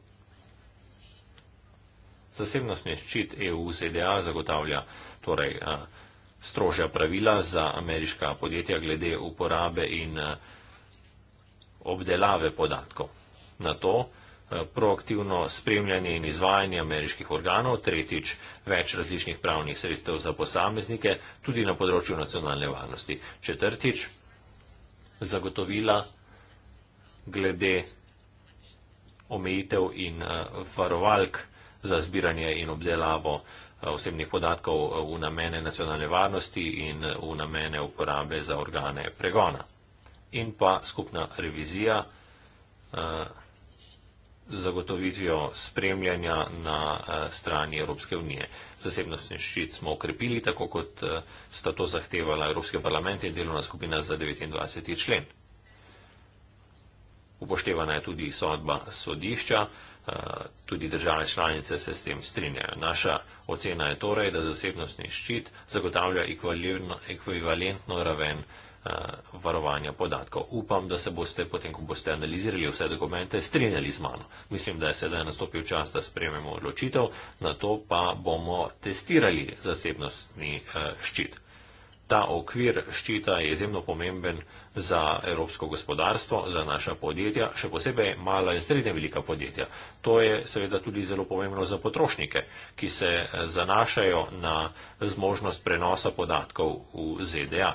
Zasebnostni ščit EU-ZDA zagotavlja torej eh, strožja pravila za ameriška podjetja glede uporabe in obdelave podatkov. Na to Eh, proaktivno spremljanje in izvajanje ameriških organov, tretjič več različnih pravnih sredstev za posameznike, tudi na področju nacionalne varnosti, četrtič zagotovila glede omejitev in eh, varovalk za zbiranje in obdelavo eh, osebnih podatkov v namene nacionalne varnosti in v namene uporabe za organe pregona. In pa skupna revizija. Uh, zagotovitvijo spremljanja na eh, strani Evropske unije. Zasebnost in ščit smo okrepili, tako kot eh, sta to zahtevala Evropski parlament in delovna skupina za 29. člen. Upoštevana je tudi sodba sodišča, eh, tudi države članice se s tem strinjajo. Naša ocena je torej, da zasebnostni ščit zagotavlja ekvivalentno raven uh, varovanja podatkov. Upam, da se boste potem, ko boste analizirali vse dokumente, strinjali z mano. Mislim, da je sedaj nastopil čas, da sprejmemo odločitev, na to pa bomo testirali zasebnostni uh, ščit. Ta okvir ščita je izjemno pomemben za evropsko gospodarstvo, za naša podjetja, še posebej mala in srednja velika podjetja. To je seveda tudi zelo pomembno za potrošnike, ki se eh, zanašajo na zmožnost prenosa podatkov v ZDA.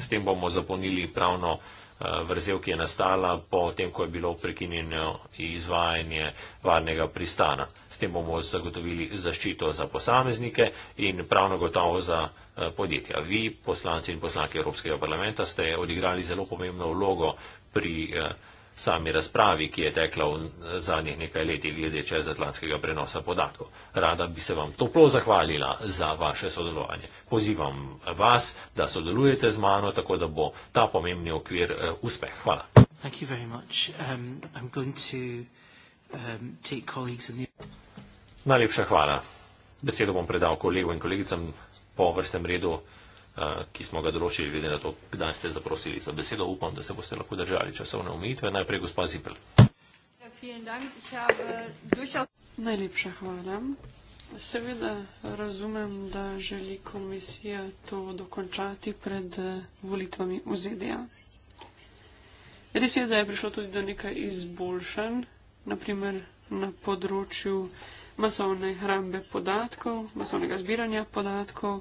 S tem bomo zapolnili pravno eh, vrzel, ki je nastala po tem, ko je bilo prekinjeno izvajanje varnega pristana. S tem bomo zagotovili zaščito za posameznike in pravno gotovo za eh, podjetja. Vi, poslanci in poslanke Evropskega parlamenta, ste odigrali zelo pomembno vlogo pri eh, sami razpravi, ki je tekla v eh, zadnjih nekaj letih glede čezatlantskega prenosa podatkov. Rada bi se vam toplo zahvalila za vaše sodelovanje. Pozivam vas, da sodelujete z mano, tako da bo ta pomembni okvir uh, uspeh. Hvala. Um, um, Najlepša hvala. Besedo bom predal kolegu in kolegicam po vrstem redu ki smo ga določili, glede na to, kdaj ste zaprosili za besedo. Upam, da se boste lahko držali časovne omejitve. Najprej gospa Zipel. Ja, äh, Najlepša hvala. Seveda razumem, da želi komisija to dokončati pred eh, volitvami v ZDA. Res je, da je prišlo tudi do nekaj izboljšanj, naprimer na področju masovne hrambe podatkov, masovnega zbiranja podatkov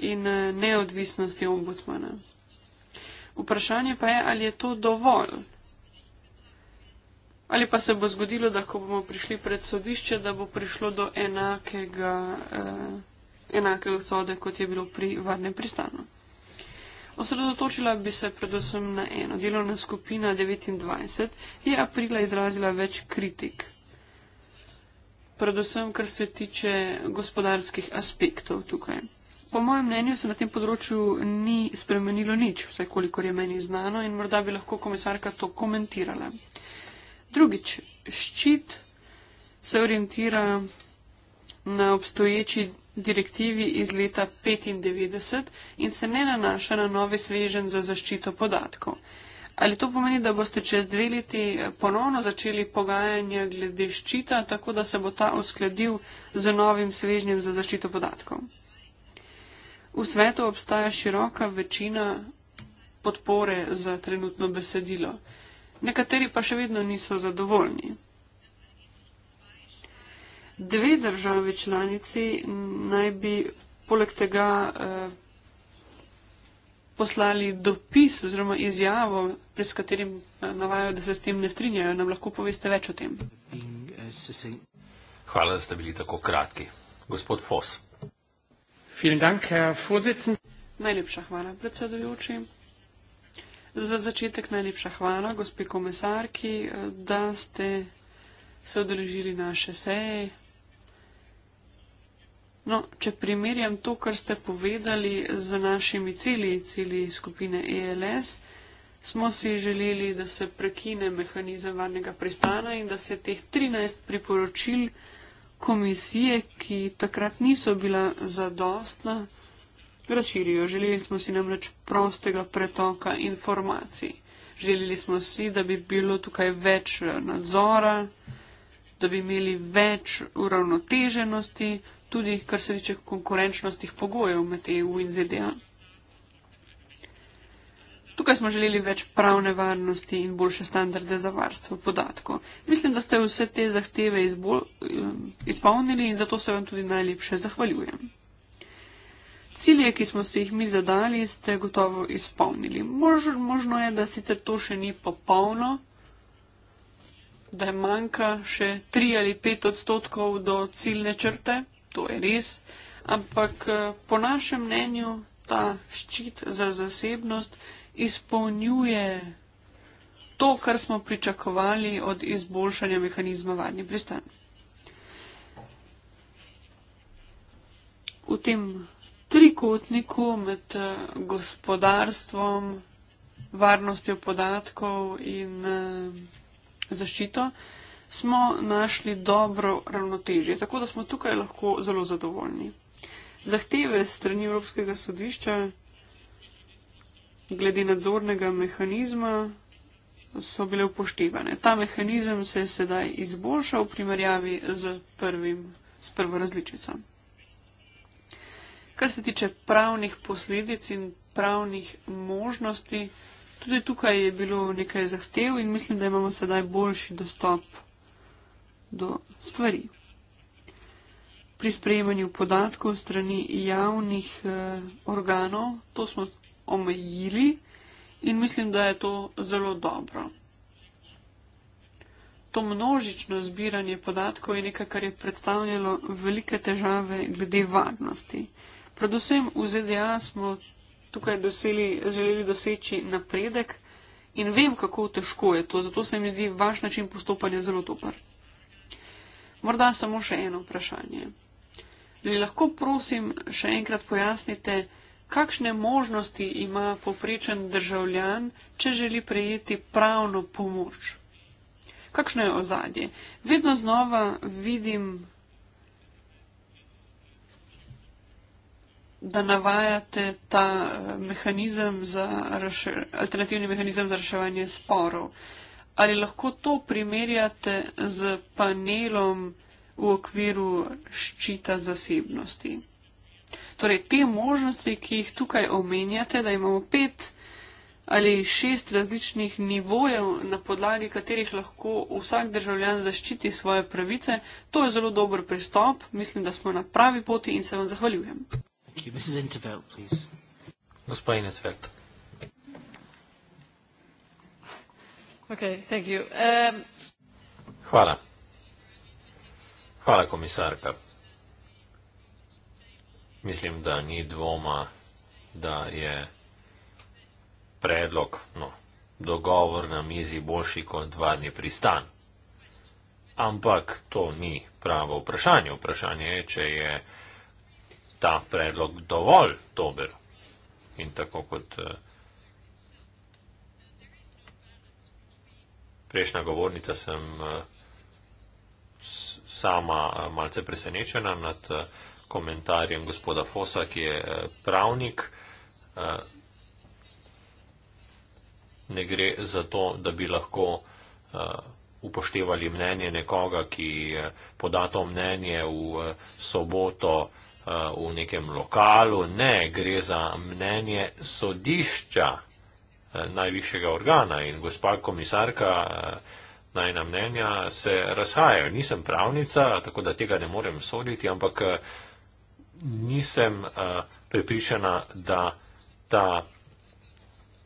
in eh, neodvisnosti ombudsmana. Vprašanje pa je, ali je to dovolj. Ali pa se bo zgodilo, da ko bomo prišli pred sodišče, da bo prišlo do enakega, eh, enakega sode, kot je bilo pri varnem pristanu. Osredotočila bi se predvsem na eno. Delovna skupina 29 je aprila izrazila več kritik. Predvsem, kar se tiče gospodarskih aspektov tukaj po mojem mnenju se na tem področju ni spremenilo nič, vsaj kolikor je meni znano in morda bi lahko komisarka to komentirala. Drugič, ščit se orientira na obstoječi direktivi iz leta 1995 in se ne nanaša na nove svežen za zaščito podatkov. Ali to pomeni, da boste čez dve leti ponovno začeli pogajanja glede ščita, tako da se bo ta uskladil z novim svežnjem za zaščito podatkov? V svetu obstaja široka večina podpore za trenutno besedilo. Nekateri pa še vedno niso zadovoljni. Dve države članici naj bi poleg tega eh, poslali dopis oziroma izjavo, pres katerim eh, navajajo, da se s tem ne strinjajo. Nam lahko poveste več o tem. Hvala, da ste bili tako kratki. Gospod Foss. Najlepša hvala, predsedujoči. Za začetek najlepša hvala, gospe komisarki, da ste se odrežili naše seje. No, če primerjam to, kar ste povedali z našimi celi, celi skupine ELS, smo si želeli, da se prekine mehanizem varnega pristana in da se teh 13 priporočil vsega, komisije, ki takrat niso bila zadostna, razširijo. Želeli smo si namreč prostega pretoka informacij. Želeli smo si, da bi bilo tukaj več eh, nadzora, da bi imeli več uravnoteženosti, tudi kar se tiče konkurenčnostih pogojev med EU in ZDA. Tukaj smo želeli več pravne varnosti in boljše standarde za varstvo podatkov. Mislim, da ste vse te zahteve izbol, eh, izpolnili in zato se vam tudi najlepše zahvaljujem. Cilje, ki smo si jih mi zadali, ste gotovo izpolnili. Mož, možno je, da sicer to še ni popolno, da je manjka še 3 ali 5 odstotkov do ciljne črte, to je res, ampak eh, po našem mnenju ta ščit za zasebnost izpolnjuje to, kar smo pričakovali od izboljšanja mehanizma varnih pristanj. V tem trikotniku med eh, gospodarstvom, varnostjo podatkov in eh, zaščito smo našli dobro ravnotežje, tako da smo tukaj lahko zelo zadovoljni. Zahteve strani Evropskega sodišča glede nadzornega mehanizma so bile upoštevane. Ta mehanizem se je sedaj izboljšal v primerjavi z, prvim, z prvo različico. Kar se tiče pravnih posledic in pravnih možnosti, tudi tukaj je bilo nekaj zahtev in mislim, da imamo sedaj boljši dostop do stvari. Pri sprejemanju podatkov strani javnih eh, organov, to smo omejili in mislim, da je to zelo dobro. To množično zbiranje podatkov je nekaj, kar je predstavljalo velike težave glede varnosti. Predvsem v ZDA smo tukaj doseli, želeli doseči napredek in vem, kako težko je to, zato se mi zdi vaš način postopanja zelo dober. Morda samo še eno vprašanje. Li lahko prosim še enkrat pojasnite, kakšne možnosti ima poprečen državljan, če želi prejeti pravno pomoč. Kakšno je ozadje? Vedno znova vidim, da navajate ta eh, mehanizem za reše, alternativni mehanizem za reševanje sporov. Ali lahko to primerjate z panelom v okviru ščita zasebnosti? Torej, te možnosti, ki jih tukaj omenjate, da imamo pet ali šest različnih nivojev, na podlagi katerih lahko vsak državljan zaščiti svoje pravice, to je zelo dober pristop. Mislim, da smo na pravi poti in se vam zahvaljujem. Gospod Inesvet. Okay, um... Hvala. Hvala, komisarka. Mislim, da ni dvoma, da je predlog, no, dogovor na mizi boljši kot varni pristan. Ampak to ni pravo vprašanje. Vprašanje je, če je ta predlog dovolj dober. In tako kot eh, prejšnja govornica sem eh, sama eh, malce presenečena nad komentarjem gospoda Fosa, ki je eh, pravnik. Eh, ne gre za to, da bi lahko eh, upoštevali mnenje nekoga, ki poda to mnenje v soboto v nekem lokalu. Ne, gre za mnenje sodišča najvišjega organa in gospa komisarka najna mnenja se razhajajo. Nisem pravnica, tako da tega ne morem soditi, ampak nisem eh, prepričana, da ta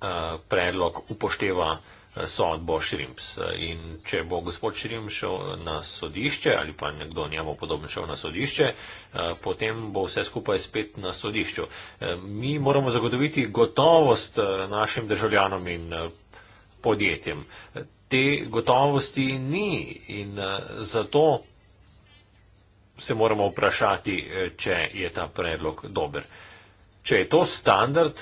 eh, predlog upošteva eh, sodbo Šrimps. In če bo gospod Šrimps šel na sodišče ali pa nekdo njemu podoben šel na sodišče, potem bo vse skupaj spet na sodišču. Mi moramo zagotoviti gotovost našim državljanom in podjetjem. Te gotovosti ni in zato se moramo vprašati, eh, če je ta predlog dober. Če je to standard,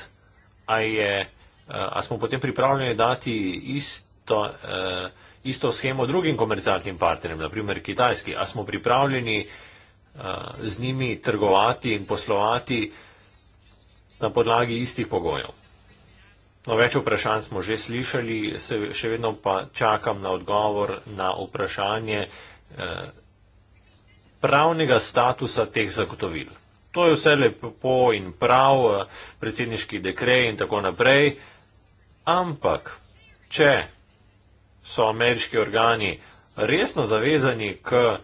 a, je, eh, a smo potem pripravljeni dati isto, eh, isto schemo drugim komercialnim partnerjem, naprimer Kitajski, a smo pripravljeni z njimi trgovati in poslovati na podlagi istih pogojev. No, več vprašanj smo že slišali, še vedno pa čakam na odgovor na vprašanje pravnega statusa teh zagotovil. To je vse lepo in prav, eh, predsedniški dekrej in tako naprej, ampak če so ameriški organi resno zavezani k eh,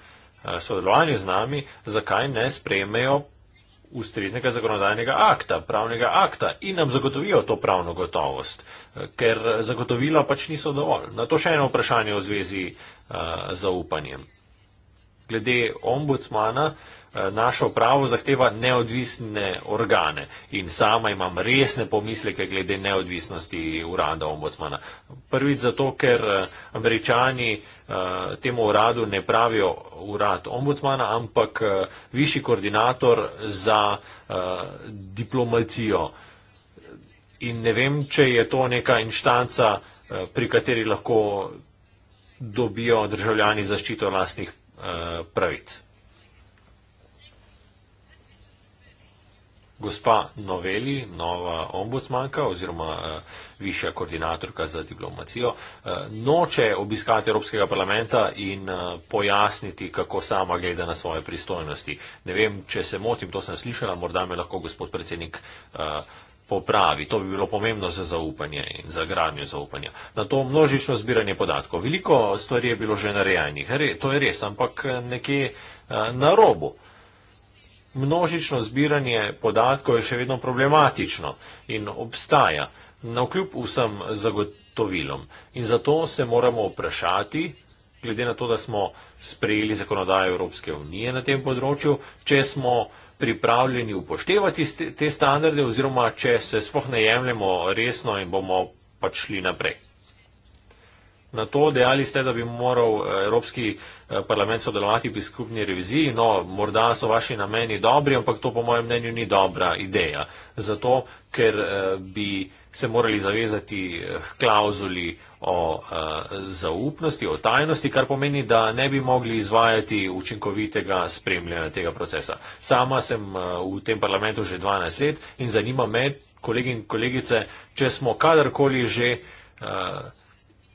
sodelovanju z nami, zakaj ne sprejmejo ustreznega zakonodajnega akta, pravnega akta in nam zagotovijo to pravno gotovost, eh, ker zagotovila pač niso dovolj. Na to še eno vprašanje v zvezi uh, z zaupanjem glede ombudsmana eh, našo pravo zahteva neodvisne organe in sama imam resne pomisleke glede neodvisnosti urada ombudsmana. Prvič zato, ker eh, američani eh, temu uradu ne pravijo urad ombudsmana, ampak višji koordinator za diplomacijo. In ne vem, če je to neka inštanca, pri kateri lahko dobijo državljani zaščito vlastnih Eh, praviti. Gospa Noveli, nova ombudsmanka oziroma uh, višja koordinatorka za diplomacijo, uh, noče obiskati Evropskega parlamenta in uh, pojasniti, kako sama gleda na svoje pristojnosti. Ne vem, če se motim, to sem slišala, morda me lahko gospod predsednik. Uh, popravi. To bi bilo pomembno za zaupanje in za gradnjo zaupanja. Na to množično zbiranje podatkov. Veliko stvari je bilo že narejenih, to je res, ampak eh, nekje eh, na robu. Množično zbiranje podatkov je še vedno problematično in obstaja na vkljub vsem zagotovilom. In zato se moramo vprašati, glede na to, da smo sprejeli zakonodajo Evropske unije na tem področju, če smo pripravljeni upoštevati te standarde oziroma če se spoh ne jemljemo resno in bomo pač šli naprej na to. Dejali ste, da bi moral eh, Evropski eh, parlament sodelovati pri skupni reviziji. No, morda so vaši nameni dobri, ampak to po mojem mnenju ni dobra ideja. Zato, ker eh, bi se morali zavezati klauzuli o zaupnosti, o tajnosti, kar pomeni, da ne bi mogli izvajati učinkovitega spremljanja tega procesa. Sama sem v tem parlamentu že 12 let in zanima me, kolegi in kolegice, če smo kadarkoli že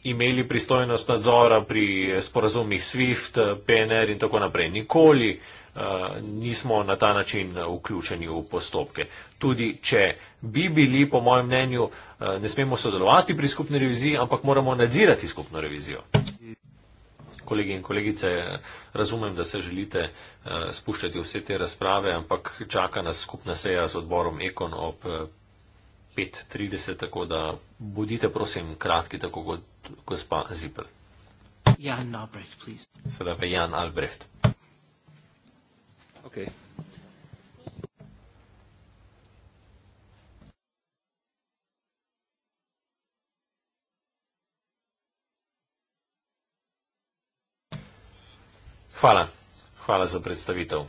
imeli pristojnost nadzora pri sporazumih SWIFT, PNR in tako naprej. Nikoli uh, nismo na ta način vključeni v postopke. Tudi če bi bili, po mojem mnenju, uh, ne smemo sodelovati pri skupni reviziji, ampak moramo nadzirati skupno revizijo. Kolegi in kolegice, razumem, da se želite uh, spuščati vse te razprave, ampak čaka nas skupna seja z odborom Ekon ob. Uh, 5.30, tako da bodite prosim kratki, tako kot gospa Zipel. Jan Albrecht, please. Sedaj pa Jan Albrecht. Ok. Hvala. Hvala za predstavitev.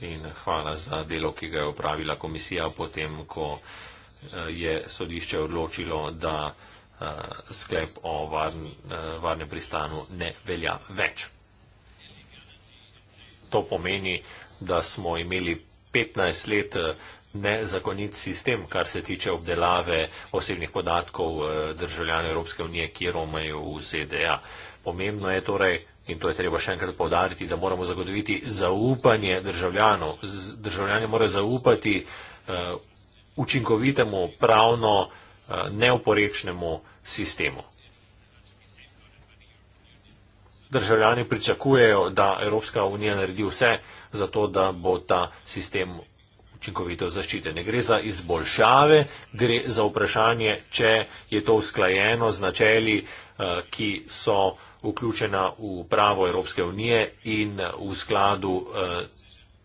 In hvala za delo, ki ga je upravila komisija potem, ko eh, je sodišče odločilo, da Eh, sklep o varn, eh, varnem pristanu ne velja več. To pomeni, da smo imeli 15 let eh, nezakonit sistem, kar se tiče obdelave osebnih podatkov državljanov Evropske unije, ki romajo v ZDA. Pomembno je torej, in to je treba še enkrat povdariti, da moramo zagotoviti zaupanje državljanov. Državljani morajo zaupati učinkovitemu pravno, Eh, neoporečnemu sistemu. Državljani pričakujejo, da Evropska unija naredi vse za to, da bo ta sistem učinkovito zaščiten. Ne gre za izboljšave, gre za vprašanje, če je to usklajeno z načeli, eh, ki so vključena v pravo Evropske unije in v skladu eh,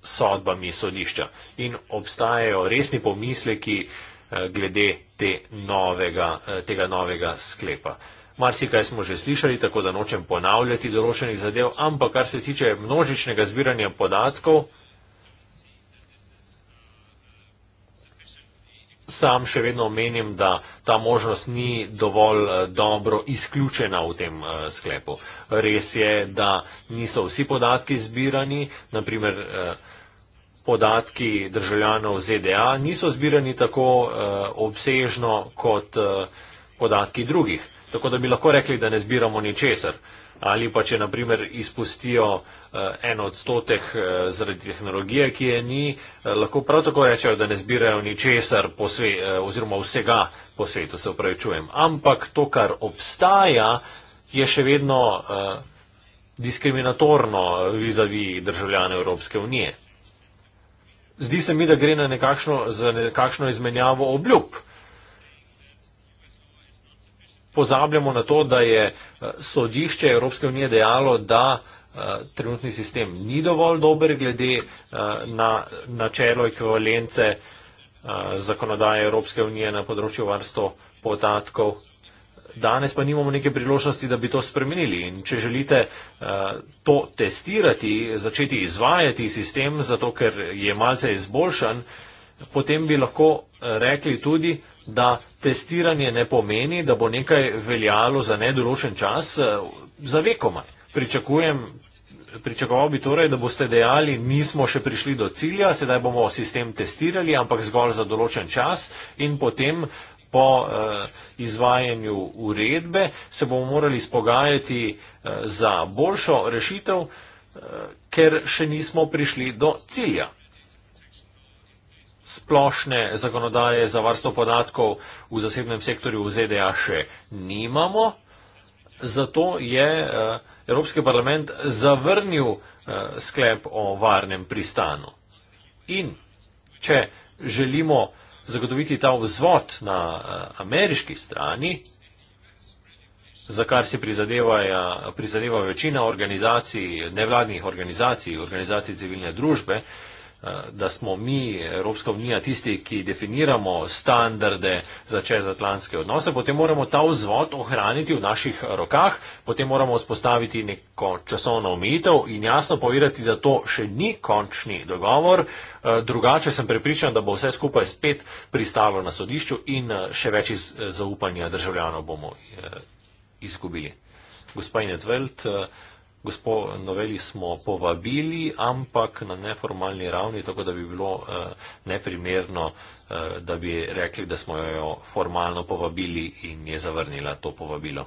sodbami sodišča. In obstajajo resni pomisleki glede te novega, eh, tega novega sklepa. Marsikaj smo že slišali, tako da nočem ponavljati določenih zadev, ampak kar se tiče množičnega zbiranja podatkov, sam še vedno menim, da ta možnost ni dovolj eh, dobro izključena v tem eh, sklepu. Res je, da niso vsi podatki zbirani, naprimer podatki državljanov ZDA niso zbirani tako uh, obsežno kot uh, podatki drugih. Tako da bi lahko rekli, da ne zbiramo ničesar. Ali pa če naprimer izpustijo uh, en odstotek uh, zaradi tehnologije, ki je ni, uh, lahko prav tako rečejo, da ne zbirajo ničesar posve, uh, oziroma vsega po svetu, se upravičujem. Ampak to, kar obstaja, je še vedno. Uh, diskriminatorno vizavi državljane Evropske unije zdi se mi, da gre na nekakšno, za nekakšno izmenjavo obljub. Pozabljamo na to, da je eh, sodišče Evropske unije dejalo, da eh, trenutni sistem ni dovolj dober glede eh, na načelo ekvivalence zakonodaje Evropske unije na področju varstva podatkov danes pa nimamo neke priložnosti, da bi to spremenili. In če želite eh, to testirati, začeti izvajati sistem, zato ker je malce izboljšan, potem bi lahko eh, rekli tudi, da testiranje ne pomeni, da bo nekaj veljalo za nedoločen čas, eh, za vekomaj. Pričakujem. Pričakoval bi torej, da boste dejali, nismo še prišli do cilja, sedaj bomo sistem testirali, ampak zgolj za določen čas in potem uh, po uh, izvajanju uredbe, se bomo morali spogajati uh, za boljšo rešitev, uh, ker še nismo prišli do cilja. Splošne zakonodaje za varstvo podatkov v zasebnem sektorju v ZDA še nimamo, zato je uh, Evropski parlament zavrnil uh, sklep o varnem pristanu. In če želimo uh, zagotoviti ta vzvod na eh, ameriški strani, za kar si prizadeva večina organizacij, nevladnih organizacij, organizacij civilne družbe, Eh, da smo mi, Evropska unija, tisti, ki definiramo standarde za čezatlantske odnose, potem moramo ta vzvod ohraniti v naših rokah, potem moramo vzpostaviti neko časovno omejitev in jasno povedati, da to še ni končni dogovor. Eh, drugače sem prepričan, da bo vse skupaj spet pristalo na sodišču in eh, še več zaupanja državljanov bomo izgubili. Gospa Inetveld, Gospod Noveli smo povabili, ampak na neformalni ravni, tako da bi bilo eh, neprimerno, eh, da bi rekli, da smo jo formalno povabili in je zavrnila to povabilo.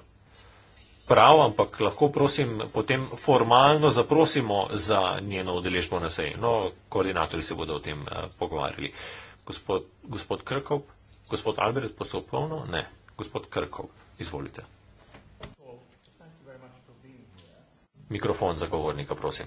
Prav, ampak lahko prosim, potem formalno zaprosimo za njeno udeležbo na seji. No, koordinatorji se bodo o tem eh, pogovarjali. Gospod, gospod Krkov, gospod Albert, postopovno? Ne. Gospod Krkov, izvolite. Mikrofon za govornika, prosim.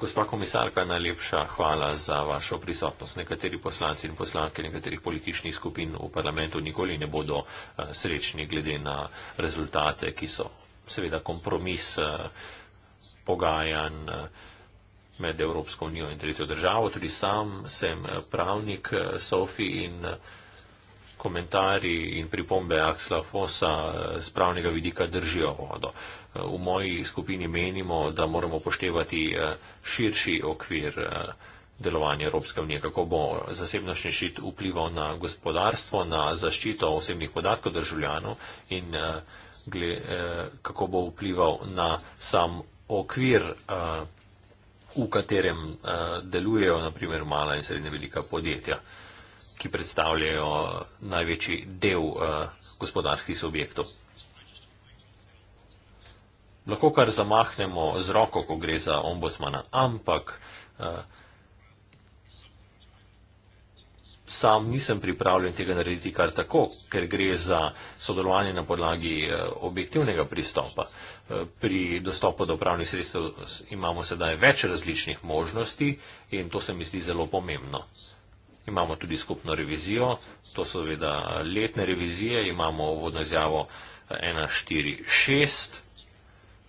Gospa komisarka, najlepša hvala za vašo prisotnost. Nekateri poslanci in poslanke nekaterih političnih skupin v parlamentu nikoli ne bodo eh, srečni glede na rezultate, ki so seveda kompromis eh, pogajan eh, med Evropsko unijo in tretjo državo. Tudi sam sem pravnik Sofi in komentari in pripombe Aksla Fosa z pravnega vidika držijo vodo. V moji skupini menimo, da moramo poštevati eh, širši okvir eh, delovanja Evropske unije, kako bo zasebnostni ščit vplival na gospodarstvo, na zaščito osebnih podatkov državljanov in eh, kako bo vplival na sam okvir, v katerem delujejo naprimer mala in srednje velika podjetja ki predstavljajo največji del uh, gospodarskih subjektov. Lahko kar zamahnemo z roko, ko gre za ombudsmana, ampak uh, sam nisem pripravljen tega narediti kar tako, ker gre za sodelovanje na podlagi uh, objektivnega pristopa. Uh, pri dostopu do pravnih sredstev imamo sedaj več različnih možnosti in to se mi zdi zelo pomembno. Uh, imamo tudi skupno revizijo, to so veda letne revizije, imamo vodno izjavo 146 eh,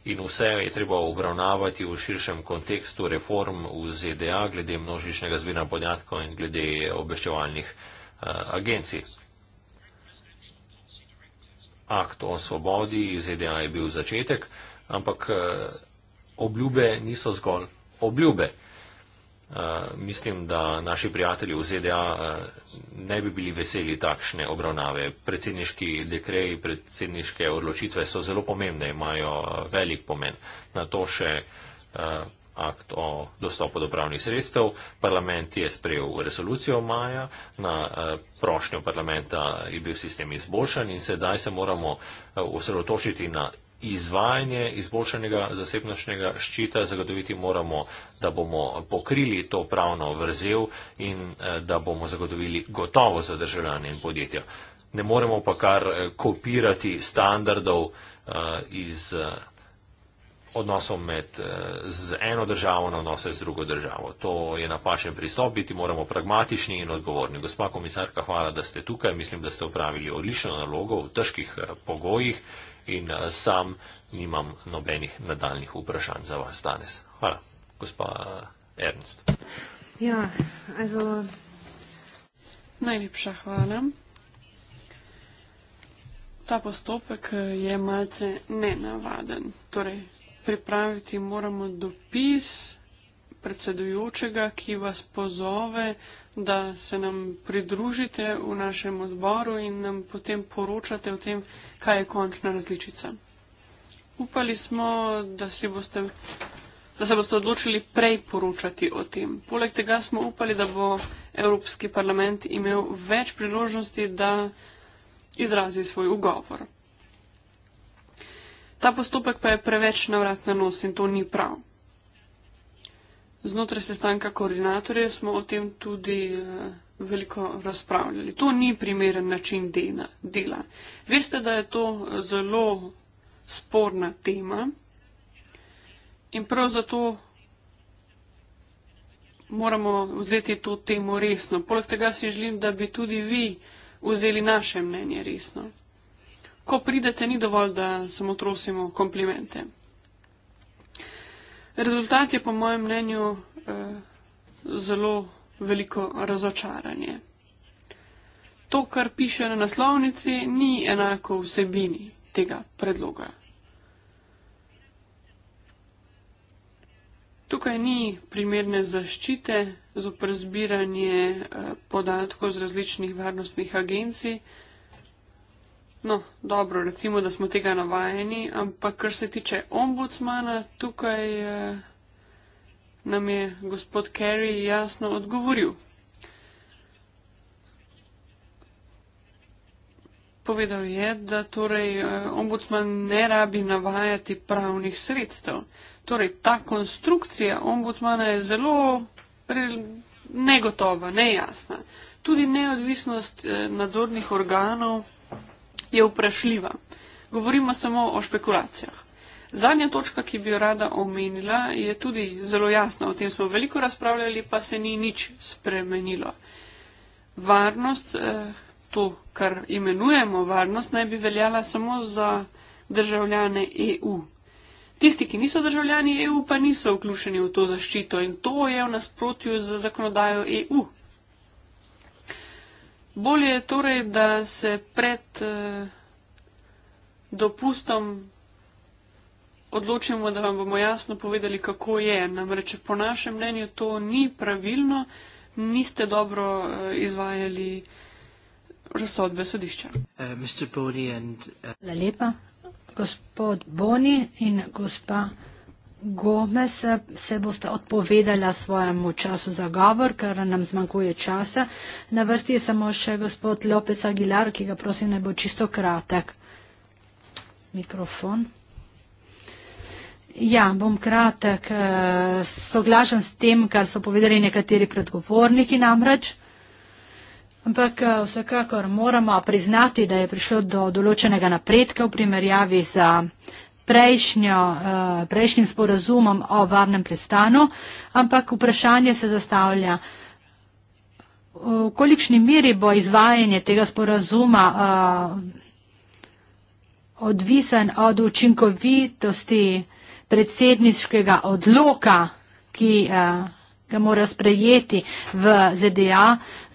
in vse je treba obravnavati v širšem kontekstu reform v ZDA glede množičnega zbiranja podatkov in glede obveščevalnih eh, agencij. Akt o svobodi iz ZDA je bil začetek, ampak eh, obljube niso zgolj obljube. Eh, mislim, da naši prijatelji v ZDA uh, eh, ne bi bili veseli takšne obravnave. Predsedniški dekreji, predsedniške odločitve so zelo pomembne, imajo eh, velik pomen. Na to še uh, akt o dostopu do pravnih sredstev. Parlament je sprejel resolucijo maja, na uh, prošnjo parlamenta je bil sistem izboljšan in sedaj se moramo uh, osredotočiti na izvajanje izboljšanega zasebnostnega ščita zagotoviti moramo, da bomo pokrili to pravno vrzel in eh, da bomo zagotovili gotovo za državljanje in podjetja. Ne moremo pa kar eh, kopirati standardov eh, iz odnosov med z eno državo na odnose z drugo državo. To je napačen pristop, biti moramo pragmatični in odgovorni. Gospa komisarka, hvala, da ste tukaj. Mislim, da ste upravili odlično nalogo v težkih pogojih in eh, sam nimam nobenih nadaljnih vprašanj za vas danes. Hvala, gospa eh, Ernst. Ja, also... Najlepša hvala. Ta postopek eh, je malce nenavaden. Torej, pripraviti moramo dopis predsedujočega, ki vas pozove, da se nam pridružite v našem odboru in nam potem poročate o tem, kaj je končna različica. Upali smo, da, boste, da se boste odločili prej poročati o tem. Poleg tega smo upali, da bo Evropski parlament imel več priložnosti, da izrazi svoj ugovor. Ta postopek pa je preveč navrat na nos in to ni prav. Znotraj sestanka koordinatorjev smo o tem tudi eh, veliko razpravljali. To ni primeren način dela. Veste, da je to eh, zelo sporna tema in prav zato moramo vzeti to temo resno. Poleg tega si želim, da bi tudi vi vzeli naše mnenje resno. Ko pridete, ni dovolj, da samo trosimo komplimente. Rezultat je po mojem mnenju eh, zelo veliko razočaranje. To, kar piše na naslovnici, ni enako vsebini tega predloga. Tukaj ni primerne zaščite z oprezbiranje eh, podatkov z različnih varnostnih agencij. No, dobro, recimo, da smo tega navajeni, ampak kar se tiče ombudsmana, tukaj eh, nam je gospod Kerry jasno odgovoril. Povedal je, da torej eh, ombudsman ne rabi navajati pravnih sredstev. Torej, ta konstrukcija ombudsmana je zelo negotova, nejasna. Tudi neodvisnost eh, nadzornih organov je vprašljiva. Govorimo samo o špekulacijah. Zadnja točka, ki bi jo rada omenila, je tudi zelo jasna. O tem smo veliko razpravljali, pa se ni nič spremenilo. Varnost, eh, to, kar imenujemo varnost, naj bi veljala samo za državljane EU. Tisti, ki niso državljani EU, pa niso vključeni v to zaščito in to je v nasprotju z zakonodajo EU. Bolje je torej, da se pred eh, dopustom odločimo, da vam bomo jasno povedali, kako je. Namreč po našem mnenju to ni pravilno, niste dobro eh, izvajali razsodbe sodišča. Eh, eh, Hvala uh, uh... lepa, gospod Boni in gospa. Gomez se boste odpovedali svojemu času za govor, ker nam zmanjkuje časa. Na vrsti je samo še gospod Lopes Aguilar, ki ga prosim naj bo čisto kratek. Mikrofon. Ja, bom kratek. Eh, soglašam s tem, kar so povedali nekateri predgovorniki namreč. Ampak eh, vsekakor moramo priznati, da je prišlo do določenega napredka v primerjavi za prejšnjo, eh, prejšnjim sporazumom o varnem pristanu, ampak vprašanje se zastavlja, v kolikšni miri bo izvajanje tega sporazuma eh, odvisen od učinkovitosti predsedniškega odloka, ki eh, ga morajo sprejeti v ZDA,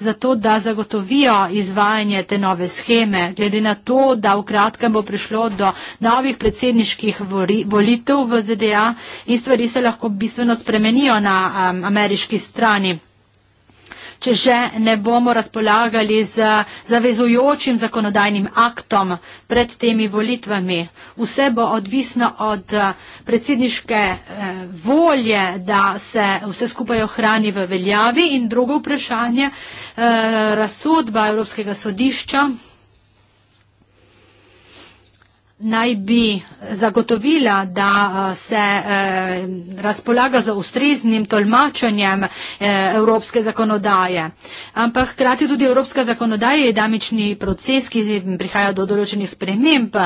zato da zagotovijo izvajanje te nove scheme. Glede na to, da v kratkem bo prišlo do novih predsedniških volitev v ZDA in stvari se lahko bistveno spremenijo na um, ameriški strani če že ne bomo razpolagali z zavezujočim zakonodajnim aktom pred temi volitvami. Vse bo odvisno od eh, predsedniške eh, volje, da se vse skupaj ohrani v veljavi. In drugo vprašanje, eh, razsodba Evropskega sodišča naj bi zagotovila, da eh, se eh, razpolaga za ustreznim tolmačenjem eh, evropske zakonodaje. Ampak hkrati tudi evropska zakonodaja je damični proces, ki prihaja do določenih sprememb.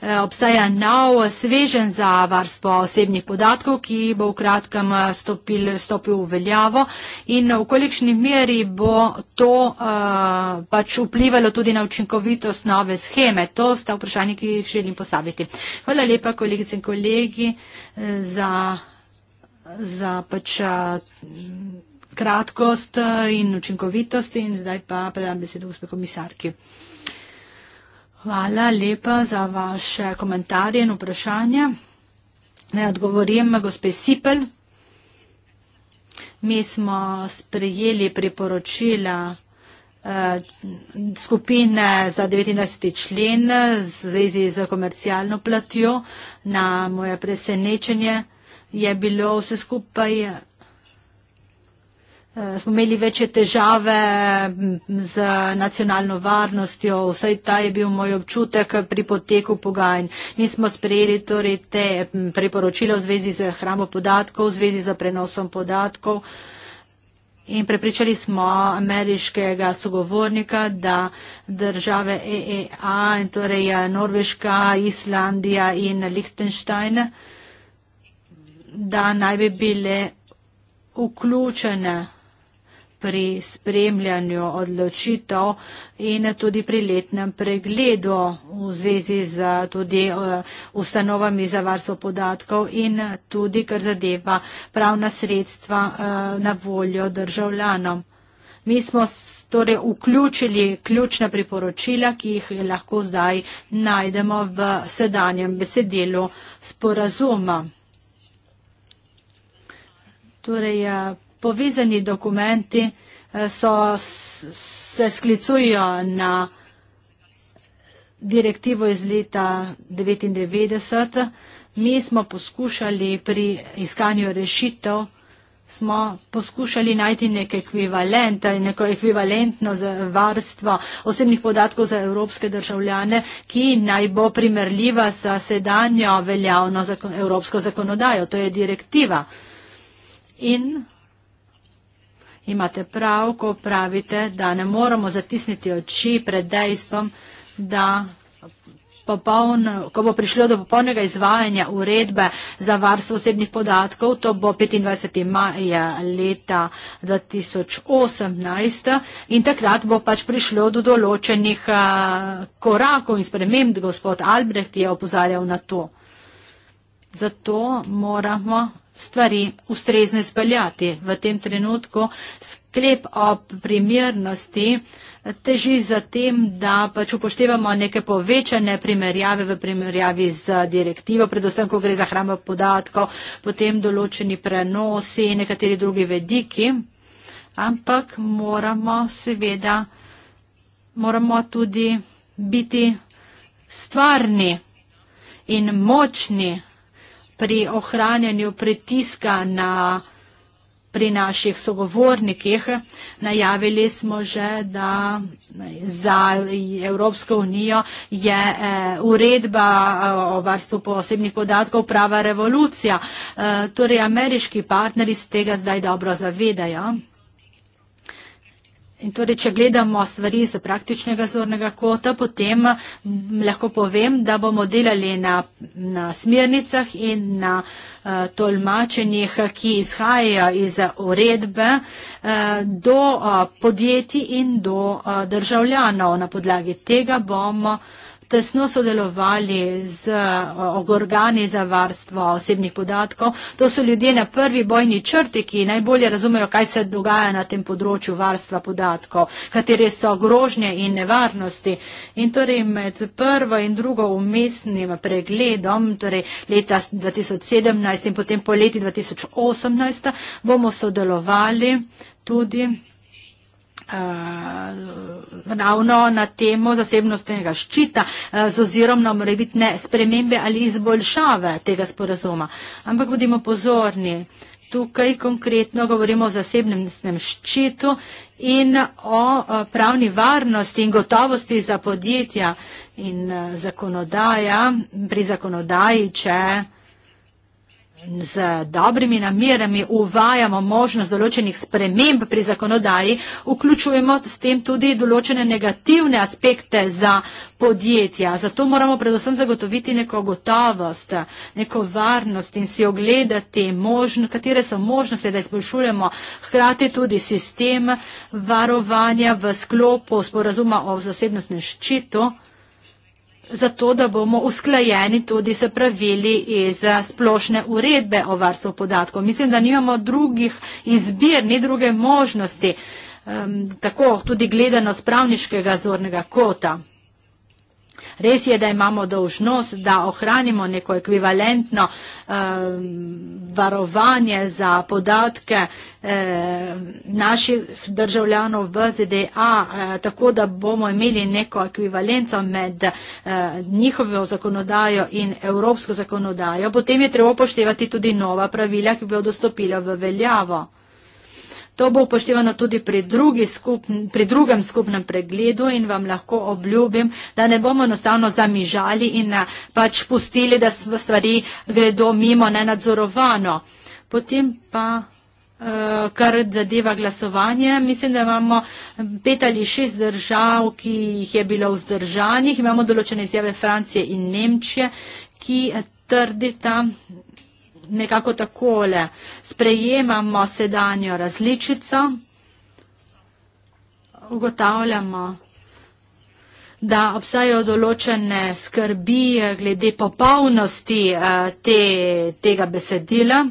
Eh, obstaja nov svežen za varstvo osebnih podatkov, ki bo v kratkem eh, stopil, stopil v veljavo in v kolikšni meri bo to uh, pač vplivalo tudi na učinkovitost nove scheme. To sta vprašanje, ki jih želim postaviti. Hvala lepa, kolegice in kolegi, za, za pač, uh, kratkost in učinkovitost in zdaj pa predam besedo gospod komisarki. Hvala lepa za vaše komentarje in vprašanje. Ne odgovorim, gospe Sipel. Mi smo sprejeli priporočila eh, skupine za 29. člen v zvezi z komercialno platjo. Na moje presenečenje je bilo vse skupaj Eh, smo imeli večje težave z nacionalno varnostjo, vsaj ta je bil moj občutek pri poteku pogajanj. Mi smo sprejeli torej te priporočila v zvezi z hramo podatkov, v zvezi z prenosom podatkov in prepričali smo ameriškega sogovornika, da države EEA, torej eh, Norveška, Islandija in Liechtenstein, da naj bi bile vključene pri spremljanju odločitev in tudi pri letnem pregledu v zvezi z tudi eh, ustanovami za varstvo podatkov in tudi, kar zadeva pravna sredstva eh, na voljo državljanom. Mi smo torej vključili ključna priporočila, ki jih lahko zdaj najdemo v sedanjem besedelu sporazuma. Torej, eh, povezani dokumenti eh, so, se sklicujo na direktivo iz leta 1999. Mi smo poskušali pri iskanju rešitev, smo poskušali najti nek ekvivalent, neko ekvivalentno varstvo osebnih podatkov za evropske državljane, ki naj bo primerljiva sa sedanjo veljavno zakon, evropsko zakonodajo, to je direktiva. In imate prav, ko pravite, da ne moramo zatisniti oči pred dejstvom, da popoln, ko bo prišlo do popolnega izvajanja uredbe za varstvo osebnih podatkov, to bo 25. maja eh, leta 2018 in takrat bo pač prišlo do določenih eh, korakov in sprememb, gospod Albrecht je opozarjal na to. Zato moramo stvari ustrezno izpeljati. V tem trenutku sklep o primernosti teži za tem, da pač upoštevamo neke povečane primerjave v primerjavi z direktivo, predvsem, ko gre za hrambo podatkov, potem določeni prenosi in nekateri drugi vediki, ampak moramo seveda moramo tudi biti stvarni in močni pri ohranjanju pritiska na, pri naših sogovornikih. Najavili smo že, da za Evropsko unijo je eh, uredba eh, o varstvu posebnih podatkov prava revolucija. Eh, torej, ameriški partneri se tega zdaj dobro zavedajo. In torej, če gledamo stvari z praktičnega zornega kota, potem lahko povem, da bomo delali na, na smernicah in na uh, tolmačenjih, ki izhajajo iz uredbe uh, do uh, podjetij in do uh, državljanov. Na podlagi tega bomo uh, tesno sodelovali z organi za varstvo osebnih podatkov. To so ljudje na prvi bojni črti, ki najbolje razumejo, kaj se dogaja na tem področju varstva podatkov, katere so grožnje in nevarnosti. In torej med prvo in drugo umestnim pregledom, torej leta 2017 in potem po leti 2018, bomo sodelovali tudi Eh, ravno na temo zasebnostnega ščita eh, z ozirom na morebitne spremembe ali izboljšave tega sporazuma. Ampak bodimo pozorni. Tukaj konkretno govorimo o zasebnem ščitu in o eh, pravni varnosti in gotovosti za podjetja in zakonodaja pri zakonodaji, če uh, z dobrimi namerami uvajamo možnost določenih sprememb pri zakonodaji, vključujemo s tem tudi določene negativne aspekte za podjetja. Zato moramo predvsem zagotoviti neko gotovost, neko varnost in si ogledati, možno, katere so možnosti, da izboljšujemo hkrati tudi sistem varovanja v sklopu sporazuma o zasebnostnem ščitu zato, da bomo usklajeni tudi se pravili iz splošne uredbe o varstvu podatkov. Mislim, da nimamo drugih izbir, ni druge možnosti, um, tako tudi gledano z pravniškega zornega kota. Res je, da imamo dožnost, da ohranimo neko ekvivalentno eh, varovanje za podatke eh, naših državljanov v ZDA, eh, tako da bomo imeli neko ekvivalenco med eh, njihovo zakonodajo in evropsko zakonodajo. Potem je treba upoštevati tudi nova pravila, ki bodo stopila v veljavo. To bo upoštevano tudi pri, drugi skupn, pri drugem skupnem pregledu in vam lahko obljubim, da ne bomo enostavno zamižali in eh, pač pustili, da stvari gredo mimo nenadzorovano. Potem pa, eh, kar zadeva glasovanje, mislim, da imamo mm, pet ali šest držav, ki jih je bilo vzdržanih. Imamo določene izjave Francije in Nemčije, ki eh, trdita, nekako takole. Sprejemamo sedanjo različico, ugotavljamo, da obstajajo določene skrbi glede popolnosti eh, te, tega besedila.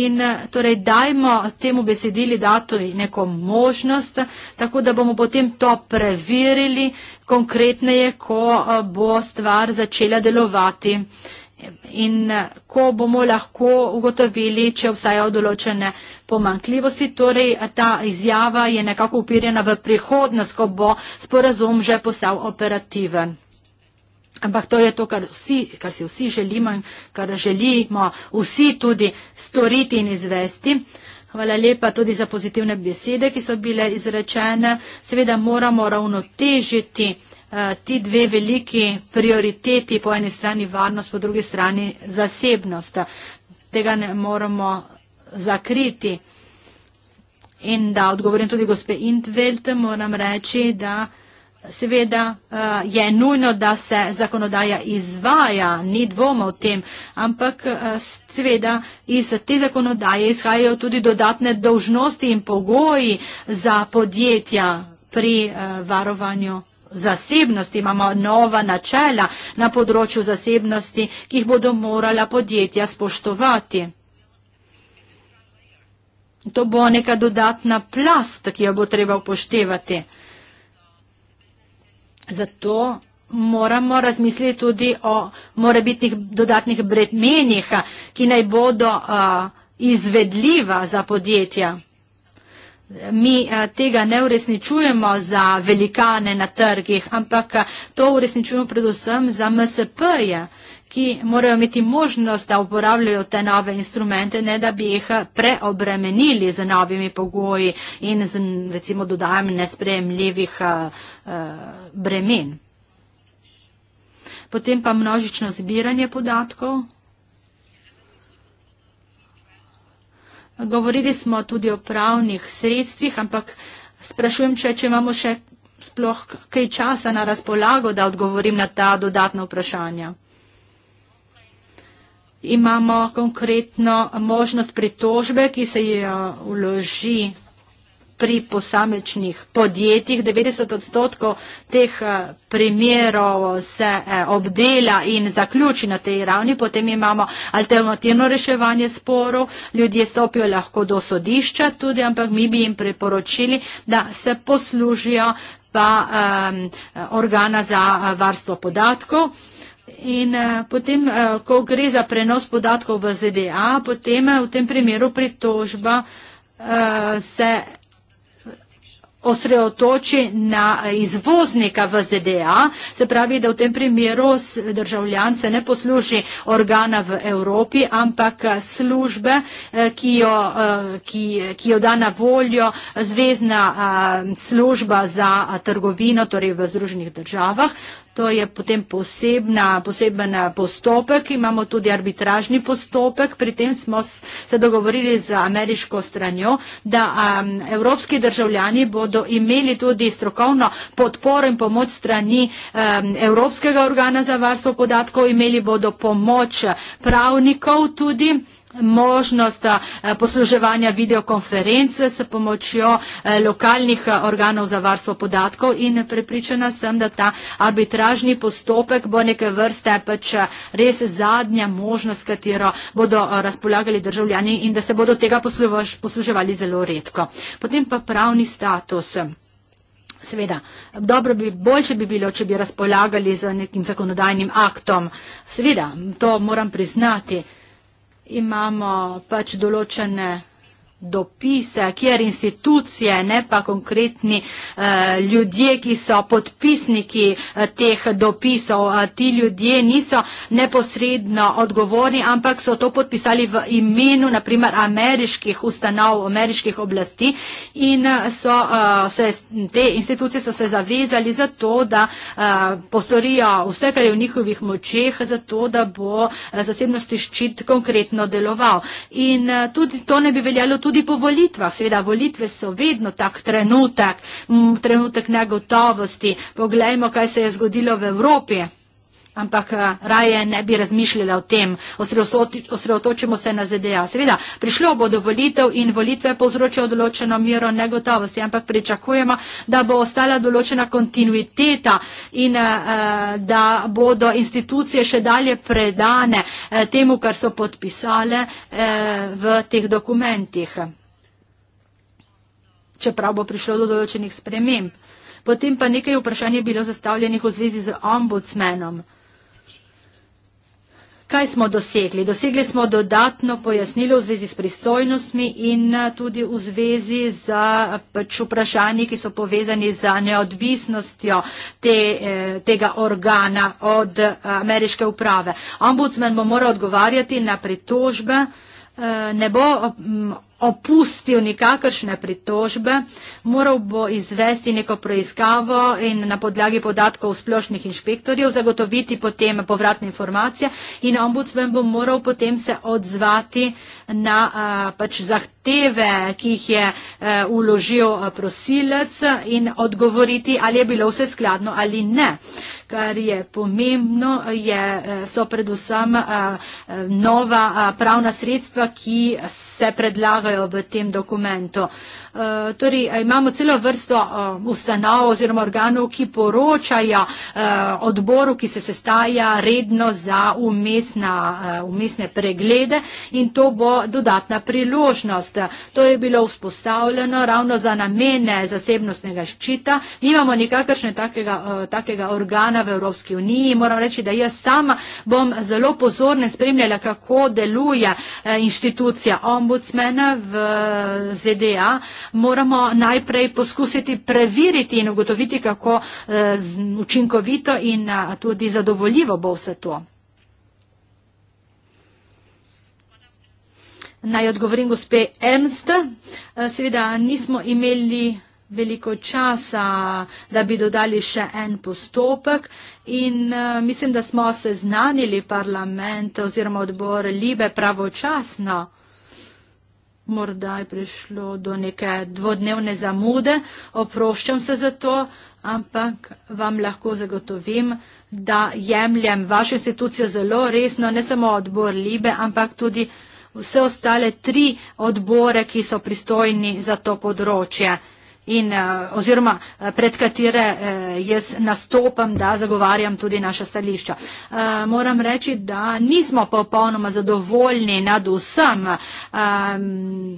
In eh, torej dajmo temu besedili dato neko možnost, tako da bomo potem to preverili konkretneje, ko eh, bo stvar začela delovati in eh, ko bomo lahko ugotovili, če obstajajo določene pomankljivosti. Torej, eh, ta izjava je nekako upirjena v prihodnost, ko bo sporazum že postal operativen. Ampak to je to, kar, vsi, kar si vsi želimo in kar želimo vsi tudi storiti in izvesti. Hvala lepa tudi za pozitivne besede, ki so bile izrečene. Seveda moramo ravnotežiti. Eh, ti dve veliki prioriteti, po eni strani varnost, po drugi strani zasebnost. Tega ne moramo zakriti. In da odgovorim tudi gospe Intveld, moram reči, da seveda eh, je nujno, da se zakonodaja izvaja, ni dvoma v tem, ampak eh, seveda iz te zakonodaje izhajajo tudi dodatne dolžnosti in pogoji za podjetja pri varovanju zasebnosti, imamo nova načela na področju zasebnosti, ki jih bodo morala podjetja spoštovati. To bo neka dodatna plast, ki jo bo treba upoštevati. Zato moramo razmisliti tudi o morebitnih dodatnih bremenjih, ki naj bodo a, izvedljiva za podjetja mi eh, tega ne uresničujemo za velikane na trgih, ampak eh, to uresničujemo predvsem za MSP-je, ki morajo imeti možnost, da uporabljajo te nove instrumente, ne da bi jih eh, preobremenili z novimi pogoji in z, recimo, dodajem nespremljivih bremen. Potem pa množično zbiranje podatkov. Govorili smo tudi o pravnih sredstvih, ampak sprašujem, če, če imamo še sploh kaj časa na razpolago, da odgovorim na ta dodatna vprašanja. Imamo konkretno možnost pritožbe, ki se jo vloži pri posamečnih podjetjih. 90 odstotkov teh eh, primerov se eh, obdela in zaključi na tej ravni. Potem imamo alternativno reševanje sporov. Ljudje stopijo lahko do sodišča tudi, ampak mi bi jim priporočili, da se poslužijo pa um, organa za eh, varstvo podatkov. In potem, ko gre za prenos podatkov v ZDA, potem v tem primeru pritožba se osredotoči na izvoznika v ZDA, se pravi, da v tem primeru državljan se ne posluži organa v Evropi, ampak službe, eh, ki jo, eh, ki, ki jo da na voljo zvezna eh, služba za trgovino, torej v Združenih državah. To je potem posebna, poseben eh, postopek, imamo tudi arbitražni postopek, pri tem smo se dogovorili z ameriško stranjo, da um, evropski državljani bodo imeli tudi strokovno podporo in pomoč strani um, Evropskega organa za varstvo podatkov, imeli bodo pomoč pravnikov tudi možnost eh, posluževanja videokonference s pomočjo eh, lokalnih eh, organov za varstvo podatkov in prepričana sem, da ta arbitražni postopek bo neke vrste pač res zadnja možnost, katero bodo razpolagali državljani in da se bodo tega posluževali zelo redko. Potem pa pravni status. Seveda, dobro bi, boljše bi bilo, če bi razpolagali z nekim zakonodajnim aktom. Seveda, to moram priznati imamo pač določene dopise, kjer institucije, ne pa konkretni uh, ljudje, ki so podpisniki uh, teh dopisov. Uh, ti ljudje niso neposredno odgovorni, ampak so to podpisali v imenu, naprimer, ameriških ustanov, ameriških oblasti in so uh, se, te institucije so se zavezali za to, da uh, postorijo vse, kar je v njihovih močeh, za to, da bo uh, zasebnosti ščit konkretno deloval. In uh, tudi to ne bi veljalo tudi tudi po volitvah. Seveda, volitve so vedno tak trenutek, m, trenutek negotovosti. Poglejmo, kaj se je zgodilo v Evropi. Ampak eh, raje ne bi razmišljala o tem, osredotočimo se na ZDA. Seveda, prišlo bo do volitev in volitve povzročajo določeno mero negotovosti, ampak pričakujemo, da bo ostala določena kontinuiteta in eh, da bodo institucije še dalje predane eh, temu, kar so podpisale eh, v teh dokumentih. Čeprav bo prišlo do določenih sprememb. Potem pa nekaj vprašanj je bilo zastavljenih v zvezi z ombudsmenom. Kaj smo dosegli? Dosegli smo dodatno pojasnilo v zvezi s pristojnostmi in eh, tudi v zvezi z eh, pač vprašanji, ki so povezani z neodvisnostjo te, eh, tega organa od ameriške uprave. Ombudsman bo moral odgovarjati na pritožbe, ne bo opustil nikakršne pritožbe, moral bo izvesti neko preiskavo in na podlagi podatkov splošnih inšpektorjev zagotoviti potem povratne informacije in ombudsman bo moral potem se odzvati na a, pač zahteve, ki jih je a, uložil prosilec in odgovoriti, ali je bilo vse skladno ali ne. Kar je pomembno, je, so predvsem a, a, nova a, pravna sredstva, ki se predlagajo upoštevajo v tem dokumentu. Eh, torej, eh, imamo celo vrsto eh, ustanov oziroma organov, ki poročajo odboru, ki se sestaja redno za umestna, umestne preglede in to bo dodatna priložnost. To je bilo vzpostavljeno ravno za namene zasebnostnega ščita. Nimamo nikakršne takega, takega organa v Evropski uniji. Moram reči, da jaz sama bom zelo pozorne spremljala, kako deluje inštitucija ombudsmena v ZDA, moramo najprej poskusiti preveriti in ugotoviti, kako eh, učinkovito in eh, tudi zadovoljivo bo vse to. Naj odgovorim gospe Ernst. Eh, seveda nismo imeli veliko časa, da bi dodali še en postopek in mislim, da smo seznanili parlament oziroma odbor Libe pravočasno morda je prišlo do neke dvodnevne zamude, oproščam se za to, ampak vam lahko zagotovim, da jemljem vašo institucijo zelo resno, ne samo odbor Libe, ampak tudi vse ostale tri odbore, ki so pristojni za to področje in eh, oziroma eh, pred katere eh, jaz nastopam, da zagovarjam tudi naša stališča. Moram reči, da nismo popolnoma zadovoljni nad vsem. Ehm,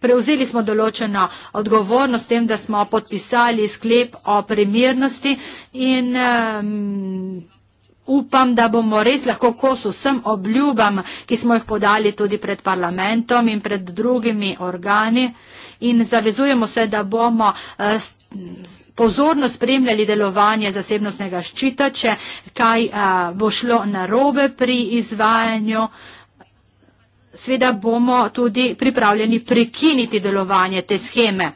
prevzeli smo določeno odgovornost tem, da smo podpisali sklep o primernosti in ehm, Upam, da bomo res lahko kos vsem obljubam, ki smo jih podali tudi pred parlamentom in pred drugimi organi in zavezujemo se, da bomo eh, pozorno spremljali delovanje zasebnostnega ščita, če kaj eh, bo šlo narobe pri izvajanju. Sveda bomo tudi pripravljeni prekiniti delovanje te scheme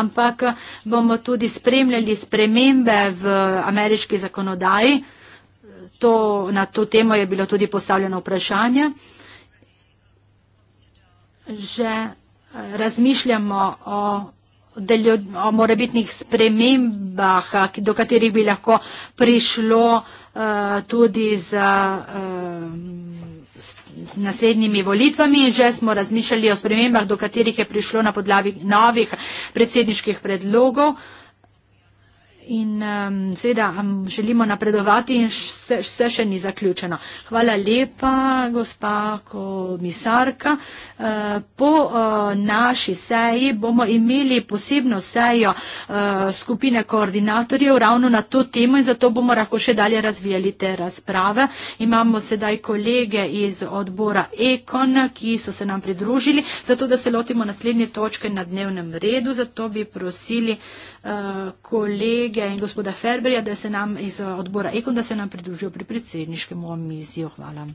ampak bomo tudi spremljali spremembe v ameriški zakonodaji to, na to temo je bilo tudi postavljeno vprašanje, že eh, razmišljamo o, o morebitnih spremembah, do katerih bi lahko prišlo uh, tudi z, uh, s, s naslednjimi volitvami. Že smo razmišljali o spremembah, do katerih je prišlo na podlavi novih predsedniških predlogov. Uh, in um, seveda um, želimo napredovati in vse še ni zaključeno. Hvala lepa, gospa komisarka. Uh, po uh, naši seji bomo imeli posebno sejo uh, skupine koordinatorjev ravno na to temo in zato bomo lahko še dalje razvijali te razprave. Imamo sedaj kolege iz odbora Ekon, ki so se nam pridružili, zato da se lotimo naslednje točke na dnevnem redu. Zato bi prosili uh, kolege, Grige in gospoda Ferberja, da se nam iz eh, odbora Ekom, da se nam pridružijo pri predsedniškem omizju. Hvala.